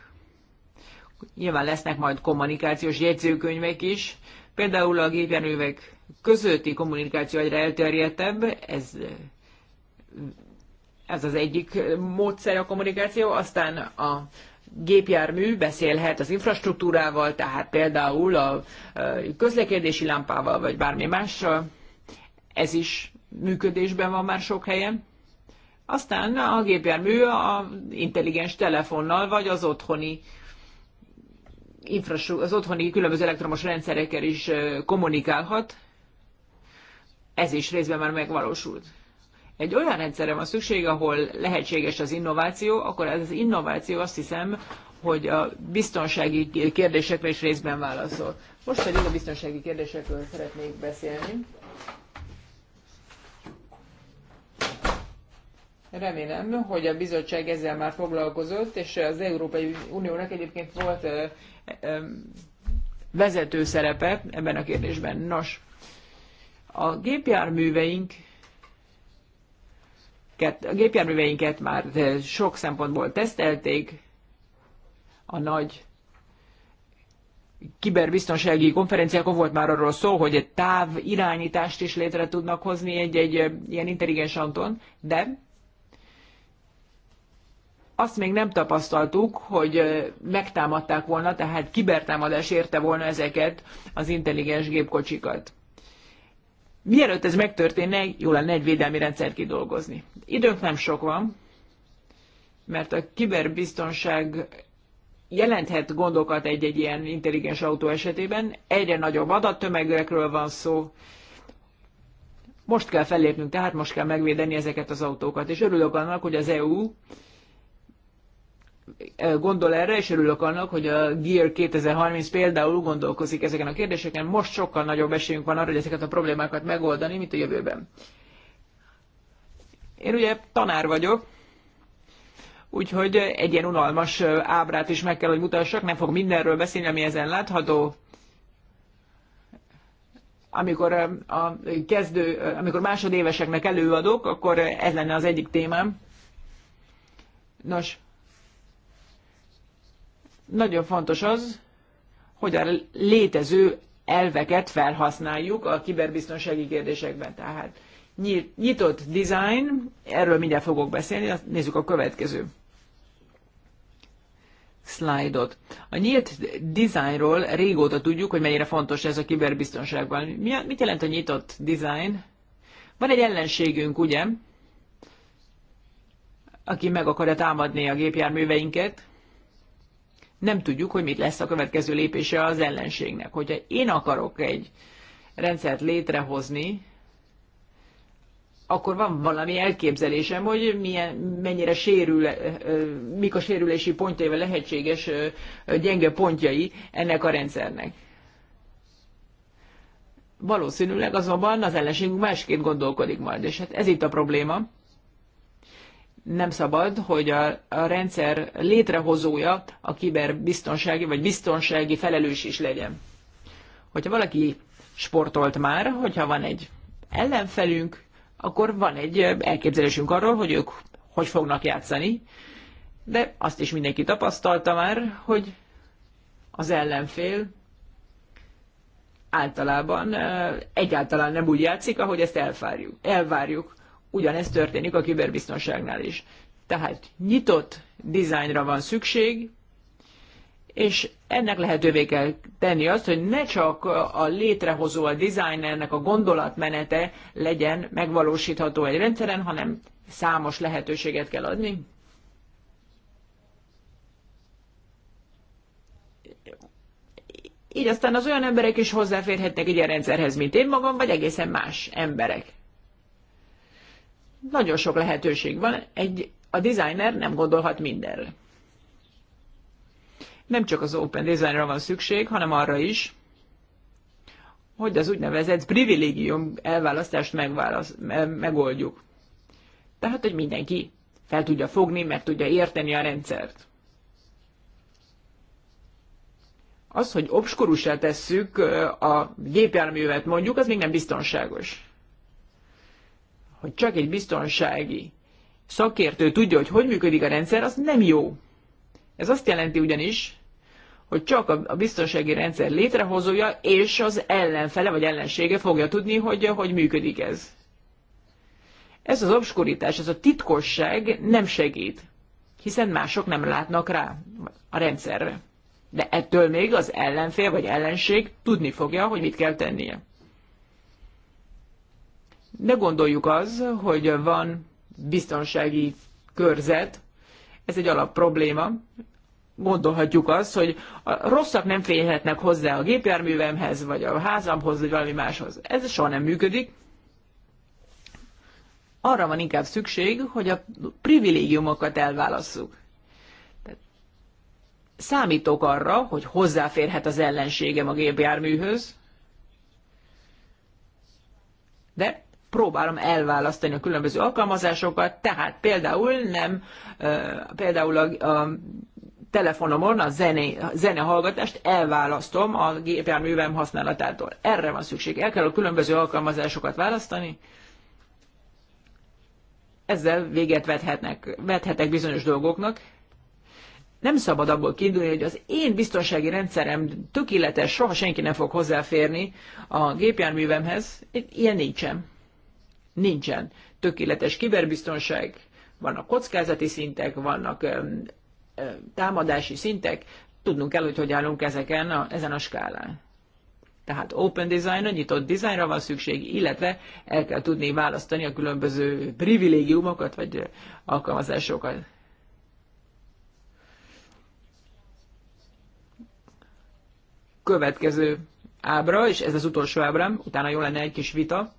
Nyilván lesznek majd kommunikációs jegyzőkönyvek is, például a gépjárművek közötti kommunikáció egyre elterjedtebb, ez, ez az egyik módszer a kommunikáció, aztán a gépjármű beszélhet az infrastruktúrával, tehát például a közlekedési lámpával, vagy bármi mással. Ez is működésben van már sok helyen. Aztán a gépjármű a intelligens telefonnal, vagy az otthoni az otthoni különböző elektromos rendszerekkel is kommunikálhat ez is részben már megvalósult. Egy olyan rendszerre van szükség, ahol lehetséges az innováció, akkor ez az innováció azt hiszem, hogy a biztonsági kérdésekre is részben válaszol. Most pedig a biztonsági kérdésekről szeretnék beszélni. Remélem, hogy a bizottság ezzel már foglalkozott, és az Európai Uniónak egyébként volt vezető szerepe ebben a kérdésben. Nos, a gépjárműveink a gépjárműveinket már eh, sok szempontból tesztelték, a nagy kiberbiztonsági konferenciákon volt már arról szó, hogy egy táv irányítást is létre tudnak hozni egy-egy eh, ilyen intelligens Anton, de azt még nem tapasztaltuk, hogy eh, megtámadták volna, tehát kibertámadás érte volna ezeket az intelligens gépkocsikat. Mielőtt ez megtörténne, jó lenne egy védelmi rendszert kidolgozni. Időnk nem sok van, mert a kiberbiztonság jelenthet gondokat egy-egy ilyen intelligens autó esetében. Egyre nagyobb adattömegekről van szó. Most kell fellépnünk, tehát most kell megvédeni ezeket az autókat. És örülök annak, hogy az EU gondol erre, és örülök annak, hogy a Gear 2030 például gondolkozik ezeken a kérdéseken. Most sokkal nagyobb esélyünk van arra, hogy ezeket a problémákat megoldani, mint a jövőben. Én ugye tanár vagyok, úgyhogy egy ilyen unalmas ábrát is meg kell, hogy mutassak. Nem fog mindenről beszélni, ami ezen látható. Amikor, a kezdő, amikor másodéveseknek előadok, akkor ez lenne az egyik témám. Nos, nagyon fontos az, hogy a létező elveket felhasználjuk a kiberbiztonsági kérdésekben. Tehát nyitott design, erről mindjárt fogok beszélni, nézzük a következő szlájdot. A nyílt designról régóta tudjuk, hogy mennyire fontos ez a kiberbiztonságban. Mi, mit jelent a nyitott design? Van egy ellenségünk, ugye, aki meg akarja támadni a gépjárműveinket, nem tudjuk, hogy mit lesz a következő lépése az ellenségnek. Hogyha én akarok egy rendszert létrehozni, akkor van valami elképzelésem, hogy milyen, mennyire sérül, mik a sérülési pontjai, vagy lehetséges gyenge pontjai ennek a rendszernek. Valószínűleg azonban az ellenségünk másként gondolkodik majd, és hát ez itt a probléma nem szabad, hogy a, a rendszer létrehozója a kiberbiztonsági vagy biztonsági felelős is legyen. Hogyha valaki sportolt már, hogyha van egy ellenfelünk, akkor van egy elképzelésünk arról, hogy ők hogy fognak játszani, de azt is mindenki tapasztalta már, hogy az ellenfél általában eh, egyáltalán nem úgy játszik, ahogy ezt elvárjuk. elvárjuk ugyanezt történik a kiberbiztonságnál is. Tehát nyitott dizájnra van szükség, és ennek lehetővé kell tenni azt, hogy ne csak a létrehozó, a dizájnernek a gondolatmenete legyen megvalósítható egy rendszeren, hanem számos lehetőséget kell adni. Így aztán az olyan emberek is hozzáférhetnek egy ilyen rendszerhez, mint én magam, vagy egészen más emberek nagyon sok lehetőség van, egy, a designer nem gondolhat mindenre. Nem csak az open designra van szükség, hanem arra is, hogy az úgynevezett privilégium elválasztást megválaszt, megoldjuk. Tehát, hogy mindenki fel tudja fogni, meg tudja érteni a rendszert. Az, hogy obskurussá tesszük a gépjárművet mondjuk, az még nem biztonságos hogy csak egy biztonsági szakértő tudja, hogy hogy működik a rendszer, az nem jó. Ez azt jelenti ugyanis, hogy csak a biztonsági rendszer létrehozója és az ellenfele vagy ellensége fogja tudni, hogy hogy működik ez. Ez az obskuritás, ez a titkosság nem segít, hiszen mások nem látnak rá a rendszerre. De ettől még az ellenfél vagy ellenség tudni fogja, hogy mit kell tennie ne gondoljuk az, hogy van biztonsági körzet, ez egy alap probléma. Gondolhatjuk azt, hogy a rosszak nem férhetnek hozzá a gépjárművemhez, vagy a házamhoz, vagy valami máshoz. Ez soha nem működik. Arra van inkább szükség, hogy a privilégiumokat elválasszuk. számítok arra, hogy hozzáférhet az ellenségem a gépjárműhöz, de próbálom elválasztani a különböző alkalmazásokat, tehát például nem, például a, a telefonomon a zené, zenehallgatást elválasztom a gépjárművem használatától. Erre van szükség. El kell a különböző alkalmazásokat választani, ezzel véget vethetnek, vethetek bizonyos dolgoknak. Nem szabad abból kiindulni, hogy az én biztonsági rendszerem tökéletes, soha senki nem fog hozzáférni a gépjárművemhez. Ilyen nincsen nincsen tökéletes kiberbiztonság, vannak kockázati szintek, vannak öm, öm, támadási szintek, tudnunk kell, hogy hogy állunk ezeken a, ezen a skálán. Tehát open design, nyitott dizájnra van szükség, illetve el kell tudni választani a különböző privilégiumokat vagy alkalmazásokat. Következő ábra, és ez az utolsó ábra, utána jó lenne egy kis vita.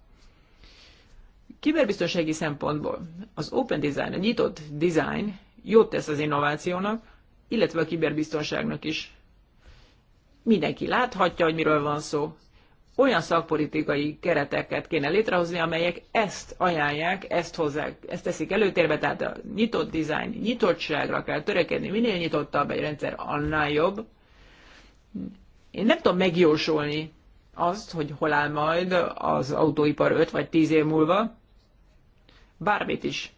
Kiberbiztonsági szempontból az open design, a nyitott design jót tesz az innovációnak, illetve a kiberbiztonságnak is. Mindenki láthatja, hogy miről van szó. Olyan szakpolitikai kereteket kéne létrehozni, amelyek ezt ajánlják, ezt hozzák, ezt teszik előtérbe, tehát a nyitott design, nyitottságra kell törekedni, minél nyitottabb egy rendszer, annál jobb. Én nem tudom megjósolni azt, hogy hol áll majd az autóipar 5 vagy 10 év múlva, bármit is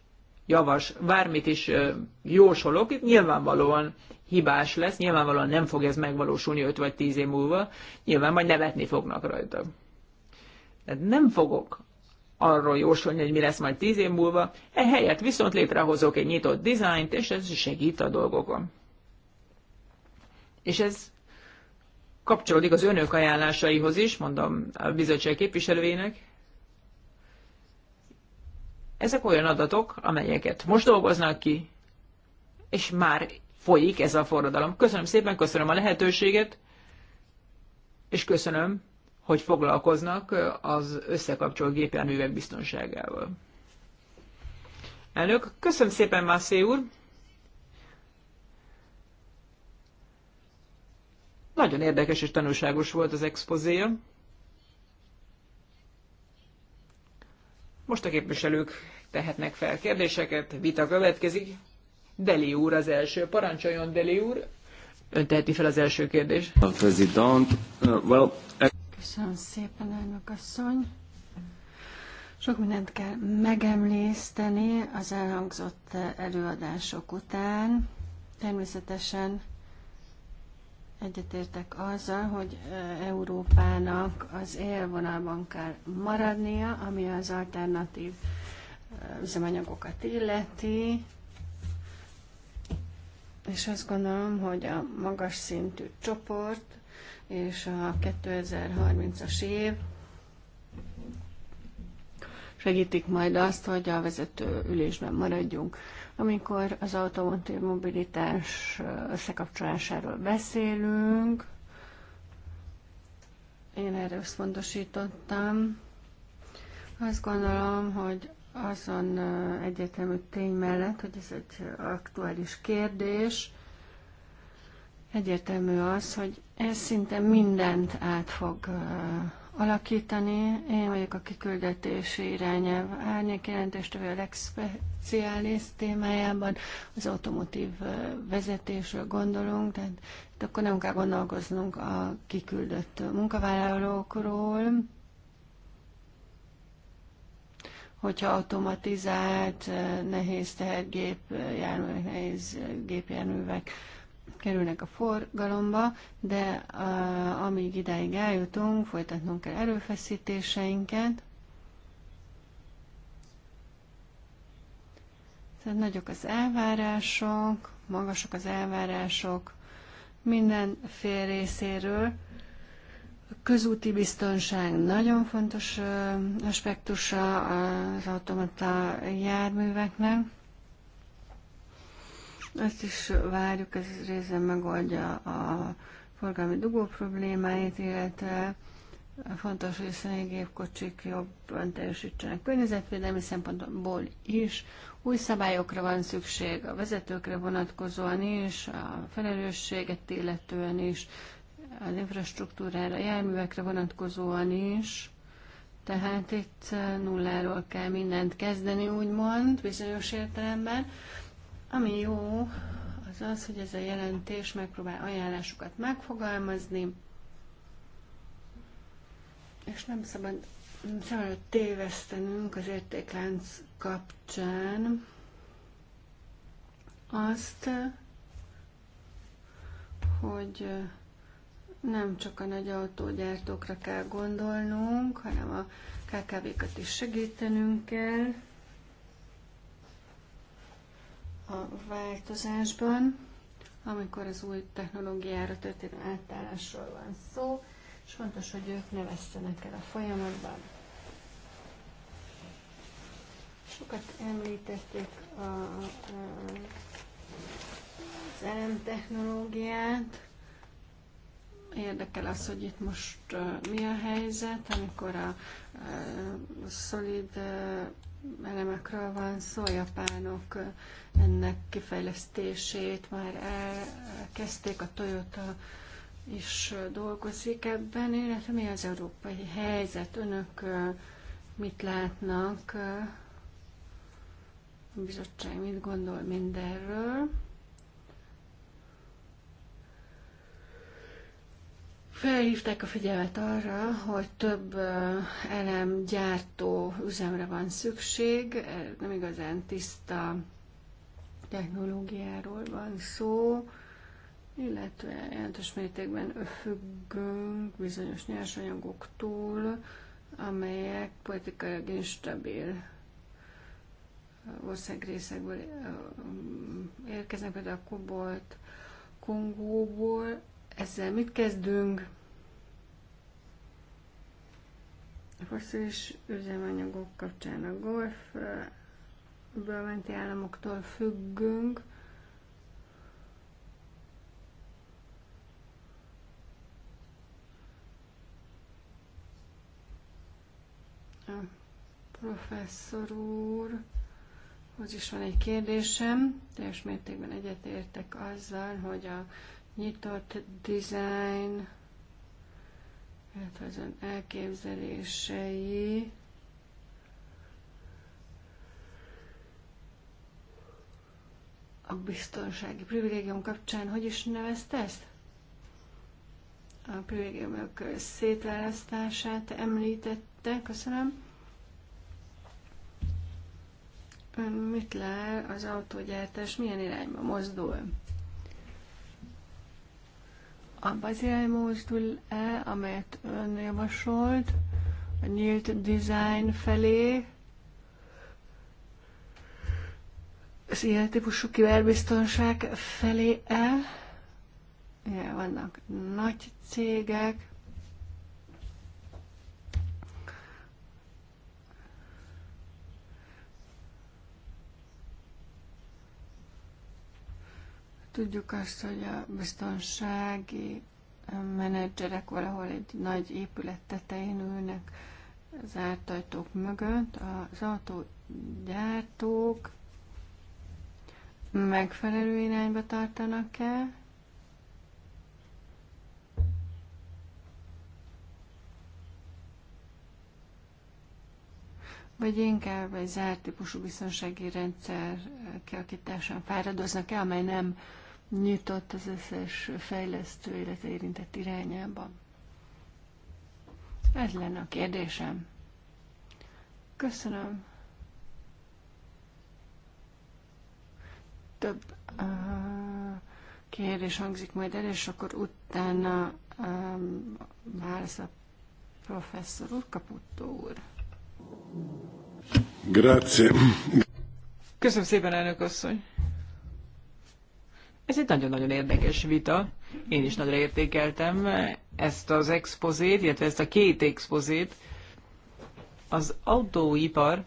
javas, bármit is jósolok, itt nyilvánvalóan hibás lesz, nyilvánvalóan nem fog ez megvalósulni 5 vagy 10 év múlva, nyilván majd nevetni fognak rajta. Tehát nem fogok arról jósolni, hogy mi lesz majd 10 év múlva, ehelyett viszont létrehozok egy nyitott dizájnt, és ez segít a dolgokon. És ez kapcsolódik az önök ajánlásaihoz is, mondom a bizottság képviselőjének. Ezek olyan adatok, amelyeket most dolgoznak ki, és már folyik ez a forradalom. Köszönöm szépen, köszönöm a lehetőséget, és köszönöm, hogy foglalkoznak az összekapcsoló gépjárművek biztonságával. Elnök, köszönöm szépen, Mászé úr! Nagyon érdekes és tanulságos volt az expozéja. Most a képviselők tehetnek fel kérdéseket, vita következik. Deli úr az első. Parancsoljon, Deli úr! Ön teheti fel az első kérdést. A uh, well... Köszönöm szépen, elnök asszony. Sok mindent kell megemlészteni az elhangzott előadások után. Természetesen Egyetértek azzal, hogy Európának az élvonalban kell maradnia, ami az alternatív üzemanyagokat illeti, és azt gondolom, hogy a magas szintű csoport és a 2030-as év segítik majd azt, hogy a vezető ülésben maradjunk. Amikor az automotív mobilitás összekapcsolásáról beszélünk, én erre összpontosítottam. Azt gondolom, hogy azon egyetemű tény mellett, hogy ez egy aktuális kérdés, egyértelmű az, hogy ez szinte mindent át fog alakítani. Én vagyok a kiküldetési irányelv árnyék jelentéstevő a legspeciális témájában. Az automotív vezetésről gondolunk, tehát itt akkor nem kell gondolkoznunk a kiküldött munkavállalókról, hogyha automatizált, nehéz tehergép, járművek, nehéz gépjárművek, kerülnek a forgalomba, de uh, amíg idáig eljutunk, folytatnunk kell erőfeszítéseinket. Tehát nagyok az elvárások, magasak az elvárások minden fél részéről. A közúti biztonság nagyon fontos aspektusa az automata járműveknek. Ezt is várjuk, ez részben megoldja a forgalmi dugó problémáit, illetve fontos, hogy a személygépkocsik jobban teljesítsenek környezetvédelmi szempontból is. Új szabályokra van szükség a vezetőkre vonatkozóan is, a felelősséget illetően is, az infrastruktúrára, a járművekre vonatkozóan is. Tehát itt nulláról kell mindent kezdeni, úgymond, bizonyos értelemben. Ami jó, az az, hogy ez a jelentés megpróbál ajánlásokat megfogalmazni, és nem szabad nem szabad tévesztenünk az értéklánc kapcsán azt, hogy nem csak a nagy autógyártókra kell gondolnunk, hanem a KKV-kat is segítenünk kell a változásban, amikor az új technológiára történő átállásról van szó, és fontos, hogy ők ne vesztenek el a folyamatban. Sokat említették a, a, az elem technológiát. Érdekel az, hogy itt most mi a helyzet, amikor a, a szolid elemekről van szó, a japánok ennek kifejlesztését már elkezdték, a Toyota is dolgozik ebben, illetve mi az európai helyzet, önök mit látnak, a bizottság mit gondol mindenről. Felhívták a figyelmet arra, hogy több elem gyártó üzemre van szükség, nem igazán tiszta technológiáról van szó, illetve jelentős mértékben függünk bizonyos nyersanyagoktól, amelyek politikailag instabil országrészekből érkeznek, például a kobolt Kongóból, ezzel mit kezdünk? A fosszilis üzemanyagok kapcsán a golfből menti államoktól függünk. A professzor úr, az is van egy kérdésem. Teljes mértékben egyetértek azzal, hogy a nyitott design, illetve hát az ön elképzelései. A biztonsági privilégium kapcsán, hogy is nevezte ezt? A privilégiumok szétválasztását említette, köszönöm. Ön mit lát, az autógyártás milyen irányba mozdul? a az irányba mozdul el, amelyet ön javasolt, a nyílt design felé, az ilyen típusú kiberbiztonság felé el. Igen, vannak nagy cégek, Tudjuk azt, hogy a biztonsági menedzserek valahol egy nagy épület tetején ülnek zárt ajtók mögött. Az autógyártók megfelelő irányba tartanak el. Vagy inkább egy zárt típusú biztonsági rendszer kialakításán fáradoznak el, amely nem nyitott az összes fejlesztő, illetve érintett irányába. Ez lenne a kérdésem. Köszönöm. Több uh, kérdés hangzik majd el, és akkor utána um, válasz a professzor úr, Kaputó úr. Grazie. Köszönöm szépen, elnök asszony. Ez egy nagyon-nagyon érdekes vita. Én is nagyra értékeltem ezt az expozét, illetve ezt a két expozét. Az autóipar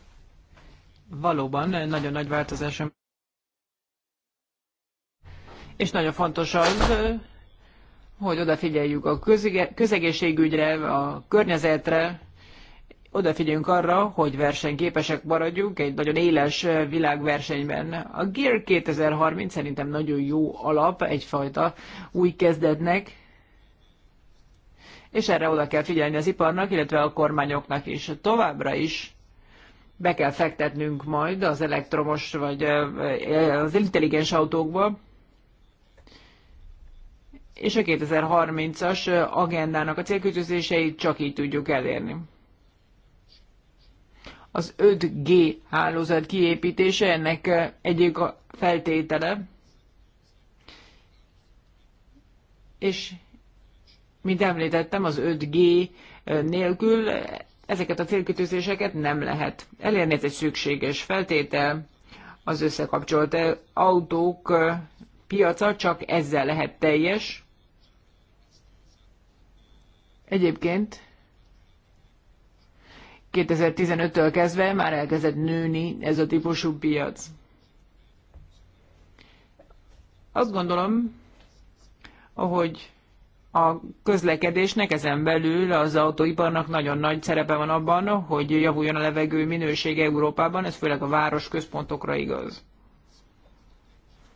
valóban nagyon nagy változáson. És nagyon fontos az, hogy odafigyeljük a közegészségügyre, a környezetre, odafigyeljünk arra, hogy versenyképesek maradjunk egy nagyon éles világversenyben. A Gear 2030 szerintem nagyon jó alap egyfajta új kezdetnek, és erre oda kell figyelni az iparnak, illetve a kormányoknak is. Továbbra is be kell fektetnünk majd az elektromos vagy az intelligens autókba, és a 2030-as agendának a célkütőzéseit csak így tudjuk elérni az 5G hálózat kiépítése ennek eh, egyik a feltétele. És mint említettem, az 5G eh, nélkül eh, ezeket a célkütőzéseket nem lehet elérni, ez egy szükséges feltétel. Az összekapcsolt autók piaca csak ezzel lehet teljes. Egyébként 2015-től kezdve már elkezdett nőni ez a típusú piac. Azt gondolom, hogy a közlekedésnek ezen belül az autóiparnak nagyon nagy szerepe van abban, hogy javuljon a levegő minősége Európában, ez főleg a város központokra igaz.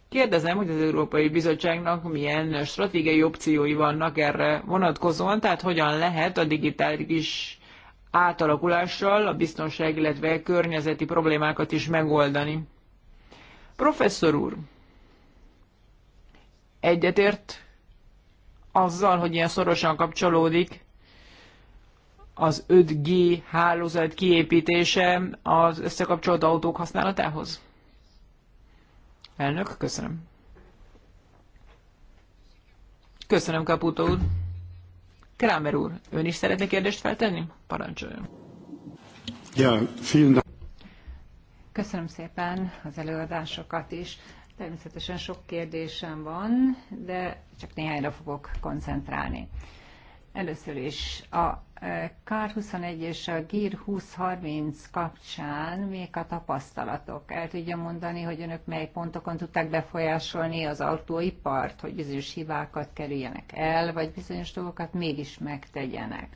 Kérdezem, hogy az Európai Bizottságnak milyen stratégiai opciói vannak erre vonatkozóan, tehát hogyan lehet a digitális átalakulással a biztonság, illetve környezeti problémákat is megoldani. Professzor úr, egyetért azzal, hogy ilyen szorosan kapcsolódik az 5G hálózat kiépítése az összekapcsolt autók használatához? Elnök, köszönöm. Köszönöm, Kaputó úr. Kramer úr, ön is szeretne kérdést feltenni? Parancsoljon. Ja, vielen Köszönöm szépen az előadásokat is. Természetesen sok kérdésem van, de csak néhányra fogok koncentrálni. Először is a e, kár 21 és a Gír 2030 kapcsán még a tapasztalatok? El tudja mondani, hogy önök mely pontokon tudták befolyásolni az autóipart, hogy bizonyos hibákat kerüljenek el, vagy bizonyos dolgokat mégis megtegyenek?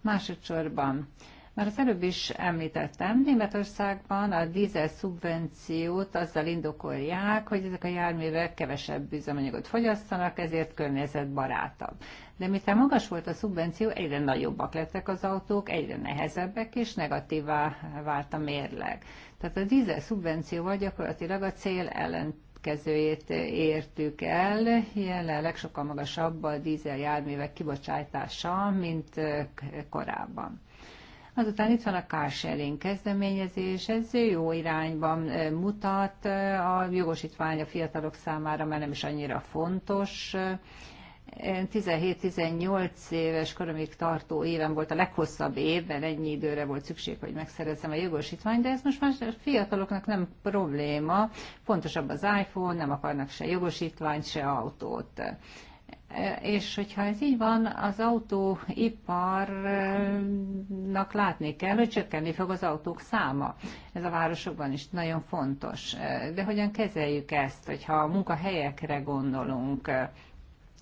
Másodszorban már az előbb is említettem, Németországban a dízel szubvenciót azzal indokolják, hogy ezek a járművek kevesebb üzemanyagot fogyasztanak, ezért környezetbarátabb. De miután magas volt a szubvenció, egyre nagyobbak lettek az autók, egyre nehezebbek, és negatívá vált a mérleg. Tehát a dízel szubvencióval gyakorlatilag a cél ellen kezőjét értük el. Jelenleg sokkal magasabb a dízel járművek kibocsátása, mint eh, korábban. Azután itt van a Kárselén kezdeményezés, ez jó irányban mutat, a jogosítvány a fiatalok számára már nem is annyira fontos, 17-18 éves koromig tartó éven volt a leghosszabb évben, ennyi időre volt szükség, hogy megszerezzem a jogosítványt, de ez most már fiataloknak nem probléma, fontosabb az iPhone, nem akarnak se jogosítványt, se autót. És hogyha ez így van, az autóiparnak látni kell, hogy csökkenni fog az autók száma. Ez a városokban is nagyon fontos. De hogyan kezeljük ezt, hogyha a munkahelyekre gondolunk?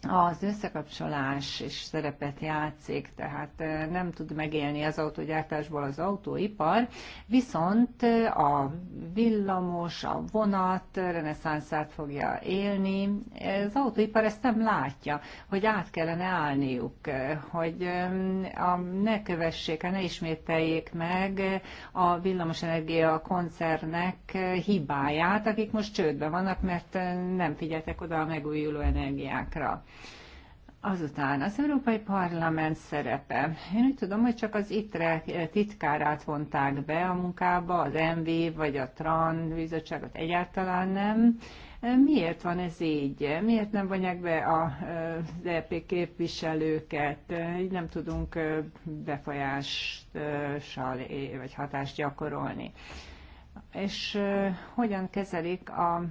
az összekapcsolás is szerepet játszik, tehát nem tud megélni az autógyártásból az autóipar, viszont a villamos, a vonat reneszánszát fogja élni. Az autóipar ezt nem látja, hogy át kellene állniuk, hogy ne kövessék, ne ismételjék meg a villamosenergia koncernek hibáját, akik most csődben vannak, mert nem figyeltek oda a megújuló energiákra. Azután az Európai Parlament szerepe. Én úgy tudom, hogy csak az ITRE titkárát vonták be a munkába, az MV vagy a TRAN bizottságot egyáltalán nem. Miért van ez így? Miért nem vonják be az EP képviselőket? Így nem tudunk befolyással vagy hatást gyakorolni és hogyan kezelik a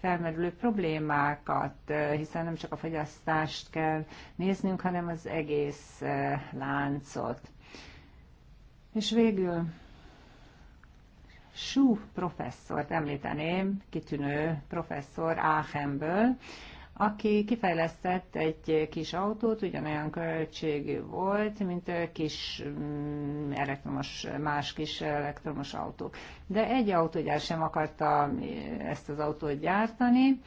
felmerülő problémákat, hiszen nem csak a fogyasztást kell néznünk, hanem az egész láncot. És végül Schuh professzort említeném, kitűnő professzor Aachenből, aki kifejlesztett egy kis autót, ugyanolyan költségű volt, mint kis mm, elektromos, más kis elektromos autók. De egy autógyár sem akarta ezt az autót gyártani,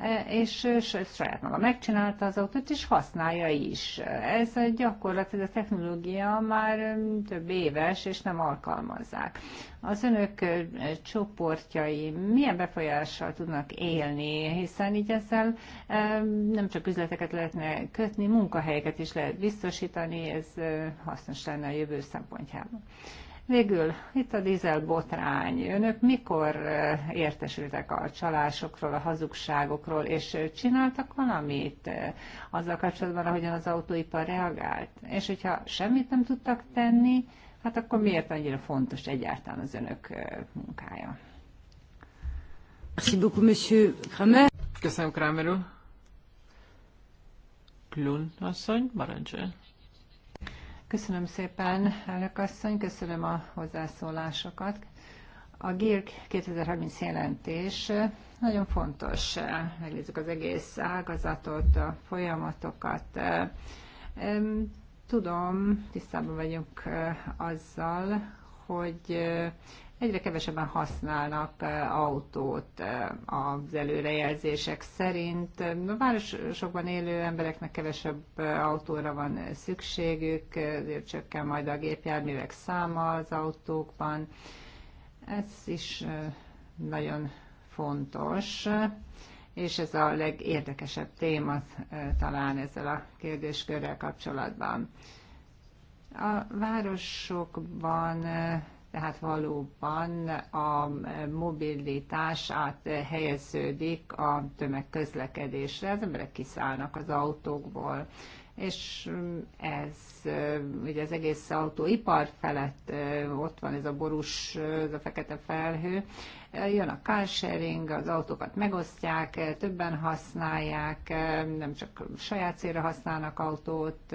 E, és saját maga megcsinálta az autót, és használja is. Ez a gyakorlat, ez a technológia már több éves, és nem alkalmazzák. Az önök csoportjai milyen befolyással tudnak élni, hiszen így ezzel nem csak üzleteket lehetne kötni, munkahelyeket is lehet biztosítani, ez hasznos lenne a jövő szempontjából. Végül itt a dízel botrány. Önök mikor eh, értesültek a csalásokról, a hazugságokról, és eh, csináltak valamit eh, azzal kapcsolatban, ahogyan az autóipar reagált? És hogyha semmit nem tudtak tenni, hát akkor miért annyira fontos egyáltalán az önök munkája? Köszönöm, Kramer úr. Klun asszony, parancsoljon. Köszönöm szépen, elnök asszony, köszönöm a hozzászólásokat. A GIRK 2030 jelentés nagyon fontos. Megnézzük az egész ágazatot, a folyamatokat. Tudom, tisztában vagyunk azzal, hogy egyre kevesebben használnak autót az előrejelzések szerint. A városokban élő embereknek kevesebb autóra van szükségük, ezért csökken majd a gépjárművek száma az autókban. Ez is nagyon fontos, és ez a legérdekesebb téma talán ezzel a kérdéskörrel kapcsolatban. A városokban tehát valóban a mobilitás áthelyeződik a tömegközlekedésre, az emberek kiszállnak az autókból, és ez ugye az egész autóipar felett ott van ez a borús, ez a fekete felhő, jön a carsharing, az autókat megosztják, többen használják, nem csak saját célra használnak autót,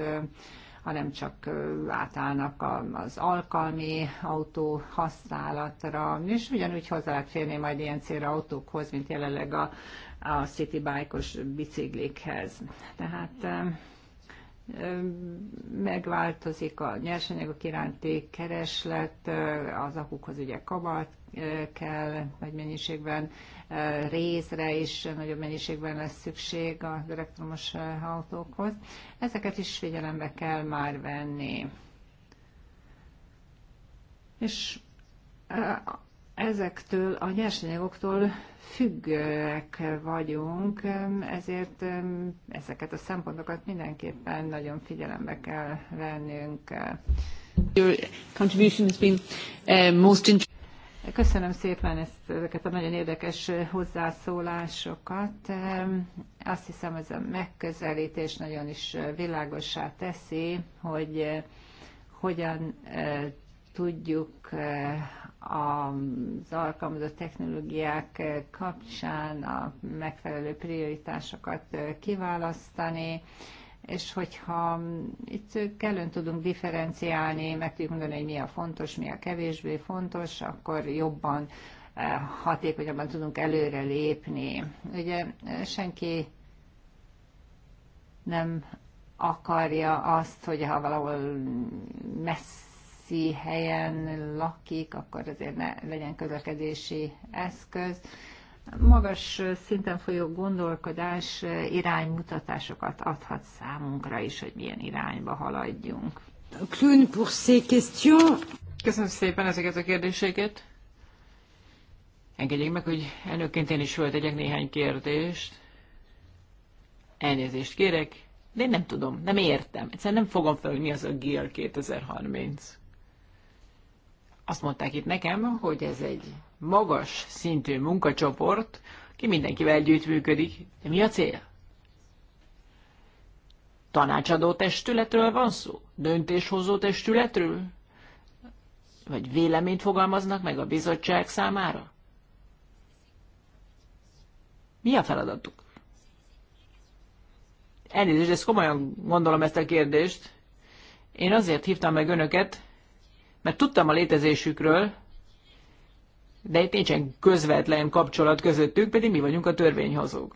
hanem csak átállnak az alkalmi autó használatra, és ugyanúgy hozzá lehet férni majd ilyen célra autókhoz, mint jelenleg a, a city bike-os biciklikhez. Tehát megváltozik a nyersanyagok iránti kereslet, az akukhoz ugye kabalt kell nagy mennyiségben részre is nagyobb mennyiségben lesz szükség az elektromos autókhoz. Ezeket is figyelembe kell már venni. És ezektől a nyersanyagoktól függőek vagyunk, ezért ezeket a szempontokat mindenképpen nagyon figyelembe kell vennünk. Your contribution has been uh, most interesting. Köszönöm szépen ezt, ezeket a nagyon érdekes hozzászólásokat. Azt hiszem, ez a megközelítés nagyon is világossá teszi, hogy eh, hogyan eh, tudjuk eh, az alkalmazott technológiák kapcsán a megfelelő prioritásokat kiválasztani, és hogyha mm, itt kellően tudunk differenciálni, meg tudjuk mondani, hogy mi a fontos, mi a kevésbé fontos, akkor jobban, eh, hatékonyabban tudunk előre lépni. Ugye eh, senki nem akarja azt, hogy ha valahol messzi helyen lakik, akkor azért ne legyen közlekedési eszköz magas szinten folyó gondolkodás iránymutatásokat adhat számunkra is, hogy milyen irányba haladjunk. pour ces questions. Köszönöm szépen ezeket a kérdéseket. Engedjék meg, hogy elnökként én is föltegyek néhány kérdést. Elnézést kérek, de én nem tudom, nem értem. Egyszerűen nem fogom fel, hogy mi az a GIL 2030. Azt mondták itt nekem, hogy ez egy magas szintű munkacsoport, ki mindenkivel együttműködik. De mi a cél? Tanácsadó testületről van szó? Döntéshozó testületről? Vagy véleményt fogalmaznak meg a bizottság számára? Mi a feladatuk? Elnézést, ezt komolyan gondolom ezt a kérdést. Én azért hívtam meg önöket, mert tudtam a létezésükről, de itt nincsen közvetlen kapcsolat közöttük, pedig mi vagyunk a törvényhozók.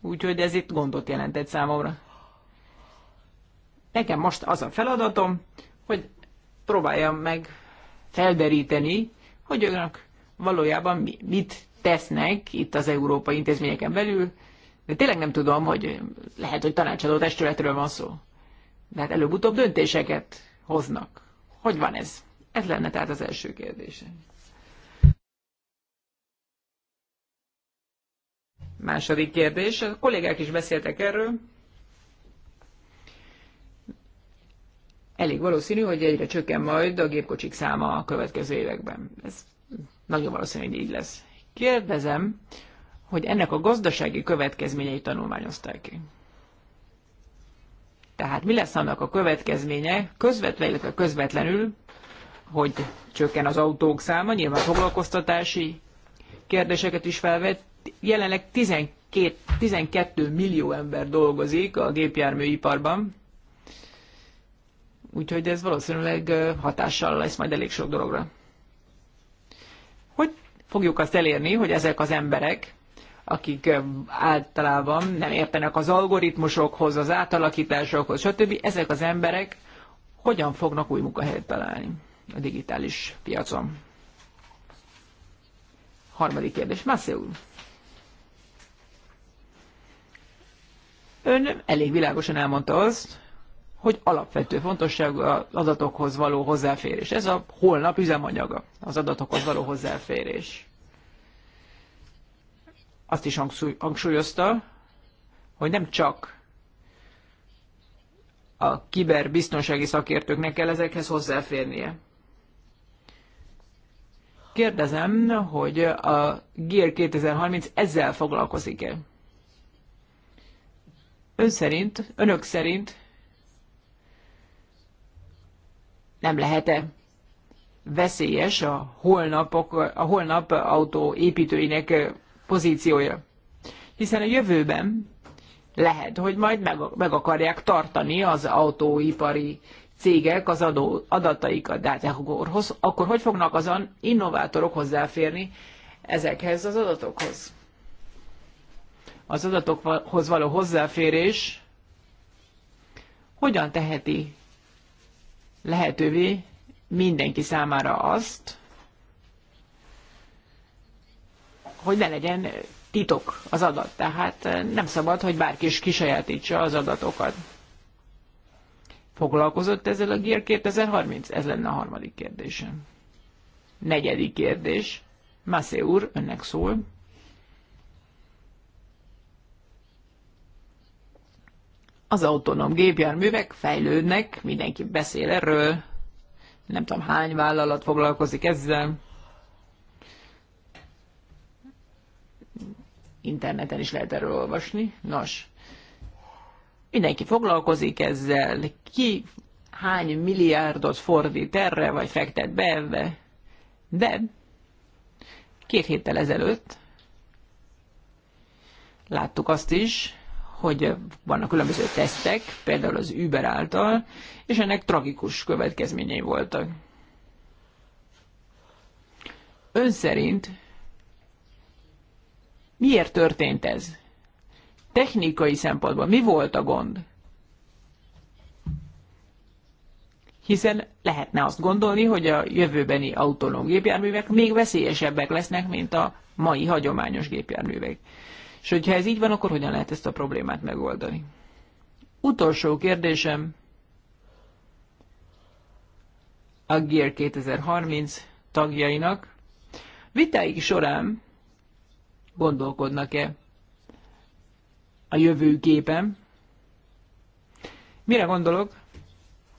Úgyhogy ez itt gondot jelentett számomra. Nekem most az a feladatom, hogy próbáljam meg felderíteni, hogy önök valójában mit tesznek itt az európai intézményeken belül, de tényleg nem tudom, hogy lehet, hogy tanácsadó testületről van szó. De hát előbb-utóbb döntéseket hoznak. Hogy van ez? Ez lenne tehát az első kérdésem. Második kérdés, a kollégák is beszéltek erről. Elég valószínű, hogy egyre csökken majd a gépkocsik száma a következő években. Ez nagyon valószínű, hogy így lesz. Kérdezem, hogy ennek a gazdasági következményei tanulmányozták ki. Tehát mi lesz annak a következménye, közvetve, illetve közvetlenül, hogy csökken az autók száma, nyilván foglalkoztatási kérdéseket is felvet, jelenleg 12, 12 millió ember dolgozik a gépjárműiparban, úgyhogy ez valószínűleg hatással lesz majd elég sok dologra. Hogy fogjuk azt elérni, hogy ezek az emberek, akik általában nem értenek az algoritmusokhoz, az átalakításokhoz, stb. Ezek az emberek hogyan fognak új munkahelyet találni a digitális piacon? Harmadik kérdés. Massé úr. Ön elég világosan elmondta azt, hogy alapvető fontosságú az adatokhoz való hozzáférés. Ez a holnap üzemanyaga, az adatokhoz való hozzáférés. Azt is hangsúlyozta, hogy nem csak a kiberbiztonsági szakértőknek kell ezekhez hozzáférnie. Kérdezem, hogy a GIR 2030 ezzel foglalkozik-e? ön szerint, önök szerint nem lehet-e veszélyes a, holnap, a holnap autó építőinek pozíciója? Hiszen a jövőben lehet, hogy majd meg, meg akarják tartani az autóipari cégek az adó, adataikat, de hát akkor, akkor hogy fognak azon innovátorok hozzáférni ezekhez az adatokhoz? az adatokhoz való hozzáférés hogyan teheti lehetővé mindenki számára azt, hogy ne legyen titok az adat. Tehát nem szabad, hogy bárki is kisajátítsa az adatokat. Foglalkozott ezzel a GIR 2030? Ez lenne a harmadik kérdésem. Negyedik kérdés. Massé úr, önnek szól. az autonóm gépjárművek fejlődnek, mindenki beszél erről, nem tudom hány vállalat foglalkozik ezzel. Interneten is lehet erről olvasni. Nos, mindenki foglalkozik ezzel, ki hány milliárdot fordít erre, vagy fektet be ebbe. De két héttel ezelőtt láttuk azt is, hogy vannak különböző tesztek, például az Uber által, és ennek tragikus következményei voltak. Ön szerint miért történt ez? Technikai szempontból mi volt a gond? Hiszen lehetne azt gondolni, hogy a jövőbeni autonóm gépjárművek még veszélyesebbek lesznek, mint a mai hagyományos gépjárművek. És hogyha ez így van, akkor hogyan lehet ezt a problémát megoldani? Utolsó kérdésem a Gear 2030 tagjainak. Vitáik során gondolkodnak-e a képen? Mire gondolok?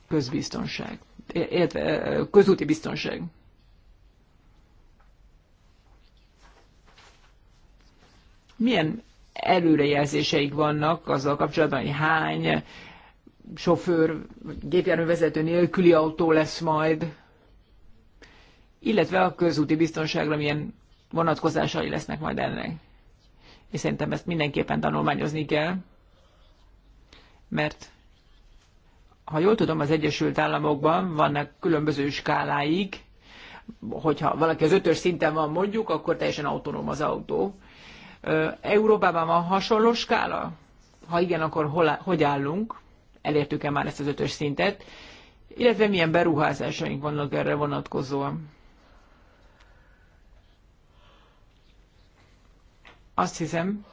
Közbiztonság. Értve, közúti biztonság. milyen előrejelzéseik vannak azzal kapcsolatban, hogy hány sofőr, gépjárművezető nélküli autó lesz majd, illetve a közúti biztonságra milyen vonatkozásai lesznek majd ennek. És szerintem ezt mindenképpen tanulmányozni kell, mert ha jól tudom, az Egyesült Államokban vannak különböző skáláig, hogyha valaki az ötös szinten van mondjuk, akkor teljesen autonóm az autó. Európában van hasonló skála? Ha igen, akkor hol, hogy állunk? Elértük-e már ezt az ötös szintet? Illetve milyen beruházásaink vannak erre vonatkozóan? Azt hiszem,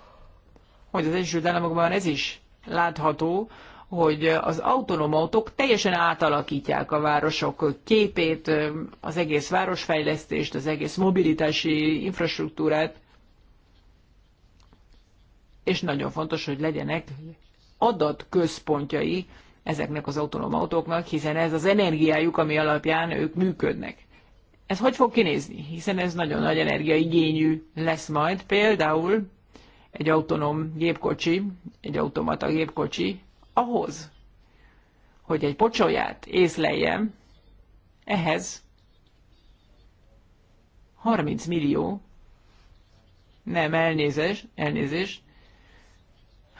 hogy az Egyesült Államokban ez is látható, hogy az autonóm autók teljesen átalakítják a városok képét, az egész városfejlesztést, az egész mobilitási infrastruktúrát és nagyon fontos, hogy legyenek adatközpontjai ezeknek az autonóm autóknak, hiszen ez az energiájuk, ami alapján ők működnek. Ez hogy fog kinézni? Hiszen ez nagyon nagy energiaigényű lesz majd. Például egy autonóm gépkocsi, egy automata gépkocsi, ahhoz, hogy egy pocsolyát észleljem, ehhez 30 millió, nem elnézés, elnézés,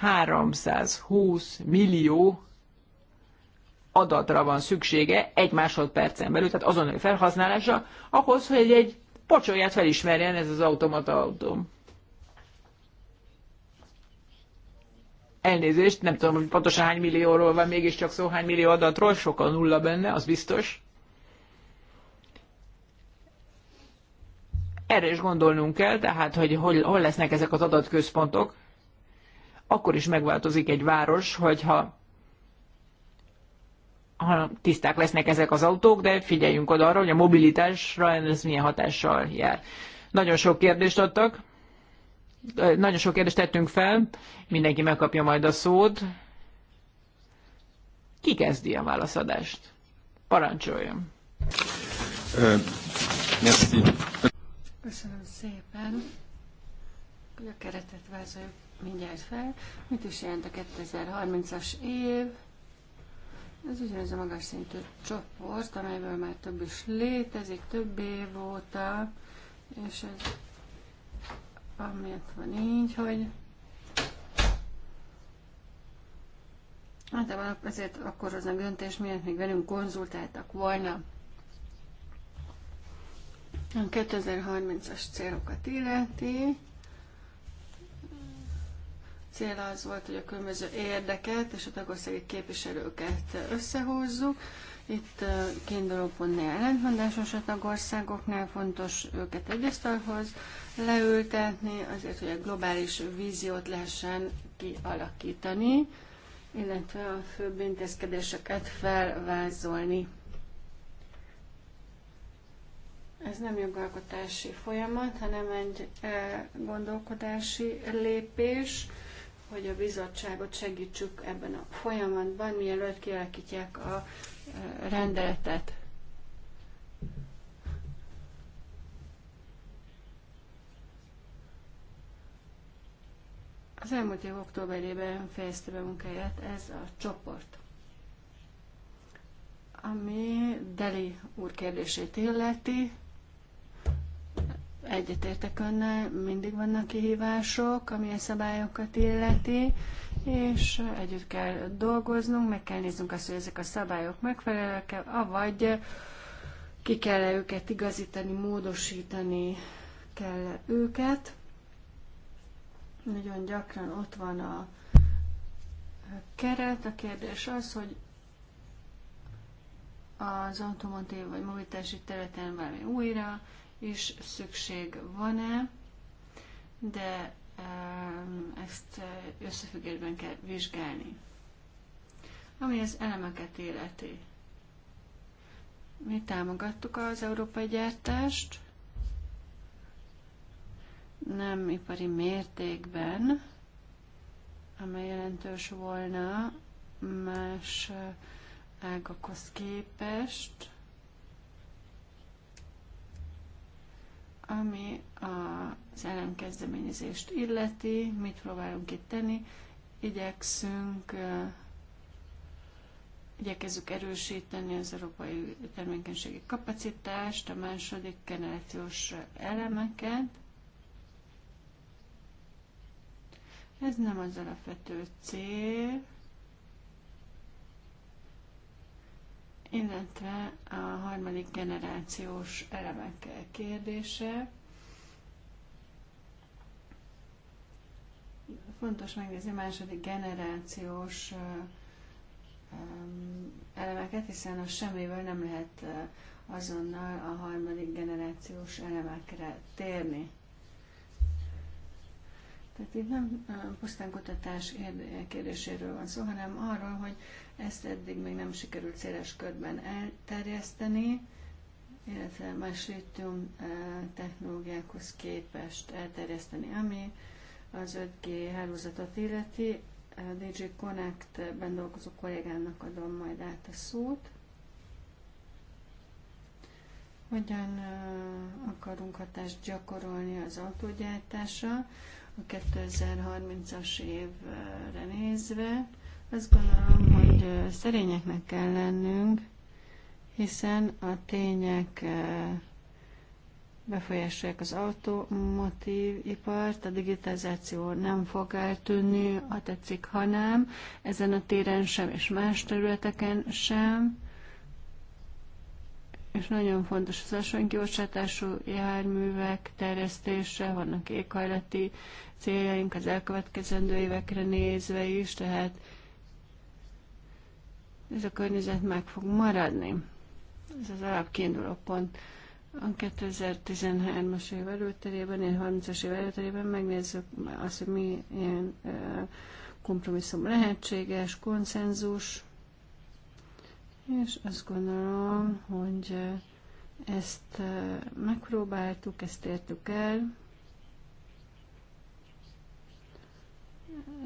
320 millió adatra van szüksége egy másodpercen belül, tehát azon felhasználása, ahhoz, hogy egy pocsolját felismerjen ez az automata autó. Elnézést, nem tudom, hogy pontosan hány millióról van, mégiscsak szó hány millió adatról, sokkal nulla benne, az biztos. Erre is gondolnunk kell, tehát, hogy hol, hol lesznek ezek az adatközpontok, akkor is megváltozik egy város, hogyha ha tiszták lesznek ezek az autók, de figyeljünk oda arra, hogy a mobilitásra ez milyen hatással jár. Nagyon sok kérdést adtak, nagyon sok kérdést tettünk fel, mindenki megkapja majd a szót. Ki kezdi a válaszadást? Parancsoljon! Köszönöm szépen, hogy a keretet vázoljuk mindjárt fel. Mit is jelent a 2030-as év? Ez ugyanaz a magas szintű csoport, amelyből már több is létezik, több év óta, és ez amiatt van így, hogy általában azért akkor hoznak döntés, miért még velünk konzultáltak volna. A 2030-as célokat illeti, cél az volt, hogy a különböző érdeket és a tagországi képviselőket összehozzuk. Itt kiinduló pontnál ellentmondásos a tagországoknál fontos őket egy leültetni, azért, hogy a globális víziót lehessen kialakítani, illetve a főbb intézkedéseket felvázolni. Ez nem jogalkotási folyamat, hanem egy e, gondolkodási lépés hogy a bizottságot segítsük ebben a folyamatban, mielőtt kialakítják a rendeletet. Az elmúlt év októberében fejezte be munkáját ez a csoport. Ami Deli úr kérdését illeti, Egyetértek önnel, mindig vannak kihívások, ami a szabályokat illeti, és együtt kell dolgoznunk, meg kell néznünk azt, hogy ezek a szabályok megfelelőek-e, avagy ki kell -e őket igazítani, módosítani kell -e őket. Nagyon gyakran ott van a keret. A kérdés az, hogy az automatív vagy mobilitási területen valami újra is szükség van-e, de ezt eh, összefüggésben kell vizsgálni. Ami az elemeket életi. Mi támogattuk az európai gyártást, nem ipari mértékben, amely jelentős volna más eh, ágakhoz képest, Ami az elemkezdeményezést illeti, mit próbálunk itt tenni, igyekszünk, igyekezzük erősíteni az európai termékenységi kapacitást, a második generációs elemeket, ez nem az alapvető cél, illetve a harmadik generációs elemek kérdése. Fontos megnézni a második generációs elemeket, hiszen a semmivel nem lehet azonnal a harmadik generációs elemekre térni. Tehát itt nem pusztán kutatás kérdéséről van szó, hanem arról, hogy ezt eddig még nem sikerült széles körben elterjeszteni, illetve más litium technológiákhoz képest elterjeszteni, ami az 5G hálózatot illeti. A DJ Connect-ben dolgozó kollégának adom majd át a szót. Hogyan akarunk hatást gyakorolni az autógyártásra? a 2030-as évre nézve. Azt gondolom, hogy szerényeknek kell lennünk, hiszen a tények befolyásolják az automotív ipart, a digitalizáció nem fog eltűnni, ha tetszik, ha nem, ezen a téren sem és más területeken sem és nagyon fontos az ásványkibocsátású járművek terjesztése, vannak éghajlati céljaink az elkövetkezendő évekre nézve is, tehát ez a környezet meg fog maradni. Ez az alapkiinduló pont. A 2013-as év előterében, én 30-as év előterében megnézzük azt, hogy milyen kompromisszum lehetséges, konszenzus, és azt gondolom, hogy eh, ezt eh, megpróbáltuk, ezt értük el.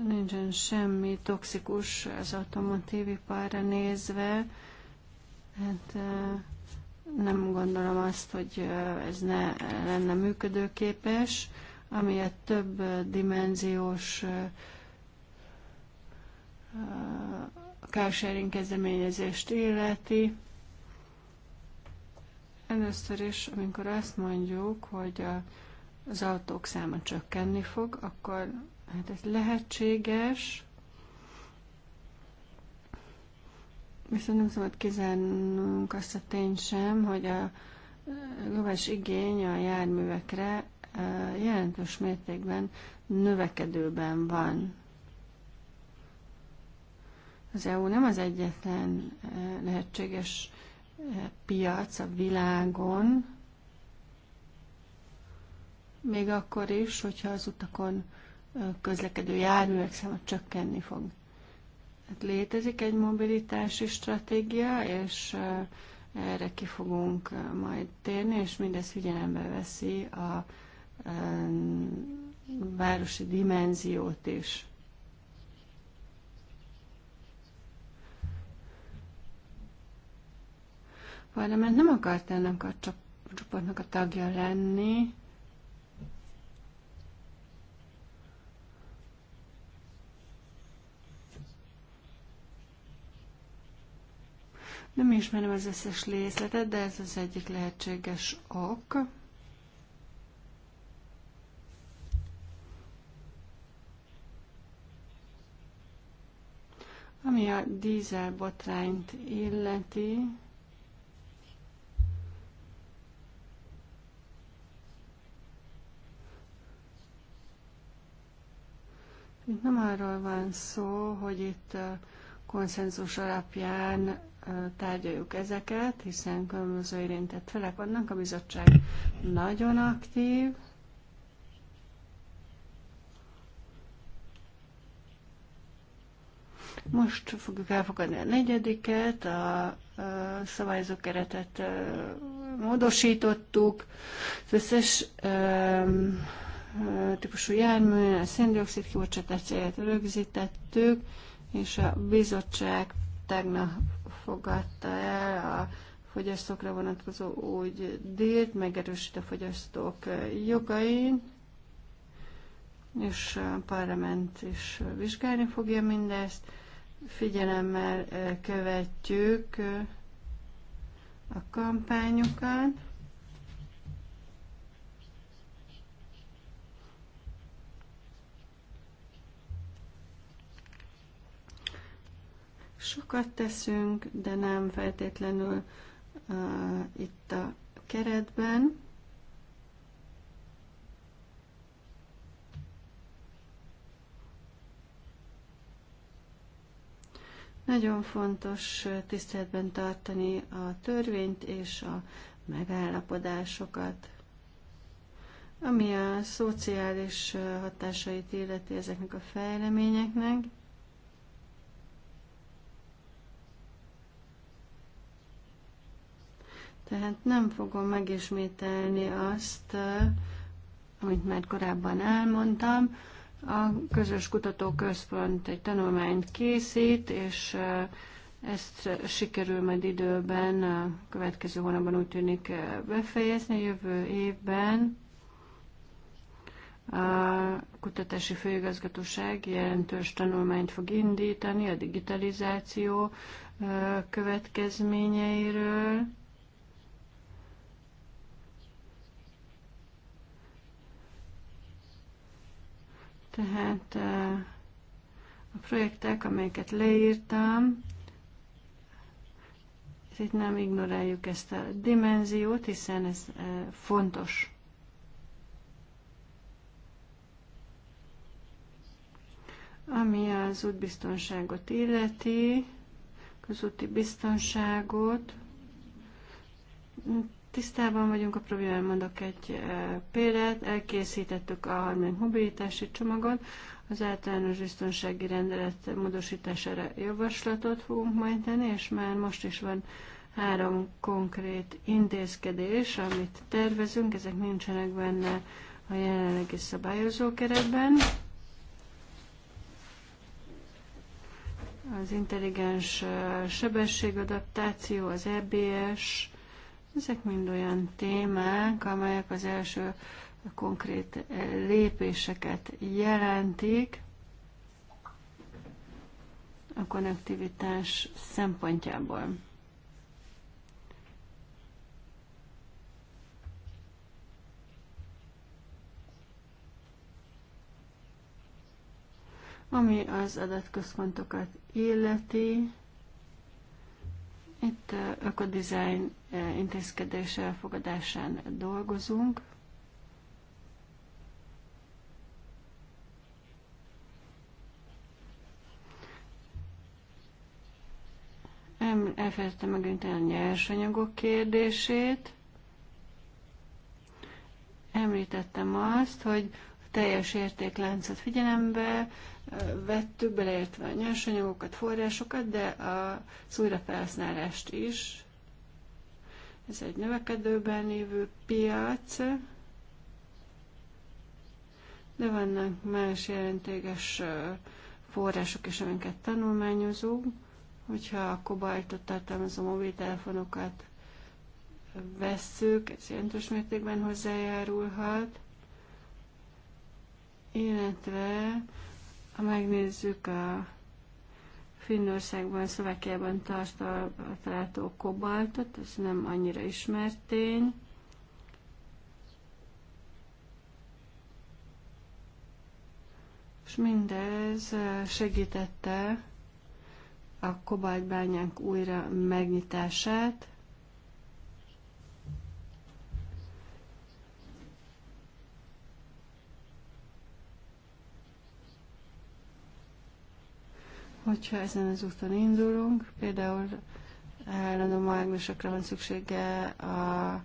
Nincsen semmi toxikus az automotív iparra nézve. Hát eh, nem gondolom azt, hogy ez ne lenne működőképes, ami a több dimenziós carsharing kezdeményezést illeti. Először is, amikor azt mondjuk, hogy a, az autók száma csökkenni fog, akkor hát ez lehetséges, viszont nem szabad kizárnunk azt a tény sem, hogy a globális igény a járművekre jelentős mértékben növekedőben van. Az EU nem az egyetlen eh, lehetséges eh, piac a világon, még akkor is, hogyha az utakon eh, közlekedő járművek száma csökkenni fog. Hát létezik egy mobilitási stratégia, és erre ki fogunk majd térni, és mindez figyelembe veszi a városi dimenziót is. parlament nem akart ennek a csoportnak a tagja lenni. Nem ismerem az összes részletet, de ez az egyik lehetséges ok. Ami a dízel botrányt illeti, Itt nem arról van szó, hogy itt konszenzus alapján tárgyaljuk ezeket, hiszen különböző érintett felek vannak, a bizottság nagyon aktív, Most fogjuk elfogadni a negyediket, a, szabályozó keretet módosítottuk, az összes típusú jármű, a széndiokszid kibocsátását rögzítettük, és a bizottság tegnap fogadta el a fogyasztókra vonatkozó úgy dílt, megerősít a fogyasztók jogain, és a parlament is vizsgálni fogja mindezt. Figyelemmel követjük a kampányokat. Sokat teszünk, de nem feltétlenül uh, itt a keretben. Nagyon fontos tiszteletben tartani a törvényt és a megállapodásokat. Ami a szociális hatásait illeti ezeknek a fejleményeknek, Tehát nem fogom megismételni azt, amit már korábban elmondtam. A Közös Kutatóközpont egy tanulmányt készít, és eh, ezt sikerül majd időben, a eh, következő hónapban úgy tűnik eh, befejezni, jövő évben a Kutatási Főigazgatóság jelentős tanulmányt fog indítani a digitalizáció következményeiről Tehát a projektek, amelyeket leírtam, itt nem ignoráljuk ezt a dimenziót, hiszen ez fontos. Ami az útbiztonságot illeti, közúti biztonságot, Tisztában vagyunk a problémával, mondok egy példát. Elkészítettük a harmadik mobilitási csomagot, az általános biztonsági rendelet módosítására javaslatot fogunk majd tenni, és már most is van három konkrét intézkedés, amit tervezünk, ezek nincsenek benne a jelenlegi szabályozó keretben. Az intelligens sebességadaptáció, az EBS, ezek mind olyan témák, amelyek az első konkrét lépéseket jelentik a konnektivitás szempontjából. Ami az adatközpontokat illeti, itt ökodizájn intézkedés elfogadásán dolgozunk. Elfelejtettem megint a nyersanyagok kérdését. Említettem azt, hogy teljes értékláncot figyelembe vettük, beleértve a nyersanyagokat, forrásokat, de a újrafelhasználást is. Ez egy növekedőben lévő piac, de vannak más jelentéges források is, amiket tanulmányozunk, hogyha a kobaltot tartalmazó mobiltelefonokat vesszük, ez jelentős mértékben hozzájárulhat illetve ha megnézzük a Finnországban, Szlovákiában található kobaltot, ez nem annyira ismert tény. És mindez segítette a kobaltbányánk újra megnyitását, hogyha ezen az úton indulunk, például állandó mágnusokra van szüksége a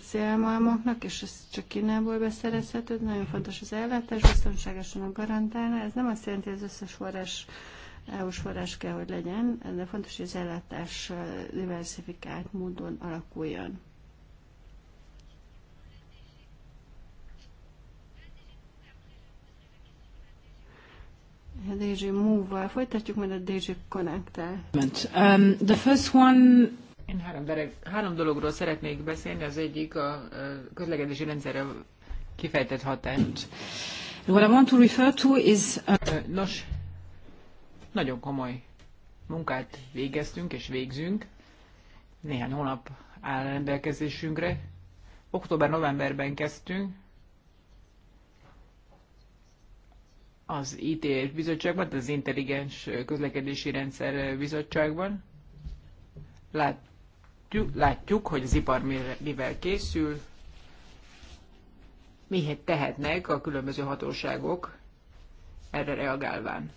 szélmalmoknak, és ez csak Kínából beszerezhető, nagyon fontos az ellátás, biztonságosan a garantálna. Ez nem azt jelenti, hogy az összes forrás EU-s forrás kell, hogy legyen, de fontos, hogy az ellátás diversifikált módon alakuljon. DG Move-val folytatjuk, majd a DG connect um, The first one... Én három, dereg, három dologról szeretnék beszélni, az egyik a, a közlekedési rendszerre kifejtett hatást. What I want to refer to is... Uh, nos, nagyon komoly munkát végeztünk és végzünk. Néhány hónap áll rendelkezésünkre. Október-novemberben kezdtünk, az ITR bizottságban, az Intelligens Közlekedési Rendszer bizottságban. Látjuk, látjuk hogy az ipar mivel készül, mihet tehetnek a különböző hatóságok erre reagálván.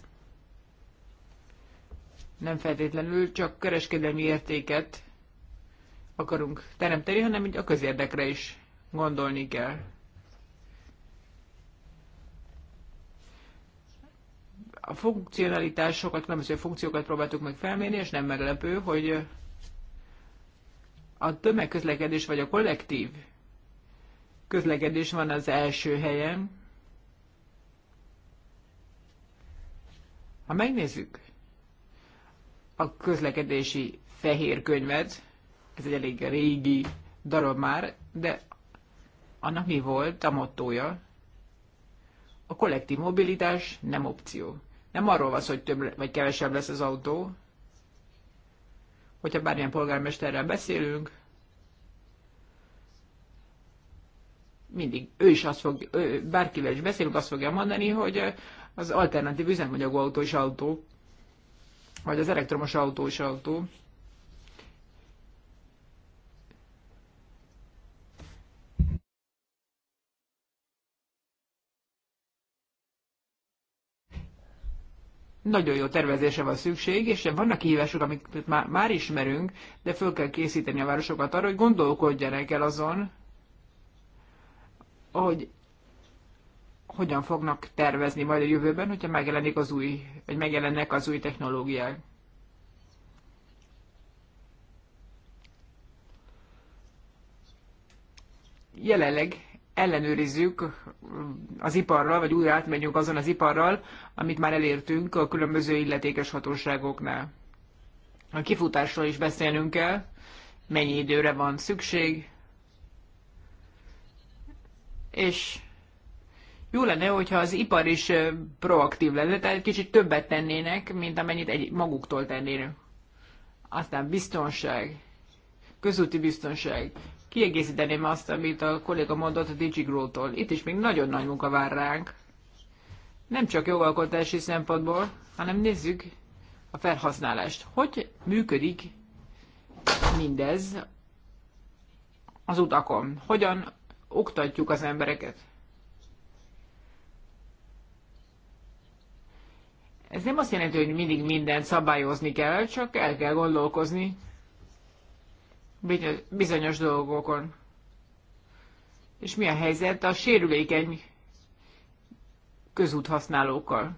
Nem feltétlenül csak kereskedelmi értéket akarunk teremteni, hanem így a közérdekre is gondolni kell. a funkcionalitásokat, különböző funkciókat próbáltuk meg felmérni, és nem meglepő, hogy a tömegközlekedés vagy a kollektív közlekedés van az első helyen. Ha megnézzük a közlekedési fehér könyvet, ez egy elég régi darab már, de annak mi volt a mottója? A kollektív mobilitás nem opció. Nem arról van szó, hogy több vagy kevesebb lesz az autó. Hogyha bármilyen polgármesterrel beszélünk, mindig ő is azt fog, ő, bárkivel is beszélünk, azt fogja mondani, hogy az alternatív üzemanyagú autó is autó, vagy az elektromos autó is autó. nagyon jó tervezése van szükség, és vannak kihívások, amiket már, már ismerünk, de föl kell készíteni a városokat arra, hogy gondolkodjanak el azon, hogy hogyan fognak tervezni majd a jövőben, hogyha megjelenik az új, vagy megjelennek az új technológiák. Jelenleg ellenőrizzük az iparral, vagy újra átmenjünk azon az iparral, amit már elértünk a különböző illetékes hatóságoknál. A kifutásról is beszélnünk kell, mennyi időre van szükség, és jó lenne, hogyha az ipar is proaktív lenne, tehát kicsit többet tennének, mint amennyit egy, maguktól tennének. Aztán biztonság, közúti biztonság, kiegészíteném azt, amit a kolléga mondott a DigiGrow-tól. Itt is még nagyon nagy munka vár ránk. Nem csak jogalkotási szempontból, hanem nézzük a felhasználást. Hogy működik mindez az utakon? Hogyan oktatjuk az embereket? Ez nem azt jelenti, hogy mindig mindent szabályozni kell, csak el kell gondolkozni bizonyos dolgokon. És mi a helyzet a sérülékeny közúthasználókkal?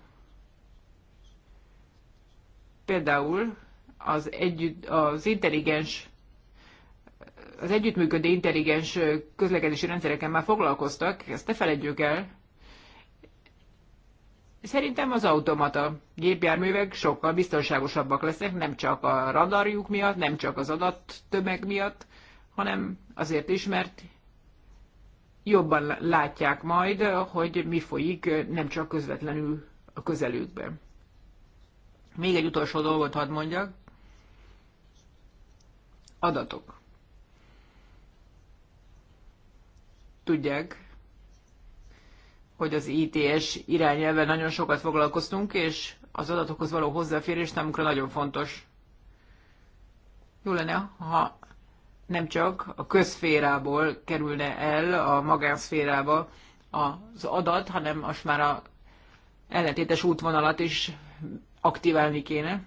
Például az, együtt, az intelligens az együttműködő intelligens közlekedési rendszereken már foglalkoztak, ezt ne felejtjük el, Szerintem az automata gépjárművek sokkal biztonságosabbak lesznek, nem csak a radarjuk miatt, nem csak az adattömeg miatt, hanem azért is, mert jobban látják majd, hogy mi folyik, nem csak közvetlenül a közelükben. Még egy utolsó dolgot hadd mondjak. Adatok. Tudják, hogy az ITS irányelve nagyon sokat foglalkoztunk, és az adatokhoz való hozzáférés számunkra nagyon fontos. Jó lenne, ha nem csak a közférából kerülne el a magánszférába az adat, hanem most már a ellentétes útvonalat is aktiválni kéne.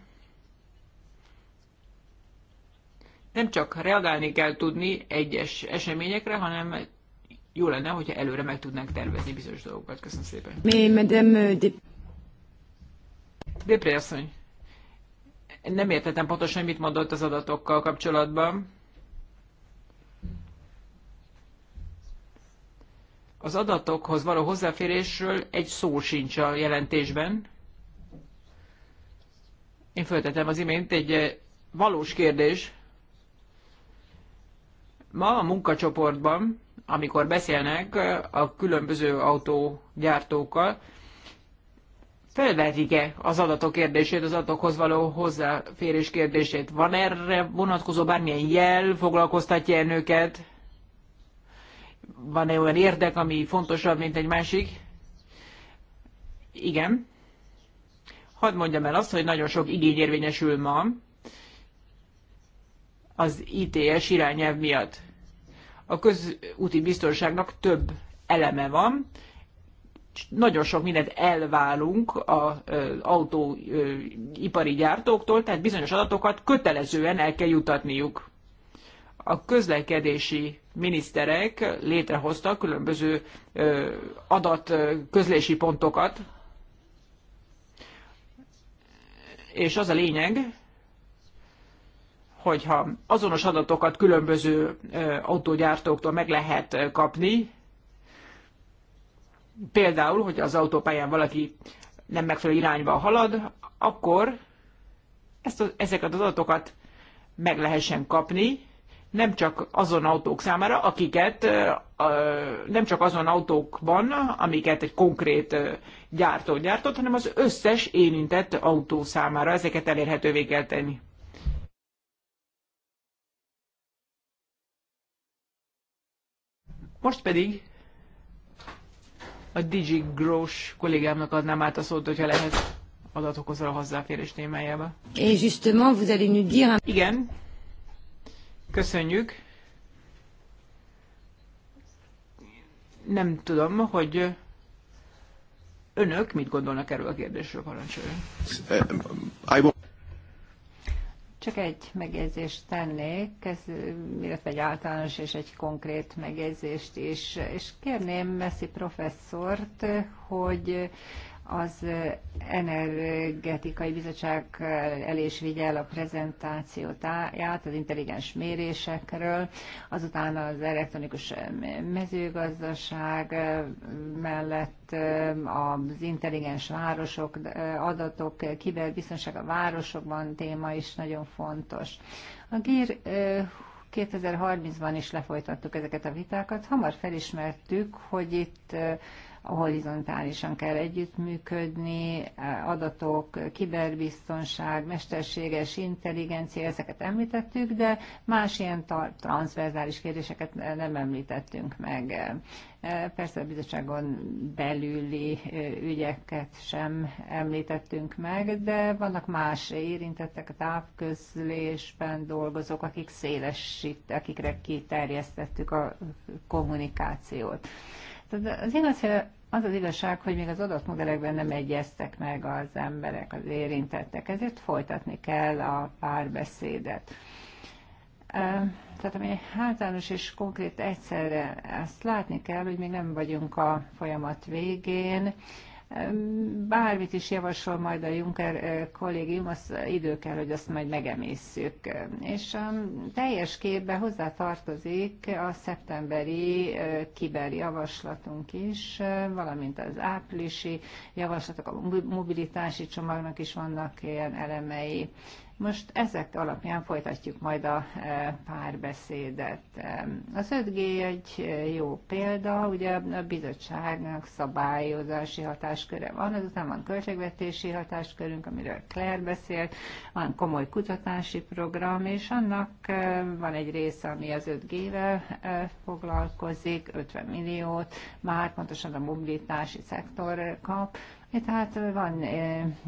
Nem csak reagálni kell tudni egyes eseményekre, hanem jó lenne, hogyha előre meg tudnánk tervezni bizonyos dolgokat. Köszönöm szépen. Mais, madame euh, de... Depré asszony, nem értettem pontosan, mit mondott az adatokkal kapcsolatban. Az adatokhoz való hozzáférésről egy szó sincs a jelentésben. Én föltetem az imént egy eh, valós kérdés. Ma a munkacsoportban amikor beszélnek a különböző autógyártókkal, felvetik-e az adatok kérdését, az adatokhoz való hozzáférés kérdését? Van erre vonatkozó bármilyen jel, foglalkoztatja -e nőket? Van-e olyan érdek, ami fontosabb, mint egy másik? Igen. Hadd mondjam el azt, hogy nagyon sok igény érvényesül ma az ITS irányelv miatt. A közúti biztonságnak több eleme van, nagyon sok mindent elválunk az autóipari gyártóktól, tehát bizonyos adatokat kötelezően el kell jutatniuk. A közlekedési miniszterek létrehoztak különböző adatközlési pontokat, és az a lényeg, hogyha azonos adatokat különböző autógyártóktól meg lehet kapni, például, hogy az autópályán valaki nem megfelelő irányba halad, akkor ezt a, ezeket az adatokat meg lehessen kapni, nem csak azon autók számára, akiket nem csak azon autókban, amiket egy konkrét gyártó gyártott, hanem az összes érintett autó számára ezeket elérhetővé kell tenni. Most pedig a Digi Gross kollégámnak adnám át a szót, hogyha lehet adatokhoz a hozzáférés témájába. És justement, vous allez nous dire... Igen, köszönjük. Nem tudom, hogy önök mit gondolnak erről a kérdésről, parancsoljon. Csak egy megjegyzést tennék, ez, illetve egy általános és egy konkrét megjegyzést is. És kérném Messi professzort, hogy az energetikai bizottság el is vigyel a prezentációját az intelligens mérésekről, azután az elektronikus mezőgazdaság mellett az intelligens városok, adatok, kiberbiztonság a városokban téma is nagyon fontos. A GIR 2030-ban is lefolytattuk ezeket a vitákat, hamar felismertük, hogy itt horizontálisan kell együttműködni, adatok, kiberbiztonság, mesterséges intelligencia, ezeket említettük, de más ilyen transzverzális kérdéseket nem említettünk meg. Persze a bizottságon belüli ügyeket sem említettünk meg, de vannak más érintettek a távközlésben dolgozók, akik szélesít, akikre kiterjesztettük a kommunikációt. Tehát az igaz, hogy az az igazság, hogy még az adatmodellekben nem egyeztek meg az emberek, az érintettek, ezért folytatni kell a párbeszédet. Tehát ami általános és konkrét egyszerre, ezt látni kell, hogy még nem vagyunk a folyamat végén, Bármit is javasol majd a Juncker eh, kollégium, az idő kell, hogy azt majd megemészszük. És a teljes képbe hozzátartozik a szeptemberi eh, kiberjavaslatunk is, eh, valamint az áprilisi javaslatok, a mobilitási csomagnak is vannak ilyen elemei. Most ezek alapján folytatjuk majd a e, párbeszédet. E, az 5G egy e, jó példa, ugye a bizottságnak szabályozási hatásköre van, azután van költségvetési hatáskörünk, amiről Claire beszélt, van komoly kutatási program, és annak van egy része, ami az 5G-vel foglalkozik, 50 milliót, már pontosan a mobilitási szektor kap, tehát van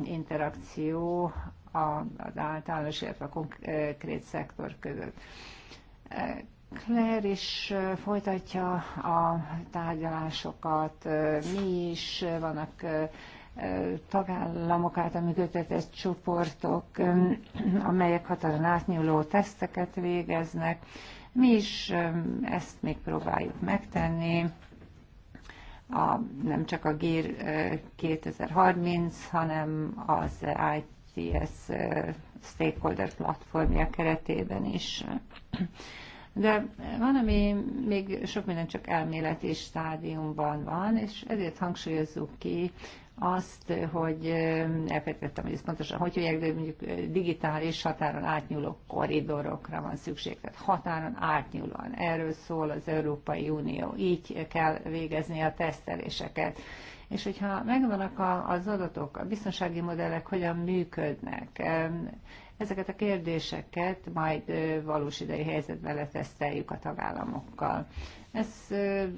interakció az általános, illetve a konkrét szektor között. Claire is folytatja a tárgyalásokat, mi is vannak tagállamok által működtetett csoportok, amelyek határon átnyúló teszteket végeznek. Mi is ezt még próbáljuk megtenni, a, nem csak a GIR 2030, hanem az STS stakeholder platformja keretében is. De van, ami még sok minden csak elméleti stádiumban van, és ezért hangsúlyozzuk ki azt, hogy elfelejtettem, hogy ez pontosan hogy hívják, de mondjuk digitális határon átnyúló koridorokra van szükség. Tehát határon átnyúlóan. Erről szól az Európai Unió. Így kell végezni a teszteléseket. És hogyha megvannak a, az adatok, a biztonsági modellek hogyan működnek, ezeket a kérdéseket majd valós idei helyzetben leteszteljük a tagállamokkal. Ez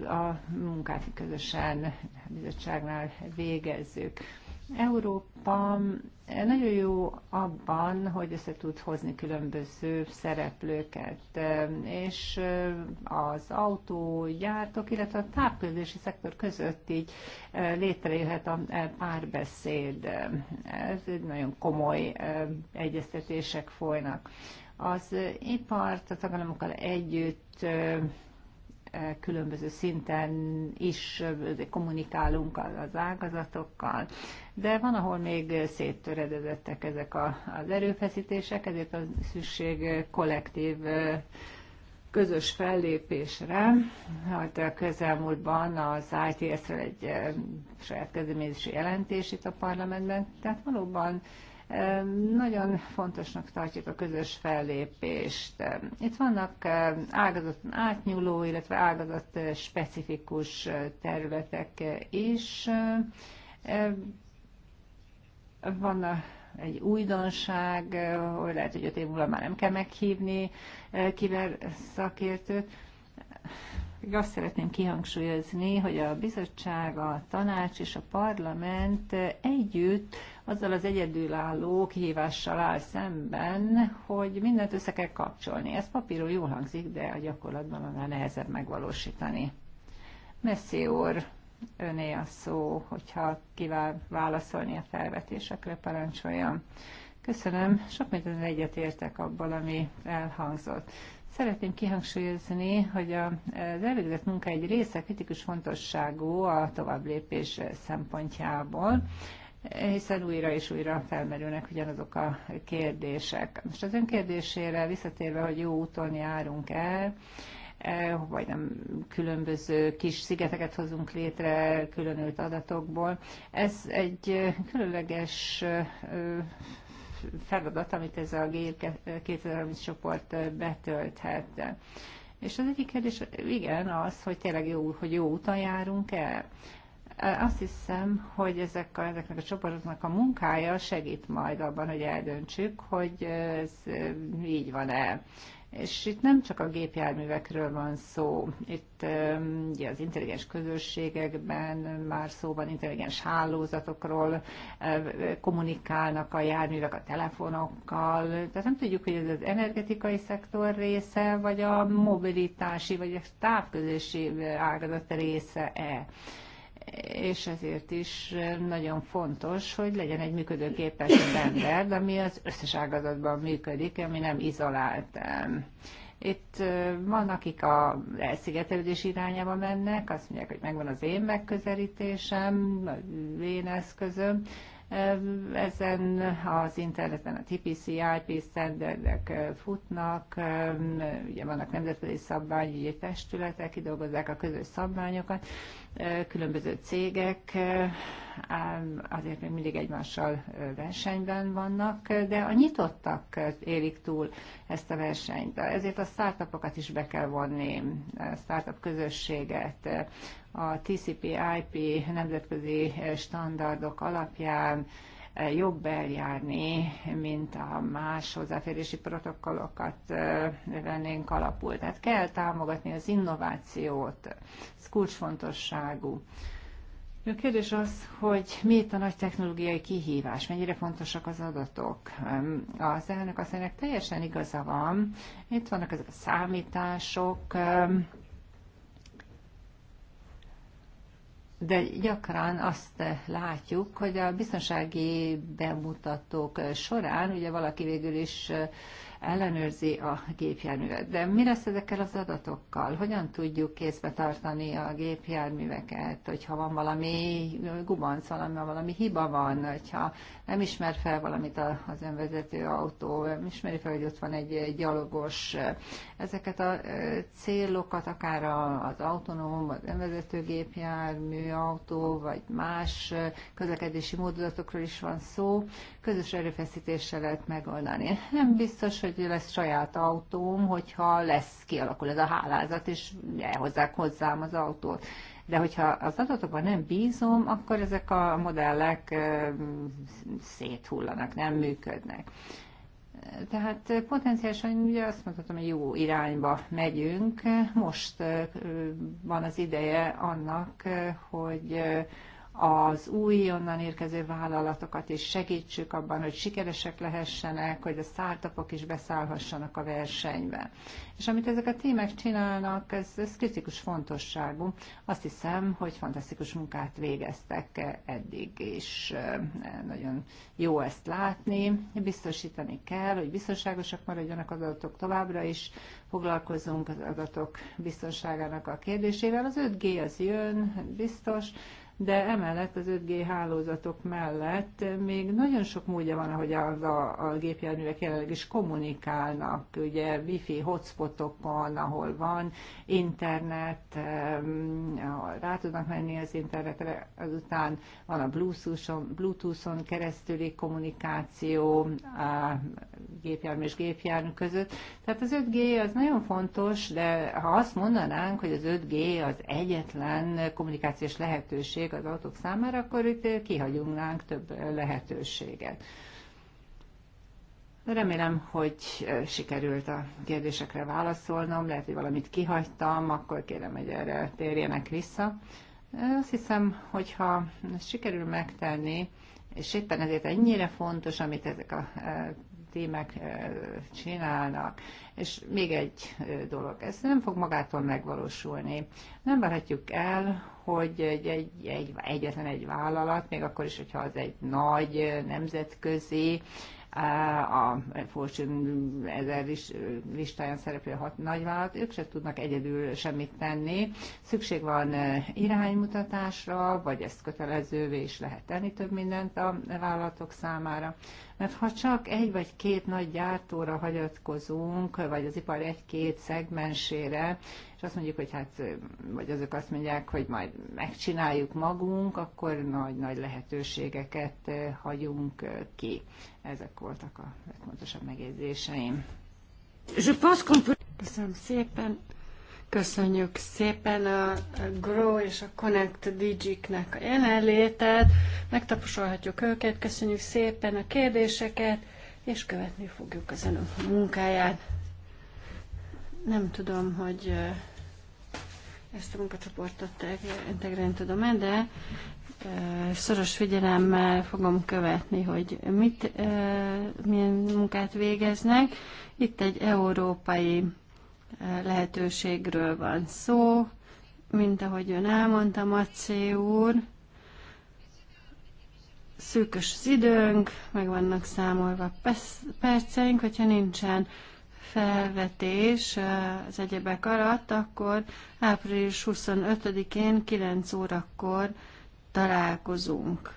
a munkát közösen a bizottságnál végezzük. Európa nagyon jó abban, hogy össze tud hozni különböző szereplőket, és az autógyártók, illetve a távközlési szektor között így létrejöhet a párbeszéd. Ez egy nagyon komoly egyeztetések folynak. Az ipart a tagállamokkal együtt különböző szinten is kommunikálunk az ágazatokkal de van, ahol még széttöredezettek ezek a, az erőfeszítések, ezért a szükség kollektív közös fellépésre. Hát a közelmúltban az ITS-ről egy saját kezdeményezési jelentés itt a parlamentben, tehát valóban nagyon fontosnak tartjuk a közös fellépést. Itt vannak ágazat átnyúló, illetve ágazat specifikus területek is van egy újdonság, hogy lehet, hogy öt év múlva már nem kell meghívni eh, kiber szakértőt. Azt szeretném kihangsúlyozni, hogy a bizottság, a tanács és a parlament eh, együtt azzal az egyedülálló kihívással áll szemben, hogy mindent össze kell kapcsolni. Ez papíron jól hangzik, de a gyakorlatban annál nehezebb megvalósítani. Messzi úr, öné a szó, hogyha kíván válaszolni a felvetésekre, parancsoljam. Köszönöm, sok mindent egyetértek abban, ami elhangzott. Szeretném kihangsúlyozni, hogy az elvégzett munka egy része kritikus fontosságú a tovább lépés szempontjából, hiszen újra és újra felmerülnek ugyanazok a kérdések. Most az ön kérdésére visszatérve, hogy jó úton járunk el, E, vagy nem különböző kis szigeteket hozunk létre különült adatokból. Ez egy e, különleges e, feladat, amit ez a G2030 csoport betölthet. És az egyik kérdés, igen, az, hogy tényleg jó, hogy jó úton járunk el. Azt hiszem, hogy ezek a, ezeknek a csoportoknak a munkája segít majd abban, hogy eldöntsük, hogy ez így van-e. És itt nem csak a gépjárművekről van szó, itt ugye az intelligens közösségekben már szóban intelligens hálózatokról kommunikálnak a járművek a telefonokkal, tehát nem tudjuk, hogy ez az energetikai szektor része, vagy a mobilitási, vagy a távközési ágazat része-e és ezért is nagyon fontos, hogy legyen egy működőképes standard, ami az összes ágazatban működik, ami nem izolált. Itt van akik a elszigetelődés irányába mennek, azt mondják, hogy megvan az én megközelítésem, az én eszközöm, ezen az interneten a TPC, IP standardek futnak, ugye vannak nemzetközi szabványügyi testületek, kidolgozzák a közös szabványokat, különböző cégek azért még mindig egymással versenyben vannak, de a nyitottak élik túl ezt a versenyt. Ezért a startupokat is be kell vonni, a startup közösséget, a TCP-IP nemzetközi standardok alapján jobb eljárni, mint a más hozzáférési protokollokat vennénk alapul. Tehát kell támogatni az innovációt, ez kulcsfontosságú. A kérdés az, hogy mi itt a nagy technológiai kihívás, mennyire fontosak az adatok. Az elnök azt mondja, teljesen igaza van, itt vannak ezek a számítások, de gyakran azt látjuk, hogy a biztonsági bemutatók során ugye valaki végül is ellenőrzi a gépjárművet. De mi lesz ezekkel az adatokkal? Hogyan tudjuk kézbe tartani a gépjárműveket, hogyha van valami gubanc, valami, valami hiba van, hogyha nem ismer fel valamit az önvezető autó, nem ismeri fel, hogy ott van egy gyalogos. Ezeket a e, célokat akár az autonóm, az önvezető gépjármű, autó, vagy más e, közlekedési módozatokról is van szó, közös erőfeszítéssel lehet megoldani. Nem biztos, hogy hogy lesz saját autóm, hogyha lesz, kialakul ez a hálázat, és elhozzák hozzám az autót. De hogyha az adatokban nem bízom, akkor ezek a modellek széthullanak, nem működnek. Tehát potenciálisan ugye azt mondhatom, hogy jó irányba megyünk. Most van az ideje annak, hogy az újonnan érkező vállalatokat és segítsük abban, hogy sikeresek lehessenek, hogy a startupok is beszállhassanak a versenybe. És amit ezek a témák csinálnak, ez, ez kritikus fontosságú. Azt hiszem, hogy fantasztikus munkát végeztek eddig, és eh, nagyon jó ezt látni. Biztosítani kell, hogy biztonságosak maradjanak az adatok továbbra is, foglalkozunk az adatok biztonságának a kérdésével. Az 5G az jön, biztos, de emellett az 5G hálózatok mellett még nagyon sok módja van, ahogy az a, a gépjárművek jelenleg is kommunikálnak, ugye wifi hotspotokon, ahol van internet, rá tudnak menni az internetre, azután van a Bluetooth-on, Bluetooth-on keresztüli kommunikáció a gépjármű és gépjármű között. Tehát az 5G az nagyon fontos, de ha azt mondanánk, hogy az 5G az egyetlen kommunikációs lehetőség, szükség az autók számára, akkor itt eh, kihagyunk több eh, lehetőséget. Remélem, hogy eh, sikerült a kérdésekre válaszolnom, lehet, hogy valamit kihagytam, akkor kérem, hogy erre térjenek vissza. Azt hiszem, hogyha sikerül megtenni, és éppen ezért ennyire fontos, amit ezek a témák csinálnak. És még egy dolog, ez nem fog magától megvalósulni. Nem várhatjuk el, hogy egy, egy, egy, egyetlen egy vállalat, még akkor is, hogyha az egy nagy nemzetközi, a Fortune 1000 listáján szereplő hat nagyvállalat, ők se tudnak egyedül semmit tenni. Szükség van iránymutatásra, vagy ezt kötelezővé is lehet tenni több mindent a vállalatok számára. Mert ha csak egy vagy két nagy gyártóra hagyatkozunk, vagy az ipar egy-két szegmensére, és azt mondjuk, hogy hát, vagy azok azt mondják, hogy majd megcsináljuk magunk, akkor nagy-nagy lehetőségeket eh, hagyunk eh, ki. Ezek voltak a legfontosabb megjegyzéseim. Köszönöm szépen. Köszönjük szépen a Grow és a Connect Digiknek a jelenlétet. Megtaposolhatjuk őket, köszönjük szépen a kérdéseket, és követni fogjuk az önök munkáját. Nem tudom, hogy ezt a munkacsoportot integrálni tudom de szoros figyelemmel fogom követni, hogy mit, milyen munkát végeznek. Itt egy európai lehetőségről van szó, mint ahogy ön elmondta, Macé úr, szűkös az időnk, meg vannak számolva perceink, hogyha nincsen felvetés az egyebek alatt, akkor április 25-én 9 órakor találkozunk.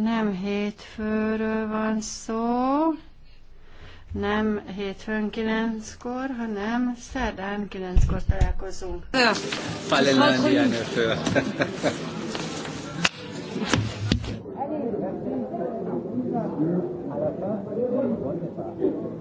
Nem hétfőről van szó, nem hétfőn kilenckor, hanem szerdán kilenckor találkozunk. föl. Thank you.